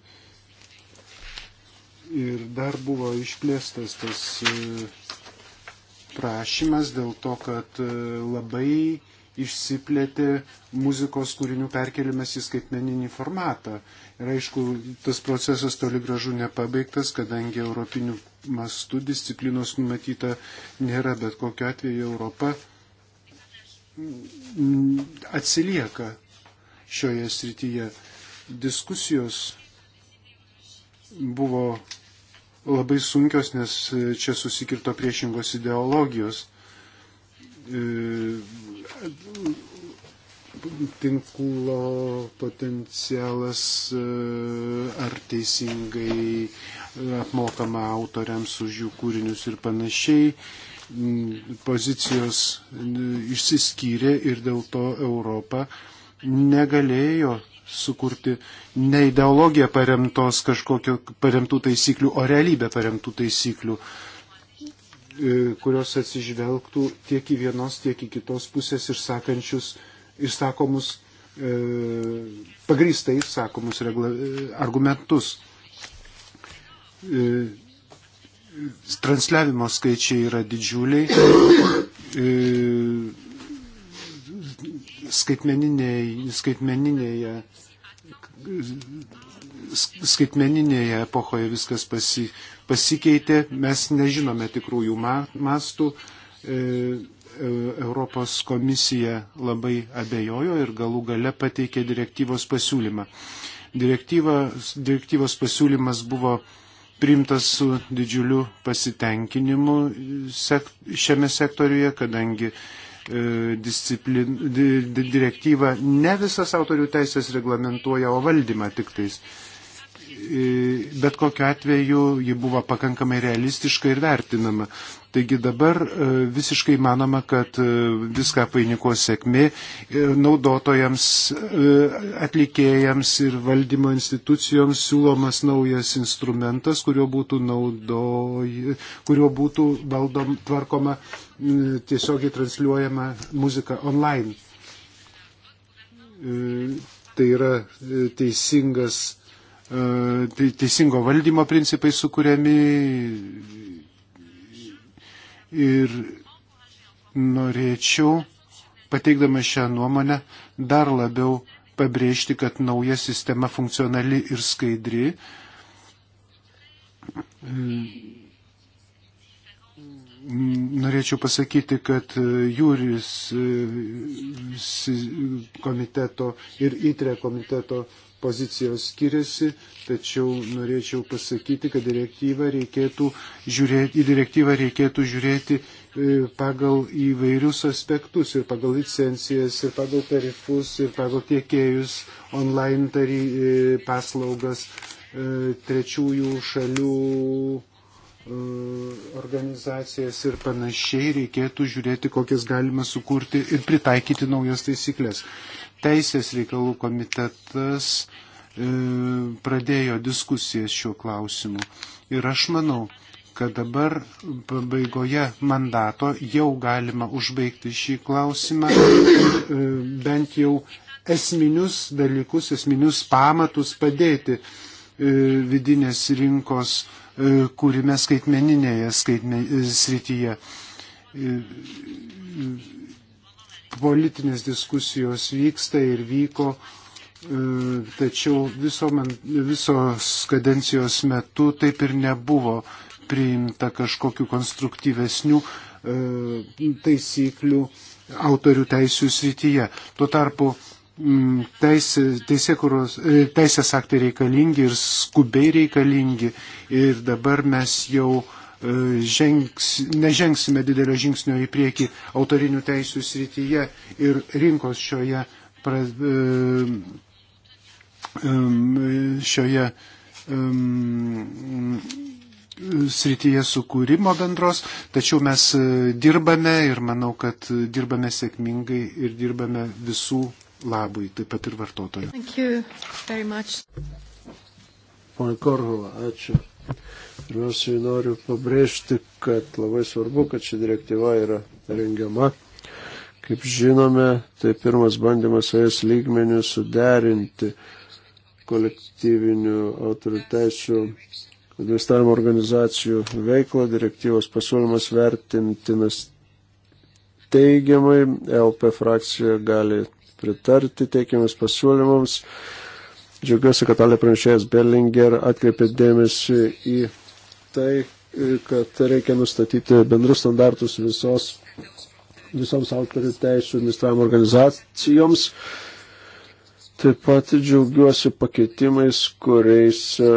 Ir dar buvo išplėstas tas e, prašymas dėl to, kad e, labai išsiplėtė muzikos kūrinių perkelimas į skaitmeninį formatą. Ir aišku, tas procesas toli gražu nepabaigtas, kadangi europinių mastu disciplinos numatyta nėra, bet kokiu atveju Europa mm, atsilieka šioje srityje. Diskusijos buvo labai sunkios, nes čia susikirto priešingos ideologijos. E, tinklo potencialas, e, ar teisingai apmokama autoriams už jų kūrinius ir panašiai. Mm, pozicijos išsiskyrė ir dėl to Europa negalėjo sukurti ne ideologiją paremtos kažkokio paremtų taisyklių, o realybę paremtų taisyklių e, kurios atsižvelgtų tiek į vienos, tiek į kitos pusės išsakančius, išsakomus, e, pagrįstai išsakomus regla, e, argumentus. E, transliavimo skaičiai yra didžiuliai. E, skaitmeninėje, skaitmeninėje, skaitmeninėje epochoje viskas pasi, pasikeitė, mes nežinome tikrųjų mastų. E, Europos komisija labai abejojo ir galų gale pateikė direktyvos pasiūlymą. Direktyvos, direktyvos pasiūlymas buvo priimtas su didžiuliu pasitenkinimu sekt, šiame sektoriuje, kadangi e, disciplin, di, direktyva ne visas autorių teisės reglamentuoja, o valdymą tik tais bet kokiu atveju ji buvo pakankamai realistiška ir vertinama. Taigi dabar e, visiškai manoma, kad e, viską painikuos sėkmė e, naudotojams, atlikėjams ir valdymo institucijoms siūlomas naujas instrumentas, kuriuo būtų, naudoj, kuriuo būtų valdom, tvarkoma tiesiogiai transliuojama muzika online. Tai yra teisingas E, tai teisingo valdymo principai sukūriami ir norėčiau, pateikdama šią nuomonę, dar labiau pabrėžti, kad nauja sistema funkcionali ir skaidri. Norėčiau pasakyti, kad jūris e, komiteto ir įtrė komiteto uh, pozicijos skiriasi, tačiau norėčiau pasakyti, kad direktyvą reikėtų žiūrėti, į direktyvą reikėtų žiūrėti e, pagal įvairius aspektus ir pagal licencijas, ir pagal tarifus, ir pagal tiekėjus, online tari, e, paslaugas, e, trečiųjų šalių organizacijas ir panašiai reikėtų žiūrėti, kokias galima sukurti ir pritaikyti naujas taisyklės. Teisės reikalų komitetas e, pradėjo diskusijas šiuo klausimu. Ir aš manau, kad dabar pabaigoje mandato jau galima užbaigti šį klausimą ir e, bent jau esminius dalykus, esminius pamatus padėti e, vidinės rinkos kūrime skaitmeninėje skaitmen... srityje politinės diskusijos vyksta ir vyko, e, tačiau viso man, visos kadencijos metu taip ir nebuvo priimta kažkokiu konstruktyvesnių e, taisyklių autorių teisų srityje. Tuo tarpu mm, teisė, teisė, kuros, e, teisės aktai reikalingi ir skubiai reikalingi ir dabar mes jau uh, E, žengs, nežengsime didelio žingsnio į priekį autorinių teisų srityje ir rinkos šioje, pra, e, šioje um, srityje sukūrimo bendros, tačiau mes e, dirbame ir manau, kad dirbame sėkmingai ir dirbame visų labui, taip pat ir vartotojų. Pone Korhola, ačiū. Pirmiausiai noriu pabrėžti, kad labai svarbu, kad ši direktyva yra rengiama. Kaip žinome, tai pirmas bandymas ES lygmenių suderinti kolektyvinių autorių teisų administravimo organizacijų veiklą. Direktyvos pasiūlymas vertintinas teigiamai. LP frakcija gali pritarti teikiamis pasiūlymams. Džiaugiuosi, kad Alė pranešėjas Bellinger atkreipė dėmesį į tai, kad reikia nustatyti bendrus standartus visos, visoms autorių teisų administravimo organizacijoms. Taip pat džiaugiuosi pakeitimais, kuriais e,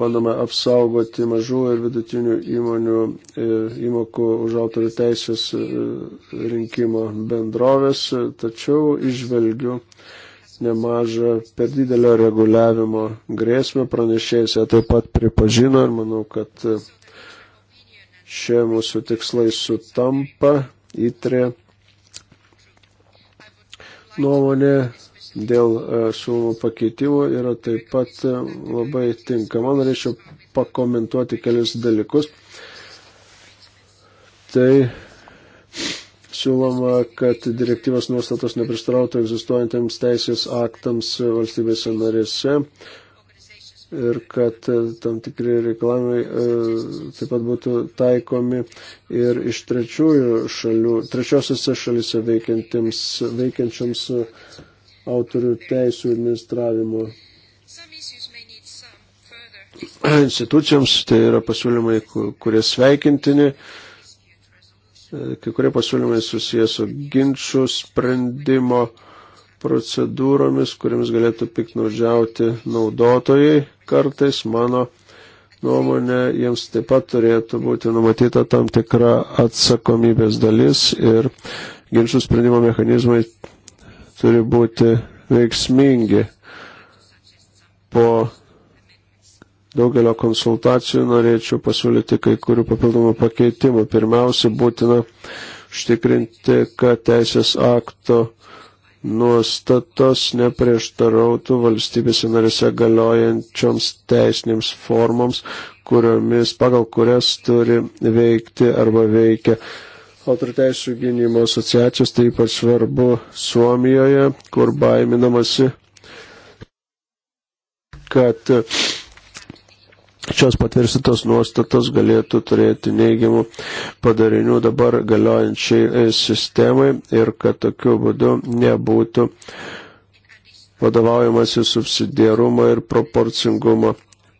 bandome apsaugoti mažų ir vidutinių įmonių e, įmokų už autorių teisės e, rinkimo bendrovės, tačiau išvelgiu nemažą per didelio reguliavimo grėsmę pranešėjas ją taip pat pripažino ir manau, kad e, šie mūsų tikslai sutampa įtrė nuomonė dėl e, siūlomų pakeitimų yra taip pat e, labai tinkama. Norėčiau pakomentuoti kelius dalykus. Tai siūloma, kad direktyvos nuostatos neprieštarautų egzistuojantiems teisės aktams valstybėse narėse ir kad tam tikri reikalavimai e, taip pat būtų taikomi ir iš trečiųjų šalių, trečiosiose šalise veikiančiams autorių teisų administravimo institucijoms, tai yra pasiūlymai, kurie sveikintini kai kurie pasiūlymai susijęs su ginčių sprendimo procedūromis, kuriamis galėtų piknaudžiauti naudotojai kartais, mano nuomonė, jiems taip pat turėtų būti numatyta tam tikra atsakomybės dalis ir ginčių sprendimo mechanizmai turi būti veiksmingi po daugelio konsultacijų norėčiau pasiūlyti kai kurių papildomų pakeitimų. Pirmiausia, būtina užtikrinti, kad teisės akto nuostatos neprieštarautų valstybėse narėse galiojančioms teisinėms formoms, kuriomis, pagal kurias turi veikti arba veikia autorių teisų gynimo asociacijos, tai ypač svarbu Suomijoje, kur baiminamasi, kad uh, šios patvirtintos nuostatos galėtų turėti neigiamų padarinių dabar galiojančiai e, sistemai ir kad tokiu būdu nebūtų vadovaujamasi subsidiarumo ir proporcingumo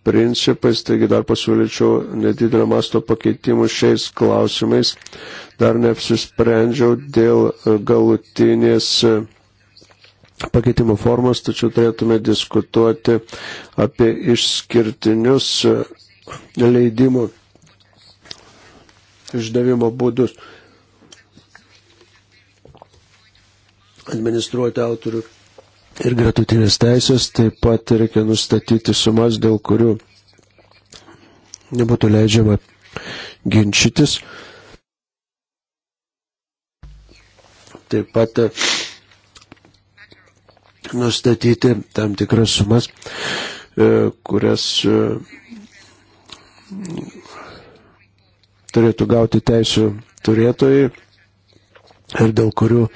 principais, taigi dar pasiūlyčiau nedidelio masto pakeitimų šiais klausimais. Dar neapsisprendžiau dėl e, galutinės e, pakeitimų formas, tačiau turėtume diskutuoti apie išskirtinius e, leidimų išdavimo būdus. Administruoti autorių ir gratutinės teisės taip pat reikia nustatyti sumas, dėl kurių nebūtų leidžiama ginčytis. Taip pat e, nustatyti tam tikras sumas, e, kurias e, turėtų gauti teisų turėtojai ir dėl kurių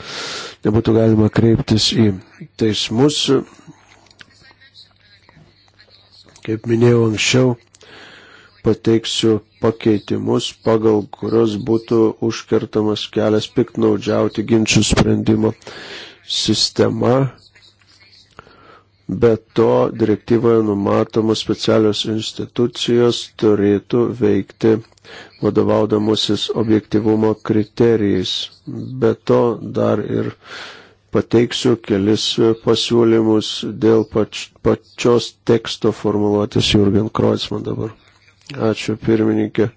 nebūtų galima kreiptis į teismus. Kaip minėjau anksčiau, pateiksiu pakeitimus, pagal kurios būtų užkertamas kelias piknaudžiauti ginčių sprendimo sistema Be to, direktyvoje numatomos specialios institucijos turėtų veikti vadovaudamusis objektivumo kriterijais. Be to, dar ir pateiksiu kelis pasiūlymus dėl pač, pačios teksto formuluotės Jurgen Kreuzman dabar. Ačiū pirmininkė.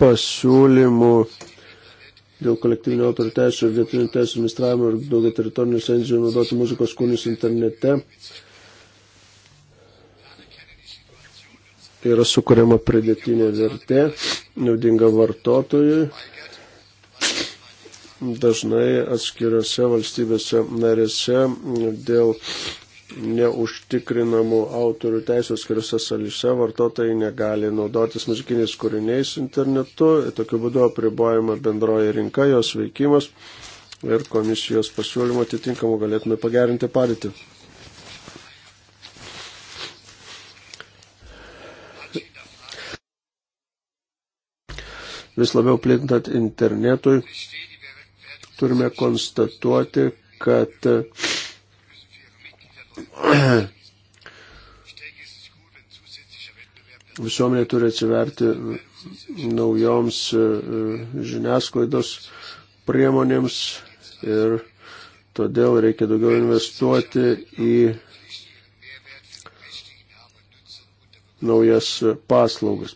Pasiūlymų dėl kolektyvinio autorių teisų ir vietinių teisų administravimo ir daugia teritorinių licencijų naudoti muzikos kūrinius internete. Yra sukuriama pridėtinė vertė, naudinga vartotojui. Dažnai atskiriuose valstybėse narėse dėl neužtikrinamų autorių teisų skiriuose šalyse vartotojai negali naudotis muzikiniais kūriniais internetu, tokiu būdu apribojama bendroji rinka, jos veikimas ir komisijos pasiūlymo atitinkamų galėtume pagerinti padėtį. Vis labiau plintant internetui turime konstatuoti, kad uh, visuomenė turi atsiverti naujoms e, e, žiniasklaidos priemonėms ir todėl reikia daugiau investuoti į naujas paslaugas.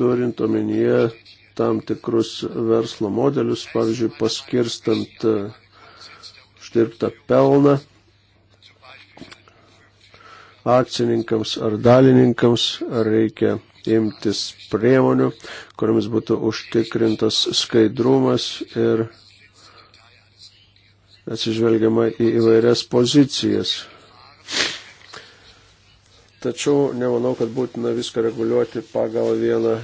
Turint omenyje tam tikrus verslo modelius, pavyzdžiui, paskirstant e, uždirbtą pelną akcininkams ar dalininkams reikia imtis priemonių, kuriamis būtų užtikrintas skaidrumas ir atsižvelgiama į įvairias pozicijas. Tačiau nemanau, kad būtina viską reguliuoti pagal vieną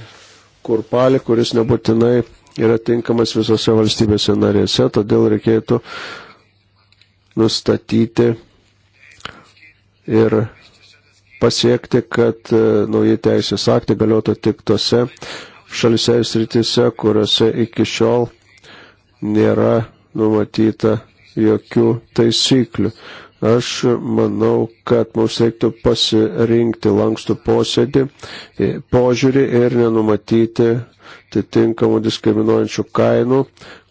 kurpalį, kuris nebūtinai yra tinkamas visose valstybėse narėse, todėl reikėtų nustatyti ir pasiekti, kad e, nauji teisės aktai galiotų tik tose šalise ir sritise, kuriuose iki šiol nėra numatyta jokių taisyklių. Aš manau, kad mums reiktų pasirinkti lankstų posėdį, požiūrį ir nenumatyti atitinkamų diskriminuojančių kainų,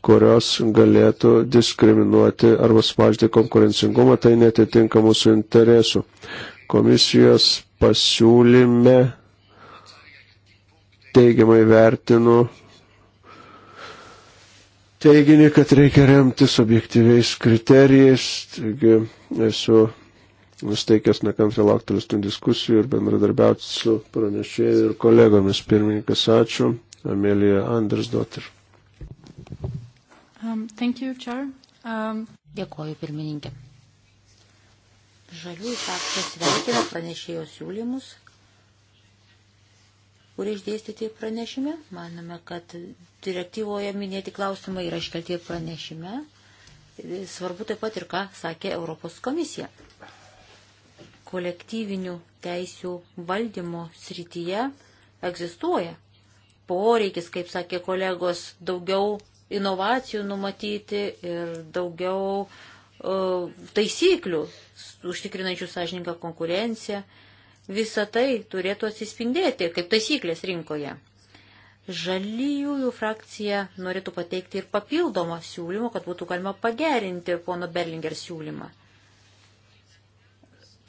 kurios galėtų diskriminuoti arba smalti konkurencingumą, tai netitinka mūsų interesų. Komisijos pasiūlyme teigiamai vertinu teiginį, kad reikia remtis objektyviais kriterijais, taigi esu nusteikęs nekantriai laukti tolesnių diskusijų ir bendradarbiauti su pranešėjai ir kolegomis. Pirmininkas, ačiū. Amelija Anders Dotter. Um, thank you, Chair. Um... Dėkuoju, pirmininkė. Žaliųjų frakcijos sveikina pranešėjo siūlymus, kurie išdėstyti pranešime. Manome, kad direktyvoje minėti klausimai yra iškelti pranešime. Svarbu taip pat ir ką sakė Europos komisija. Kolektyvinių teisių valdymo srityje egzistuoja poreikis, kaip sakė kolegos, daugiau inovacijų numatyti ir daugiau uh, taisyklių užtikrinančių sąžininką konkurenciją. Visą tai turėtų atsispindėti kaip taisyklės rinkoje. Žalyjųjų frakcija norėtų pateikti ir papildomą siūlymą, kad būtų galima pagerinti pono Berlinger siūlymą.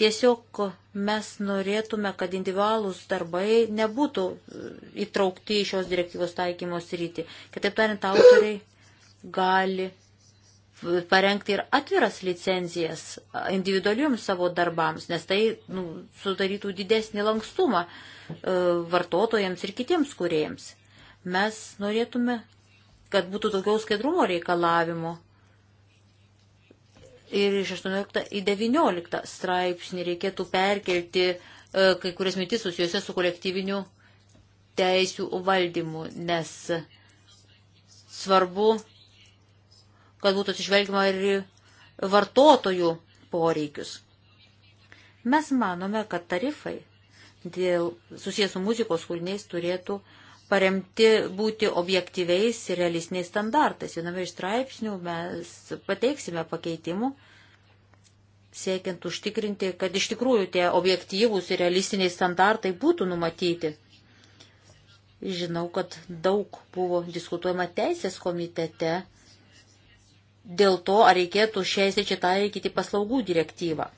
Tiesiog mes norėtume, kad individualūs darbai nebūtų e, įtraukti į šios direktyvos taikymos rytį. Kitaip tariant, autoriai gali parengti ir atviras licencijas individualiums savo darbams, nes tai nu, sudarytų didesnį lankstumą e, vartotojams ir kitiems kuriejams. Mes norėtume, kad būtų daugiau skaidrumo reikalavimo. Ir iš 18 į 19 straipsnį reikėtų perkelti e, kai kurias mintis susijusias su kolektyviniu teisių valdymu, nes svarbu, kad būtų atsižvelgiama ir vartotojų poreikius. Mes manome, kad tarifai dėl susijęs su muzikos kūriniais turėtų uh, paremti būti objektyviais ir realistiniais standartais. Viename iš straipsnių mes pateiksime pakeitimų, siekiant užtikrinti, kad iš tikrųjų tie objektyvūs ir realistiniai standartai būtų numatyti. Žinau, kad daug buvo diskutuojama teisės komitete dėl to, ar reikėtų šiai sričiai taikyti paslaugų direktyvą.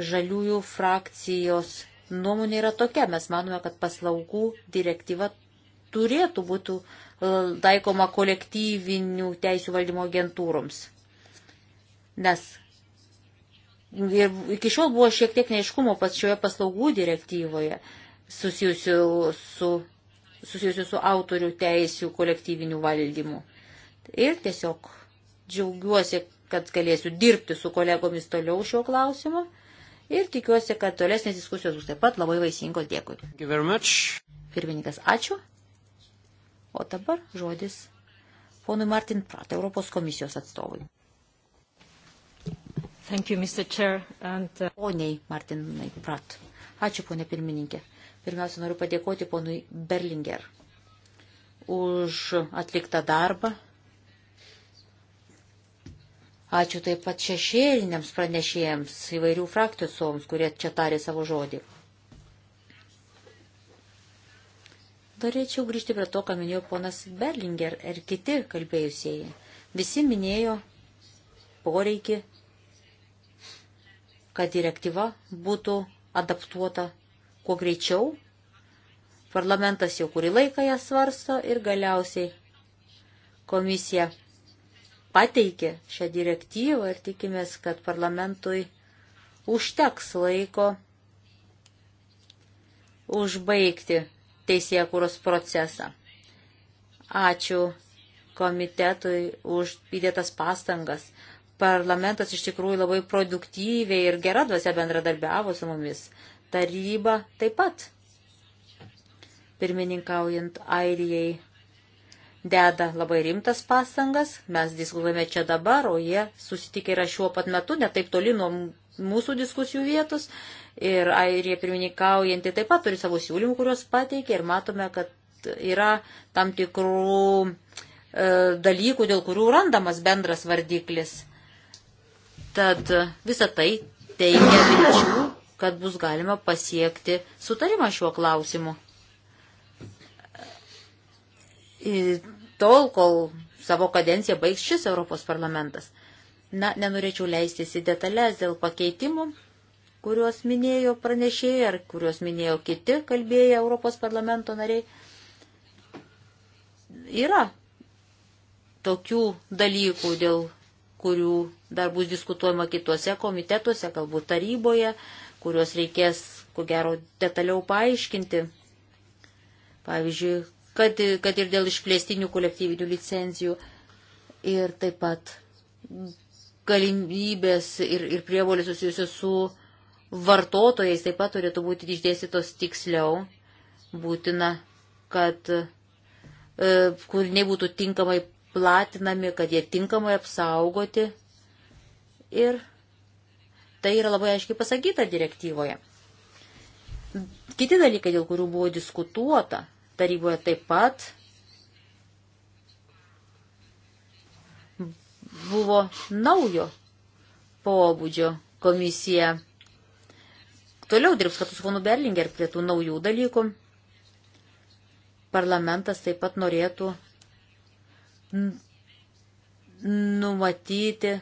Žaliųjų frakcijos nuomonė yra tokia. Mes manome, kad paslaugų direktyva turėtų būti e, taikoma kolektyvinių teisų valdymo agentūroms. Nes ir iki šiol buvo šiek tiek neiškumo pačioje paslaugų direktyvoje susijusiu su, susijusiu su autorių teisų kolektyviniu valdymu. Ir tiesiog džiaugiuosi, kad galėsiu dirbti su kolegomis toliau šiuo klausimu. Ir tikiuosi, kad tolesnės diskusijos bus taip pat labai vaisingos. Dėkui. Pirmininkas, ačiū. O dabar žodis ponui Martin Prat, Europos komisijos atstovui. Thank you, Mr. Chair. And, uh... Poniai Martinai Prat. Ačiū, ponė pirmininkė. Pirmiausia, noriu padėkoti ponui Berlinger už atliktą darbą. Ačiū taip pat šešėliniams pranešėjams įvairių frakcijų suoms, kurie čia tarė savo žodį. Norėčiau grįžti prie to, ką minėjo ponas Berlinger ir kiti kalbėjusieji. Visi minėjo poreikį, kad direktyva būtų adaptuota kuo greičiau. Parlamentas jau kurį laiką ją svarsto ir galiausiai komisija pateikė šią direktyvą ir tikimės, kad parlamentui užteks laiko užbaigti teisėje kūros procesą. Ačiū komitetui už įdėtas pastangas. Parlamentas iš tikrųjų labai produktyviai ir gera dvasia bendradarbiavo su mumis. Taryba taip pat, pirmininkaujant Airijai, deda labai rimtas pastangas. Mes diskutuojame čia dabar, o jie susitikė yra šiuo pat metu, netaip toli nuo mūsų diskusijų vietos ir airija pirmininkaujanti taip pat turi savo siūlymų, kuriuos pateikia ir matome, kad yra tam tikrų e, dalykų, dėl kurių randamas bendras vardiklis. Tad visą tai teigia vilčių, kad bus galima pasiekti sutarimą šiuo klausimu. Ir e, tol, kol savo kadenciją baigs šis Europos parlamentas. Na, nenorėčiau leistis į detalės dėl pakeitimų, kuriuos minėjo pranešėjai ar kuriuos minėjo kiti kalbėjai Europos parlamento nariai. Yra tokių dalykų, dėl kurių dar bus diskutuojama kituose komitetuose, galbūt taryboje, kuriuos reikės, ko gero, detaliau paaiškinti. Pavyzdžiui, kad, kad ir dėl išplėstinių kolektyvinių licencijų ir taip pat galimybės ir, ir prievolės susijusios su vartotojais taip pat turėtų būti išdėstytos tiksliau. Būtina, kad e, kūriniai būtų tinkamai platinami, kad jie tinkamai apsaugoti. Ir tai yra labai aiškiai pasakyta direktyvoje. Kiti dalykai, dėl kurių buvo diskutuota taryboje taip pat, buvo naujo pobūdžio komisija toliau dirbs kartu su Honu Berlinger prie tų naujų dalykų. Parlamentas taip pat norėtų numatyti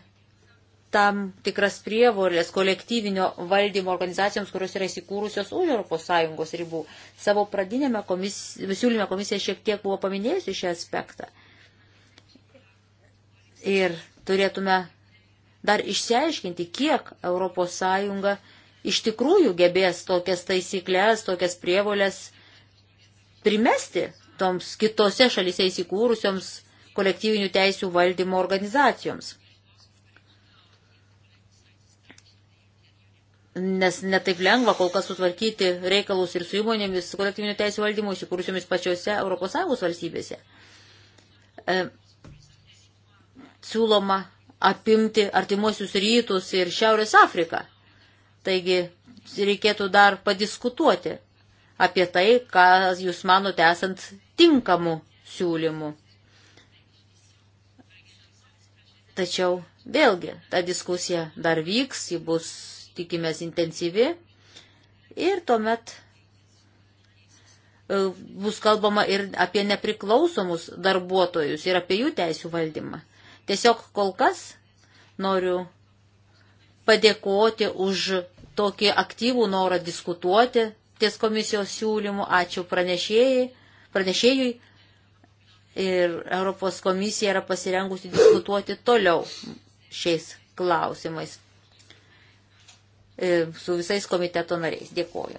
tam tikras prievolės kolektyvinio valdymo organizacijoms, kurios yra įsikūrusios už ES ribų. Savo pradinėme komis, siūlyme komisija šiek tiek buvo paminėjusi šią aspektą. Ir turėtume dar išsiaiškinti, kiek ES iš tikrųjų gebės tokias taisyklės, tokias prievolės primesti toms kitose šalyse įsikūrusioms kolektyvinių teisių valdymo organizacijoms. Nes netaip lengva kol kas sutvarkyti reikalus ir su įmonėmis kolektyvinių teisų valdymų įsikūrusiomis pačiose ES valstybėse. E, siūloma apimti artimuosius rytus ir Šiaurės Afriką. Taigi reikėtų dar padiskutuoti apie tai, ką jūs manote esant tinkamų siūlymų. Tačiau vėlgi ta diskusija dar vyks, ji bus, tikimės, intensyvi ir tuomet e, bus kalbama ir apie nepriklausomus darbuotojus ir apie jų teisų valdymą. Tiesiog kol kas noriu padėkoti už tokį aktyvų norą diskutuoti ties komisijos siūlymu. Ačiū pranešėjai, pranešėjui. Ir Europos komisija yra pasirengusi diskutuoti toliau šiais klausimais e, su visais komiteto nariais. Dėkuoju.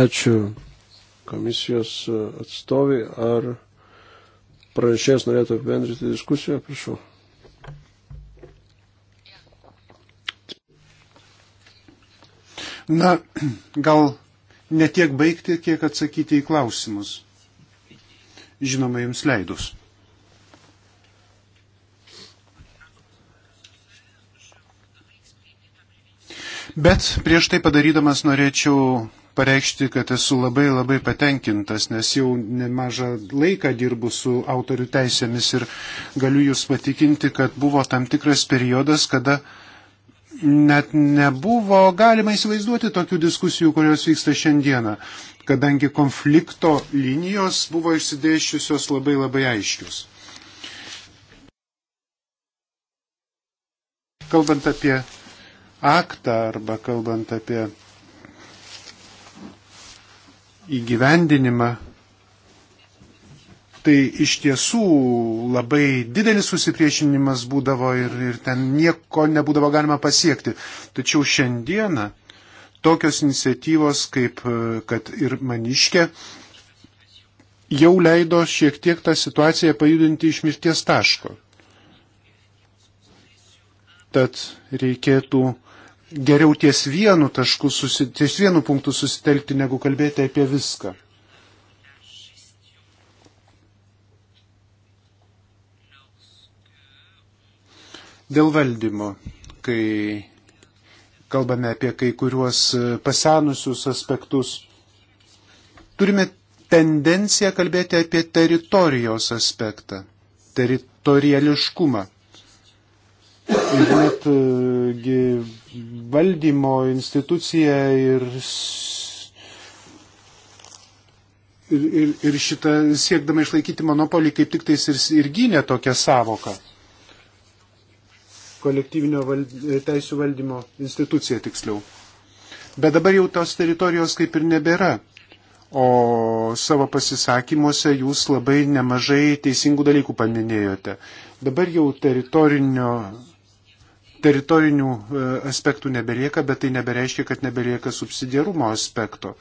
Ačiū komisijos atstovai. Ar pranešėjas norėtų apibendrinti diskusiją? Prašau. Na, gal ne tiek baigti, kiek atsakyti į klausimus. Žinoma, jums leidus. Bet prieš tai padarydamas norėčiau pareikšti, kad esu labai labai patenkintas, nes jau nemažą laiką dirbu su autorių teisėmis ir galiu jūs patikinti, kad buvo tam tikras periodas, kada uh, net nebuvo galima įsivaizduoti tokių diskusijų, kurios vyksta šiandieną, kadangi konflikto linijos buvo išsidėščiusios labai labai aiškius. Kalbant apie aktą arba kalbant apie įgyvendinimą Tai iš tiesų labai didelis susipriešinimas būdavo ir, ir ten nieko nebūdavo galima pasiekti. Tačiau šiandieną tokios iniciatyvos kaip e, kad ir maniškė jau leido šiek tiek tą situaciją pajudinti iš mirties taško. Tad reikėtų geriau ties vienu, tašku, ties vienu punktu susitelkti, negu kalbėti apie viską. Dėl valdymo, kai kalbame apie kai kuriuos e, pasenusius aspektus, turime tendenciją kalbėti apie teritorijos aspektą, teritoriališkumą. Ir netgi e, valdymo institucija ir, ir, ir, ir šitą siekdama išlaikyti monopolį kaip tik tais ir, ir gynė tokią savoką kolektyvinio vald... teisų valdymo institucija tiksliau. Bet dabar jau tos teritorijos kaip ir nebėra. O savo pasisakymuose jūs labai nemažai teisingų dalykų paminėjote. Dabar jau teritorinio, teritorinių e, aspektų nebelieka, bet tai nebereiškia, kad nebelieka subsidiarumo aspekto.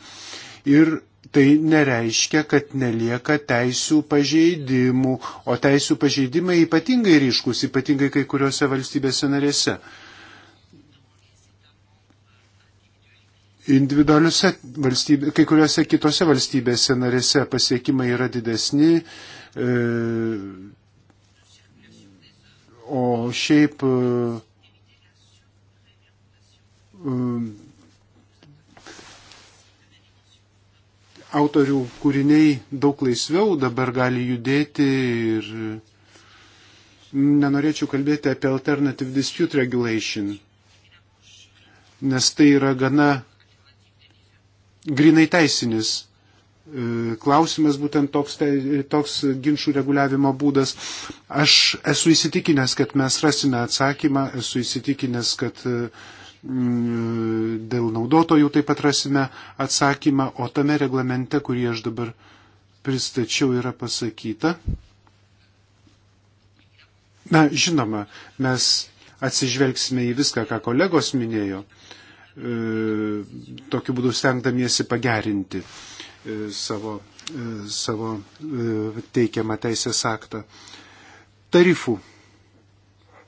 Ir tai nereiškia, kad nelieka teisų pažeidimų, o teisų pažeidimai ypatingai ryškus, ypatingai kai kuriuose valstybėse narėse. Individualiuose valstybė, kai kuriuose kitose valstybėse narėse pasiekimai yra didesni, e, o šiaip e, e autorių kūriniai daug laisviau dabar gali judėti ir nenorėčiau kalbėti apie Alternative Dispute Regulation, nes tai yra gana grinai teisinis e, klausimas, būtent toks, toks ginčių reguliavimo būdas. Aš esu įsitikinęs, kad mes rasime atsakymą, esu įsitikinęs, kad uh, Mm, dėl naudotojų taip pat rasime atsakymą, o tame reglamente, kurį aš dabar pristačiau, yra pasakyta. Na, žinoma, mes atsižvelgsime į viską, ką kolegos minėjo, e, tokiu būdu stengdamiesi pagerinti e, savo, e, savo teikiamą teisės aktą. Tarifų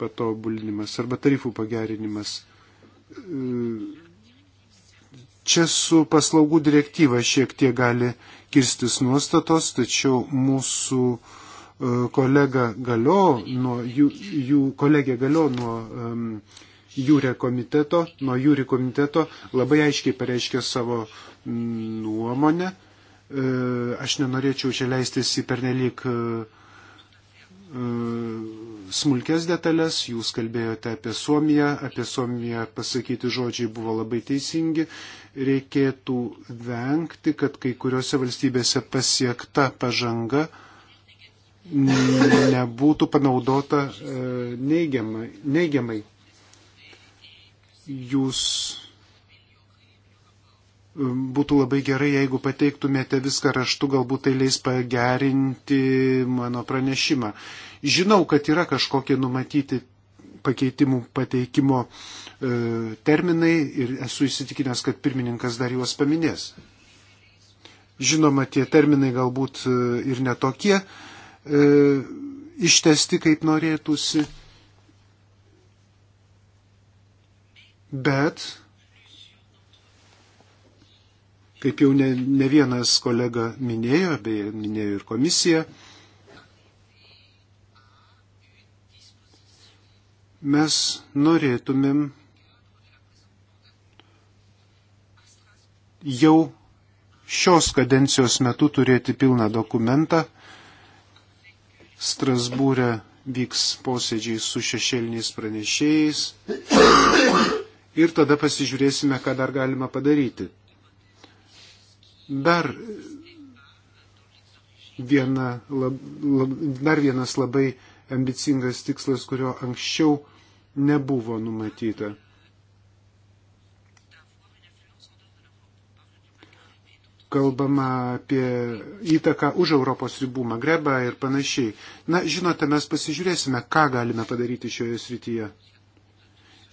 patobulinimas arba tarifų pagerinimas Čia su paslaugų direktyva šiek tiek gali kirstis nuostatos, tačiau mūsų e, kolega galio, nuo jų, jų kolegė galio nuo um, jūrė komiteto, nuo jūri komiteto labai aiškiai pareiškė savo nuomonę. E, aš nenorėčiau čia leistis į pernelyg e, smulkes detalės, jūs kalbėjote apie Suomiją, apie Suomiją pasakyti žodžiai buvo labai teisingi, reikėtų vengti, kad kai kuriuose valstybėse pasiekta pažanga nebūtų panaudota e, neigiamai. neigiamai. Jūs būtų labai gerai, jeigu pateiktumėte viską raštu, galbūt tai leis pagerinti mano pranešimą. Žinau, kad yra kažkokie numatyti pakeitimų pateikimo e, terminai ir esu įsitikinęs, kad pirmininkas dar juos paminės. Žinoma, tie terminai galbūt e, ir netokie e, ištesti, kaip norėtųsi, bet Kaip jau ne, ne vienas kolega minėjo, beje, minėjo ir komisija, mes norėtumėm jau šios kadencijos metu turėti pilną dokumentą. Strasbūrė vyks posėdžiai su šešėliniais pranešėjais ir tada pasižiūrėsime, ką dar galima padaryti. Dar, viena, lab, lab, dar vienas labai ambicingas tikslas, kurio anksčiau nebuvo numatyta. kalbama apie įtaką už Europos ribų, Magrebą ir panašiai. Na, žinote, mes pasižiūrėsime, ką galime padaryti šioje srityje.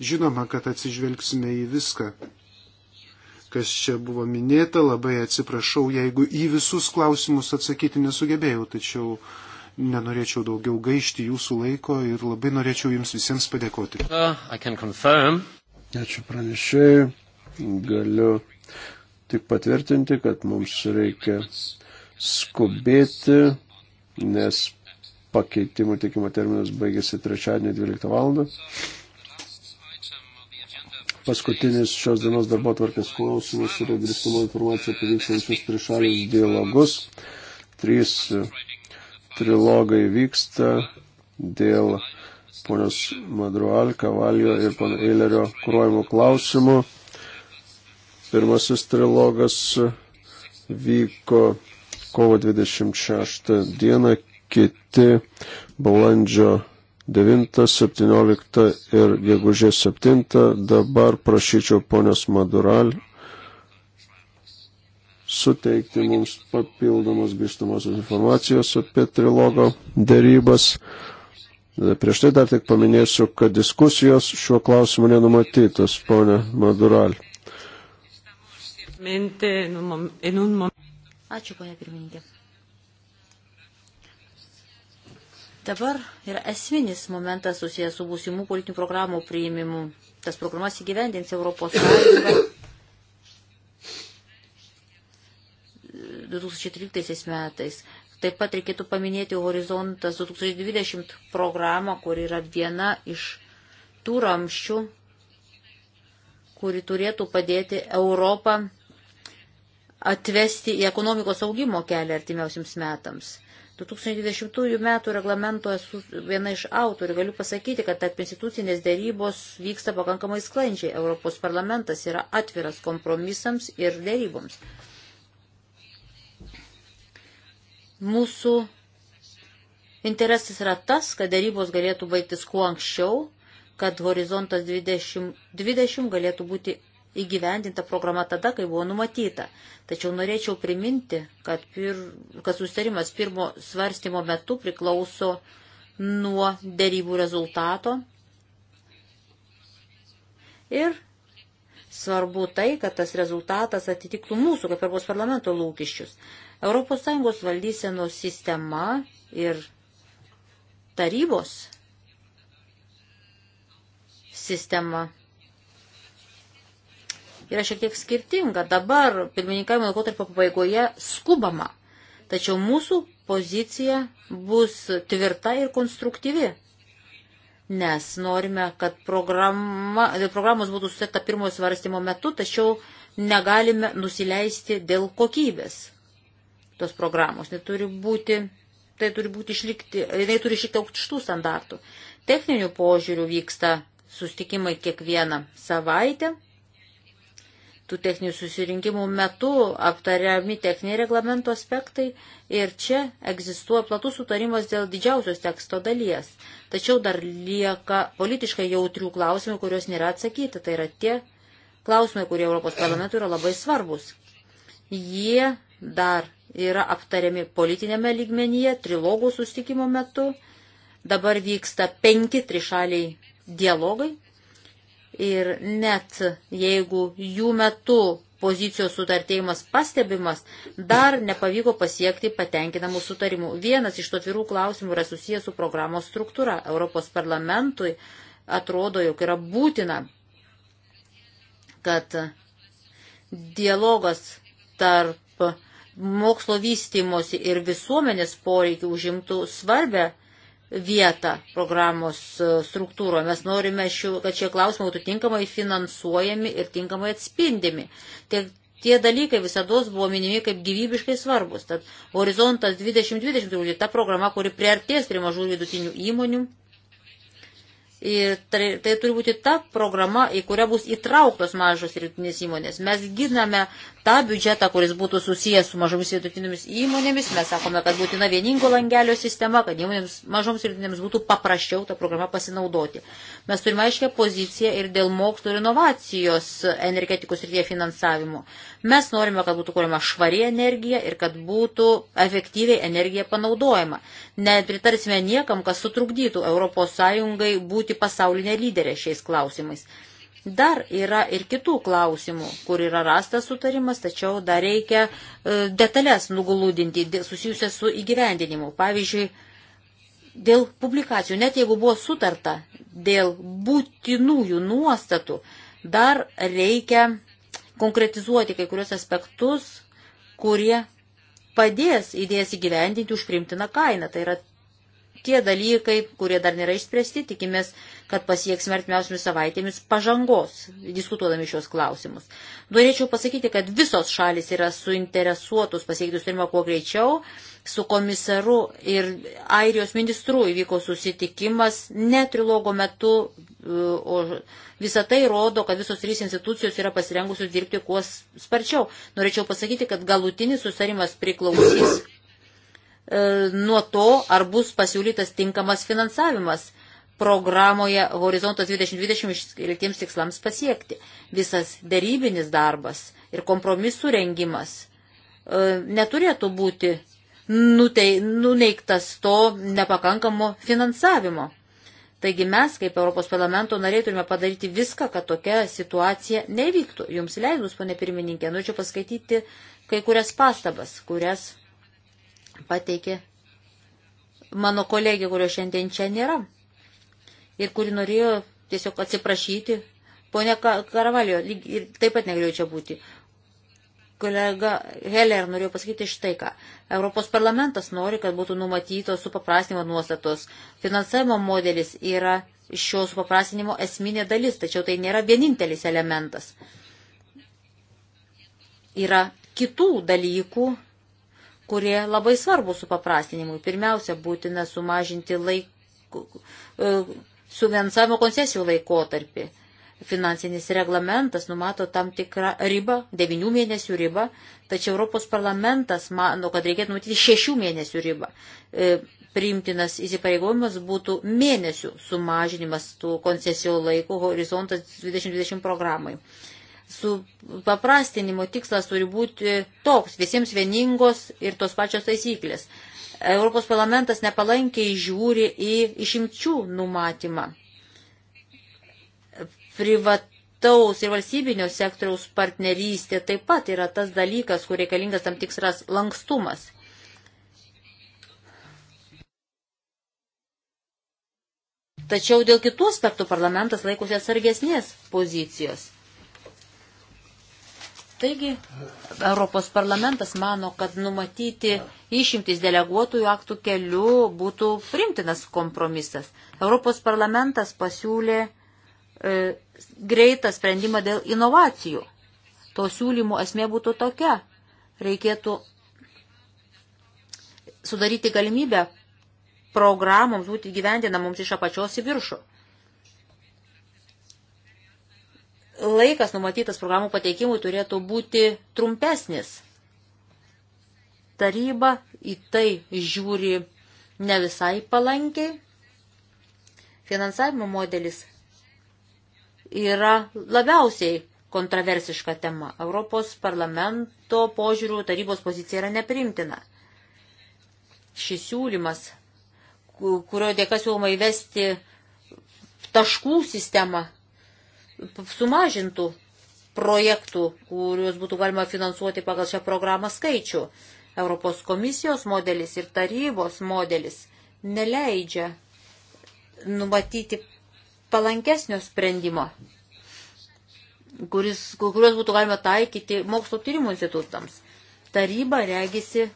Žinoma, kad atsižvelgsime į viską kas čia buvo minėta. Labai atsiprašau, jeigu į visus klausimus atsakyti nesugebėjau, tačiau nenorėčiau daugiau gaišti jūsų laiko ir labai norėčiau jums visiems padėkoti. Uh, Ačiū pranešėjai. Galiu tik patvirtinti, kad mums reikia skubėti, nes pakeitimų teikimo terminas baigėsi trečiadienį 12 val. Paskutinis šios dienos darbo tvarkės klausimas yra grįstamo informacija apie vykstančius trišalius dialogus. Trys e, trilogai vyksta dėl ponios Madrual, Kavalio ir pono Eilerio kruojimo klausimų. Pirmasis trilogas e, vyko kovo 26 dieną, kiti balandžio 9, 17 ir gegužės 7. Dabar prašyčiau ponios Madural suteikti mums papildomos grįžtamosios informacijos apie trilogo dėrybas. Prieš tai dar tik paminėsiu, kad diskusijos šiuo klausimu nenumatytos, ponė Madural. Ačiū, ponė pirmininkė. Dabar yra esminis momentas susijęs su būsimų politinių programų priimimu. Tas programas įgyvendins Europos Sąjunga 2013 metais. Taip pat reikėtų paminėti Horizontas 2020 programą, kur yra viena iš tų ramščių, kuri turėtų padėti Europą atvesti į ekonomikos augimo kelią artimiausiams metams. 2020 metų reglamento esu viena iš autorių. Galiu pasakyti, kad tarp institucinės dėrybos vyksta pakankamai sklandžiai. Europos parlamentas yra atviras kompromisams ir dėryboms. Mūsų interesas yra tas, kad dėrybos galėtų baigtis kuo anksčiau, kad horizontas 2020 galėtų būti įgyvendinta programa tada, kai buvo numatyta. Tačiau norėčiau priminti, kad, pir, kad sustarimas pirmo svarstymo metu priklauso nuo dėrybų rezultato. Ir svarbu tai, kad tas rezultatas atitiktų mūsų, kaip Europos parlamento lūkesčius. ES valdysenos sistema ir tarybos sistema yra šiek tiek skirtinga. Dabar pirmininkavimo laikotarpio pabaigoje skubama, tačiau mūsų pozicija bus tvirta ir konstruktyvi, nes norime, kad programa, programos būtų susiekta pirmojo svarstymo metu, tačiau negalime nusileisti dėl kokybės tos programos. Neturi būti, tai turi būti išlikti, jinai turi išlikti aukštų standartų. Techninių požiūrių vyksta sustikimai kiekvieną savaitę tų techninių susirinkimų metu aptariami techniniai reglamento aspektai ir čia egzistuoja platus sutarimas dėl didžiausios teksto dalies. Tačiau dar lieka politiškai jautrių klausimų, kurios nėra atsakyti. Tai yra tie klausimai, kurie Europos parlamentui yra labai svarbus. Jie dar yra aptariami politinėme lygmenyje, trilogų sustikimo metu. Dabar vyksta penki trišaliai dialogai Ir net jeigu jų metu pozicijos sutartėjimas pastebimas, dar nepavyko pasiekti patenkinamų sutarimų. Vienas iš to atvirų klausimų yra susijęs su programos struktūra. Europos parlamentui atrodo, jog yra būtina, kad dialogas tarp mokslo vystimosi ir visuomenės poreikių užimtų svarbę vietą programos e, struktūroje. Mes norime, šių, kad šie klausimai būtų tinkamai finansuojami ir tinkamai atspindimi. Tie, tie dalykai visada buvo minimi kaip gyvybiškai svarbus. Tad Horizontas 2020 turbūt ta programa, kuri priartės prie mažų ir vidutinių įmonių tai, tai turi būti ta programa, į kurią bus įtrauktos mažos ir vidutinės įmonės. Mes giname tą biudžetą, kuris būtų susijęs su mažomis ir vidutinėmis įmonėmis. Mes sakome, kad būtina vieningo langelio sistema, kad įmonėms, mažoms ir vidutinėms būtų paprasčiau tą programą pasinaudoti. Mes turime aiškę poziciją ir dėl mokslo ir inovacijos energetikos ir tie finansavimo. Mes norime, kad būtų kuriama švari energija ir kad būtų efektyviai energija panaudojama. Nepritarsime niekam, kas sutrukdytų ES būti pasaulinė lyderė šiais klausimais. Dar yra ir kitų klausimų, kur yra rastas sutarimas, tačiau dar reikia e, detalės nugulūdinti susijusias su įgyvendinimu. Pavyzdžiui, dėl publikacijų, net jeigu buvo sutarta dėl būtinųjų nuostatų, dar reikia konkretizuoti kai kurios aspektus, kurie padės idėjas įgyvendinti už primtiną kainą. Tai yra tie dalykai, kurie dar nėra išspręsti, tikimės kad pasieksime artimiausiamis savaitėmis pažangos, diskutuodami šios klausimus. Norėčiau pasakyti, kad visos šalis yra suinteresuotos pasiekti sutarimą kuo greičiau. Su komisaru ir Airijos ministru įvyko susitikimas ne trilogo metu, o visą tai rodo, kad visos trys institucijos yra pasirengusios dirbti kuo sparčiau. Norėčiau pasakyti, kad galutinis sutarimas priklausys e, nuo to, ar bus pasiūlytas tinkamas finansavimas programoje Horizontas 2020 iškeltiems tikslams pasiekti. Visas darybinis darbas ir kompromisų rengimas e, neturėtų būti nutei, nuneiktas to nepakankamo finansavimo. Taigi mes, kaip Europos parlamento nariai, turime padaryti viską, kad tokia situacija nevyktų. Jums leidus, ponė pirmininkė, norėčiau paskaityti kai kurias pastabas, kurias pateikė mano kolegė, kurio šiandien čia nėra ir kuri norėjo tiesiog atsiprašyti. Pone Karavalio, ir taip pat negalėjau čia būti. Kolega Heller norėjo pasakyti štai ką. Europos parlamentas nori, kad būtų numatytos supaprastinimo nuostatos. Finansavimo modelis yra šio supaprastinimo esminė dalis, tačiau tai nėra vienintelis elementas. Yra kitų dalykų, kurie labai svarbu supaprastinimui. Pirmiausia, būtina sumažinti laikų e, subvensavimo koncesijų laikotarpį. Finansinis reglamentas numato tam tikrą ribą, devinių mėnesių ribą, tačiau Europos parlamentas mano, kad reikėtų numatyti šešių mėnesių ribą. E, priimtinas įsipareigojimas būtų mėnesių sumažinimas tų koncesijų laiko horizontas 2020 programai. E, Su paprastinimo tikslas turi būti toks, visiems vieningos ir tos pačios taisyklės. Europos parlamentas nepalankiai žiūri į išimčių numatymą. Privataus ir valstybinio sektoriaus partnerystė taip pat yra tas dalykas, kur reikalingas tam tikras lankstumas. Tačiau dėl kitų aspektų parlamentas laikosi atsargesnės pozicijos. Taigi, Europos parlamentas mano, kad numatyti išimtis deleguotųjų aktų keliu būtų primtinas kompromisas. Europos parlamentas pasiūlė e, greitą sprendimą dėl inovacijų. To siūlymų esmė būtų tokia. Reikėtų sudaryti galimybę programoms būti gyvendinamoms iš apačios į viršų. laikas numatytas programų pateikimui turėtų būti trumpesnis. Taryba į tai žiūri ne visai palankiai. Finansavimo modelis yra labiausiai kontroversiška tema. Europos parlamento požiūrių tarybos pozicija yra neprimtina. Šis siūlymas, kurio dėka siūloma įvesti taškų sistemą, sumažintų projektų, kuriuos būtų galima finansuoti pagal šią programą skaičių. Europos komisijos modelis ir tarybos modelis neleidžia numatyti palankesnio sprendimo, kuris, kuriuos būtų galima taikyti mokslo tyrimų institutams. Taryba regisi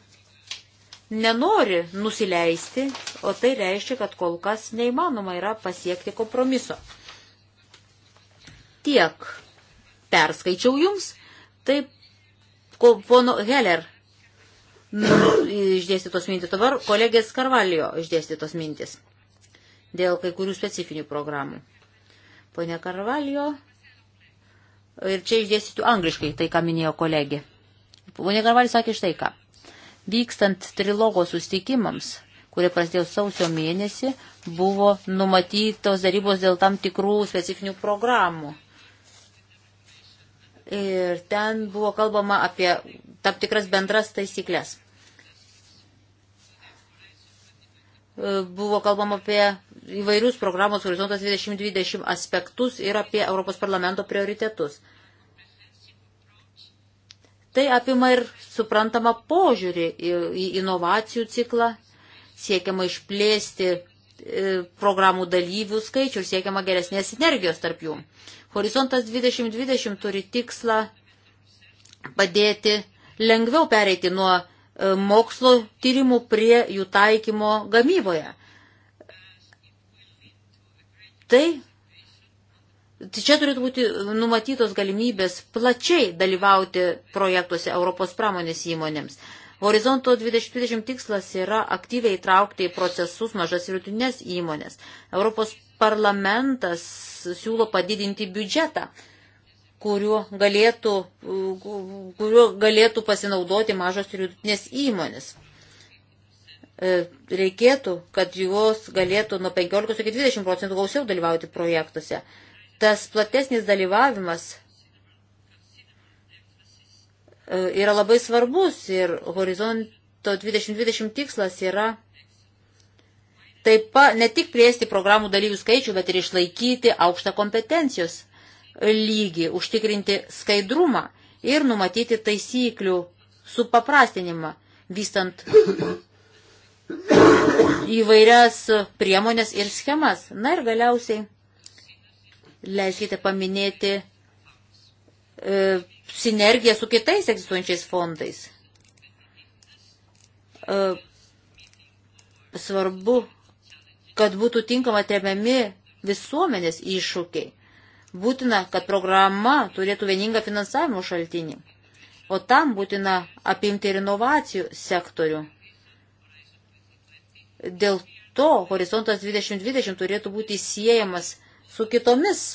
nenori nusileisti, o tai reiškia, kad kol kas neįmanoma yra pasiekti kompromiso tiek perskaičiau jums. Taip, ko pono Heller išdėstytos mintis, dabar kolegės Karvalijo išdėstytos mintis dėl kai kurių specifinių programų. Pone Karvalijo, ir čia išdėstytų angliškai tai, ką minėjo kolegė. Pone Karvalijo sakė štai ką. Vykstant trilogo sustikimams, kurie prasidėjo sausio mėnesį, buvo numatytos darybos dėl tam tikrų specifinių programų. Ir ten buvo kalbama apie tam tikras bendras taisyklės. E, buvo kalbama apie įvairius programos Horizontas 2020 aspektus ir apie Europos parlamento prioritetus. Tai apima ir suprantama požiūrį į inovacijų ciklą, siekiama išplėsti e, programų dalyvių skaičių ir siekiama geresnės sinergijos tarp jų. Horizontas 2020 turi tikslą padėti lengviau pereiti nuo e, mokslo tyrimų prie jų taikymo gamyboje. Tai, tai čia turėtų būti numatytos galimybės plačiai dalyvauti projektuose Europos pramonės įmonėms. Horizonto 2020 tikslas yra aktyviai įtraukti į procesus mažas ir vidutinės įmonės. Europos parlamentas siūlo padidinti biudžetą, kuriuo galėtų, kuriuo galėtų pasinaudoti mažos ir vidutinės įmonės. E, reikėtų, kad juos galėtų nuo 15 iki 20 procentų gausiau dalyvauti projektuose. Tas platesnis dalyvavimas e, yra labai svarbus ir horizonto 2020 tikslas yra taip pat ne tik plėsti programų dalyvių skaičių, bet ir išlaikyti aukštą kompetencijos lygį, užtikrinti skaidrumą ir numatyti taisyklių supaprastinimą, vystant įvairias priemonės ir schemas. Na ir galiausiai leiskite paminėti e, sinergiją su kitais egzistuojančiais fondais. E, svarbu kad būtų tinkama tremiami visuomenės iššūkiai. Būtina, kad programa turėtų vieningą finansavimo šaltinį. O tam būtina apimti ir inovacijų sektorių. Dėl to horizontas 2020 turėtų būti siejamas su, kitomis,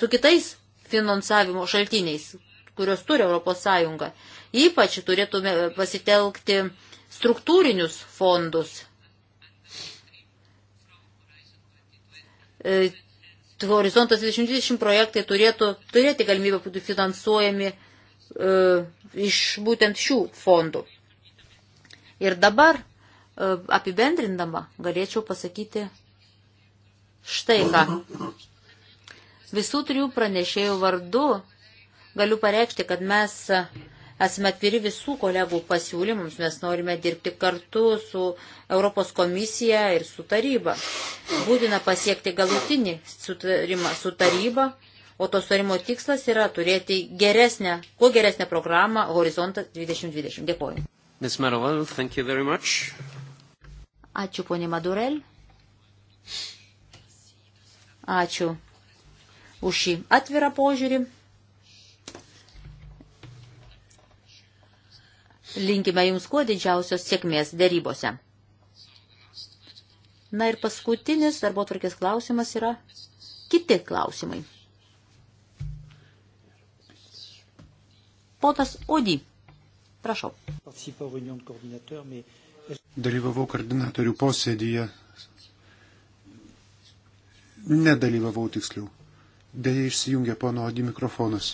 su kitais finansavimo šaltiniais, kurios turi Europos Sąjunga. Ypač turėtume pasitelkti struktūrinius fondus E, horizontas 2020 projektai turėtų turėti galimybę būti finansuojami e, iš būtent šių fondų. Ir dabar e, apibendrindama galėčiau pasakyti štai ką. Visų trijų pranešėjų vardu galiu pareikšti, kad mes Esame atviri visų kolegų pasiūlymams, mes norime dirbti kartu su Europos komisija ir su taryba. Būtina pasiekti galutinį sutarimą su taryba, o to sutarimo tikslas yra turėti geresnę, kuo geresnę programą Horizontas 2020. Dėkuoju. Ms. Maroval, thank you very much. Ačiū, ponė Madurel. Ačiū už šį atvirą požiūrį. Linkime Jums kuo didžiausios sėkmės dėrybose. Na ir paskutinis darbo tvarkės klausimas yra kiti klausimai. Potas Odi, prašau. Dalyvavau koordinatorių posėdyje. Nedalyvavau tiksliau. Deja išsijungė pono Odi mikrofonas.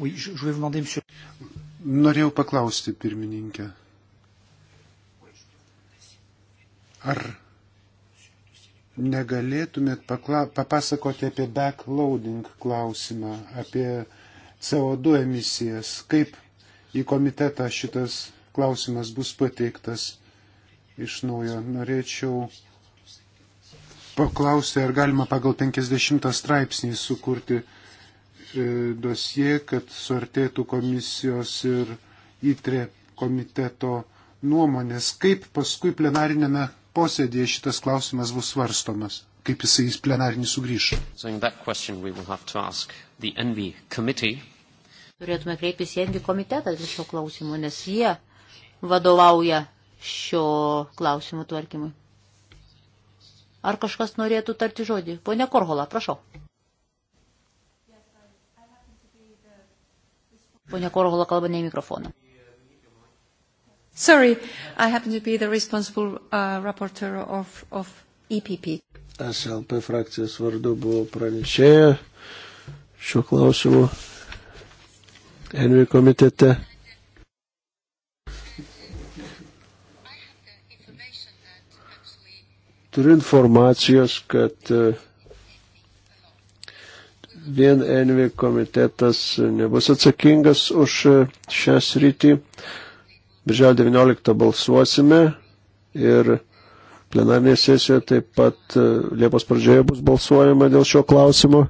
Oui, je, je vais vous demander, monsieur. Norėjau paklausti, pirmininkė. Ar negalėtumėt pakla... papasakoti apie backloading klausimą, apie CO2 emisijas, kaip į komitetą šitas klausimas bus pateiktas iš naujo. Norėčiau paklausti, ar galima pagal 50 straipsnį sukurti E, dosie, kad suartėtų komisijos ir įtrė komiteto nuomonės, kaip paskui plenarinėme posėdėje šitas klausimas bus svarstomas, kaip jisai į plenarinį sugrįš. Turėtume kreiptis į Envi komitetą dėl šio klausimo, nes jie vadovauja šio klausimų tvarkymui. Ar kažkas norėtų tarti žodį? Pone Korhola, prašau. Pone Korhola kalba ne į mikrofoną. Sorry, I happen to be the responsible uh, rapporteur of, of EPP. SLP frakcijos vardu buvo pranešėja šiuo klausimu Envi komitete. Turiu informacijos, kad uh, vien Envi komitetas nebus atsakingas už šią sritį. Birželio 19 balsuosime ir plenarnėje sesijoje taip pat e, Liepos pradžioje bus balsuojama dėl šio klausimo.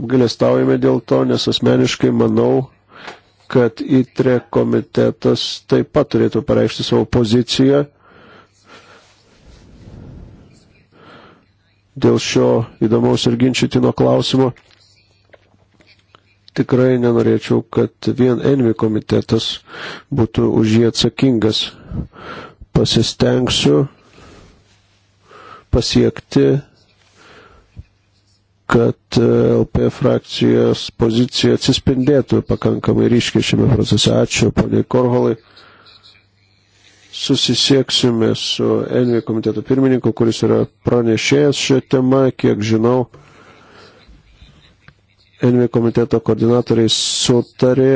Apgalėstaujame dėl to, nes asmeniškai manau, kad ITRE komitetas taip pat turėtų pareikšti savo poziciją dėl šio įdomaus ir ginčytino klausimo. Tikrai nenorėčiau, kad vien Envi komitetas būtų už jį atsakingas. Pasistengsiu pasiekti, kad e, LP frakcijos pozicija atsispindėtų pakankamai ryškiai šiame procese. Ačiū, poniai Korholai susisieksime su Envi komiteto pirmininku, kuris yra pranešėjęs šią temą, kiek žinau. Envi komiteto koordinatoriai sutarė,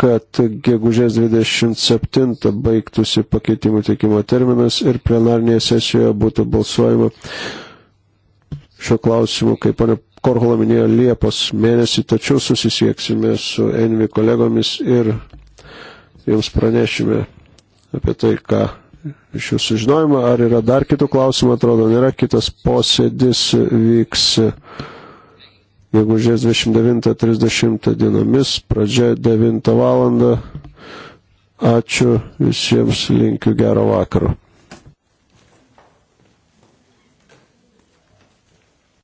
kad gegužės 27 baigtųsi pakeitimų teikimo terminas ir plenarnėje sesijoje būtų balsuojama šio klausimu, kaip pane Korhola minėjo, Liepos mėnesį, tačiau susisieksime su Envi kolegomis ir jums pranešime apie tai, ką iš jūsų sužinojimo, ar yra dar kitų klausimų, atrodo, nėra kitas posėdis vyks gegužės 29-30 dienomis, pradžia 9 val. Ačiū visiems, linkiu gero vakaro.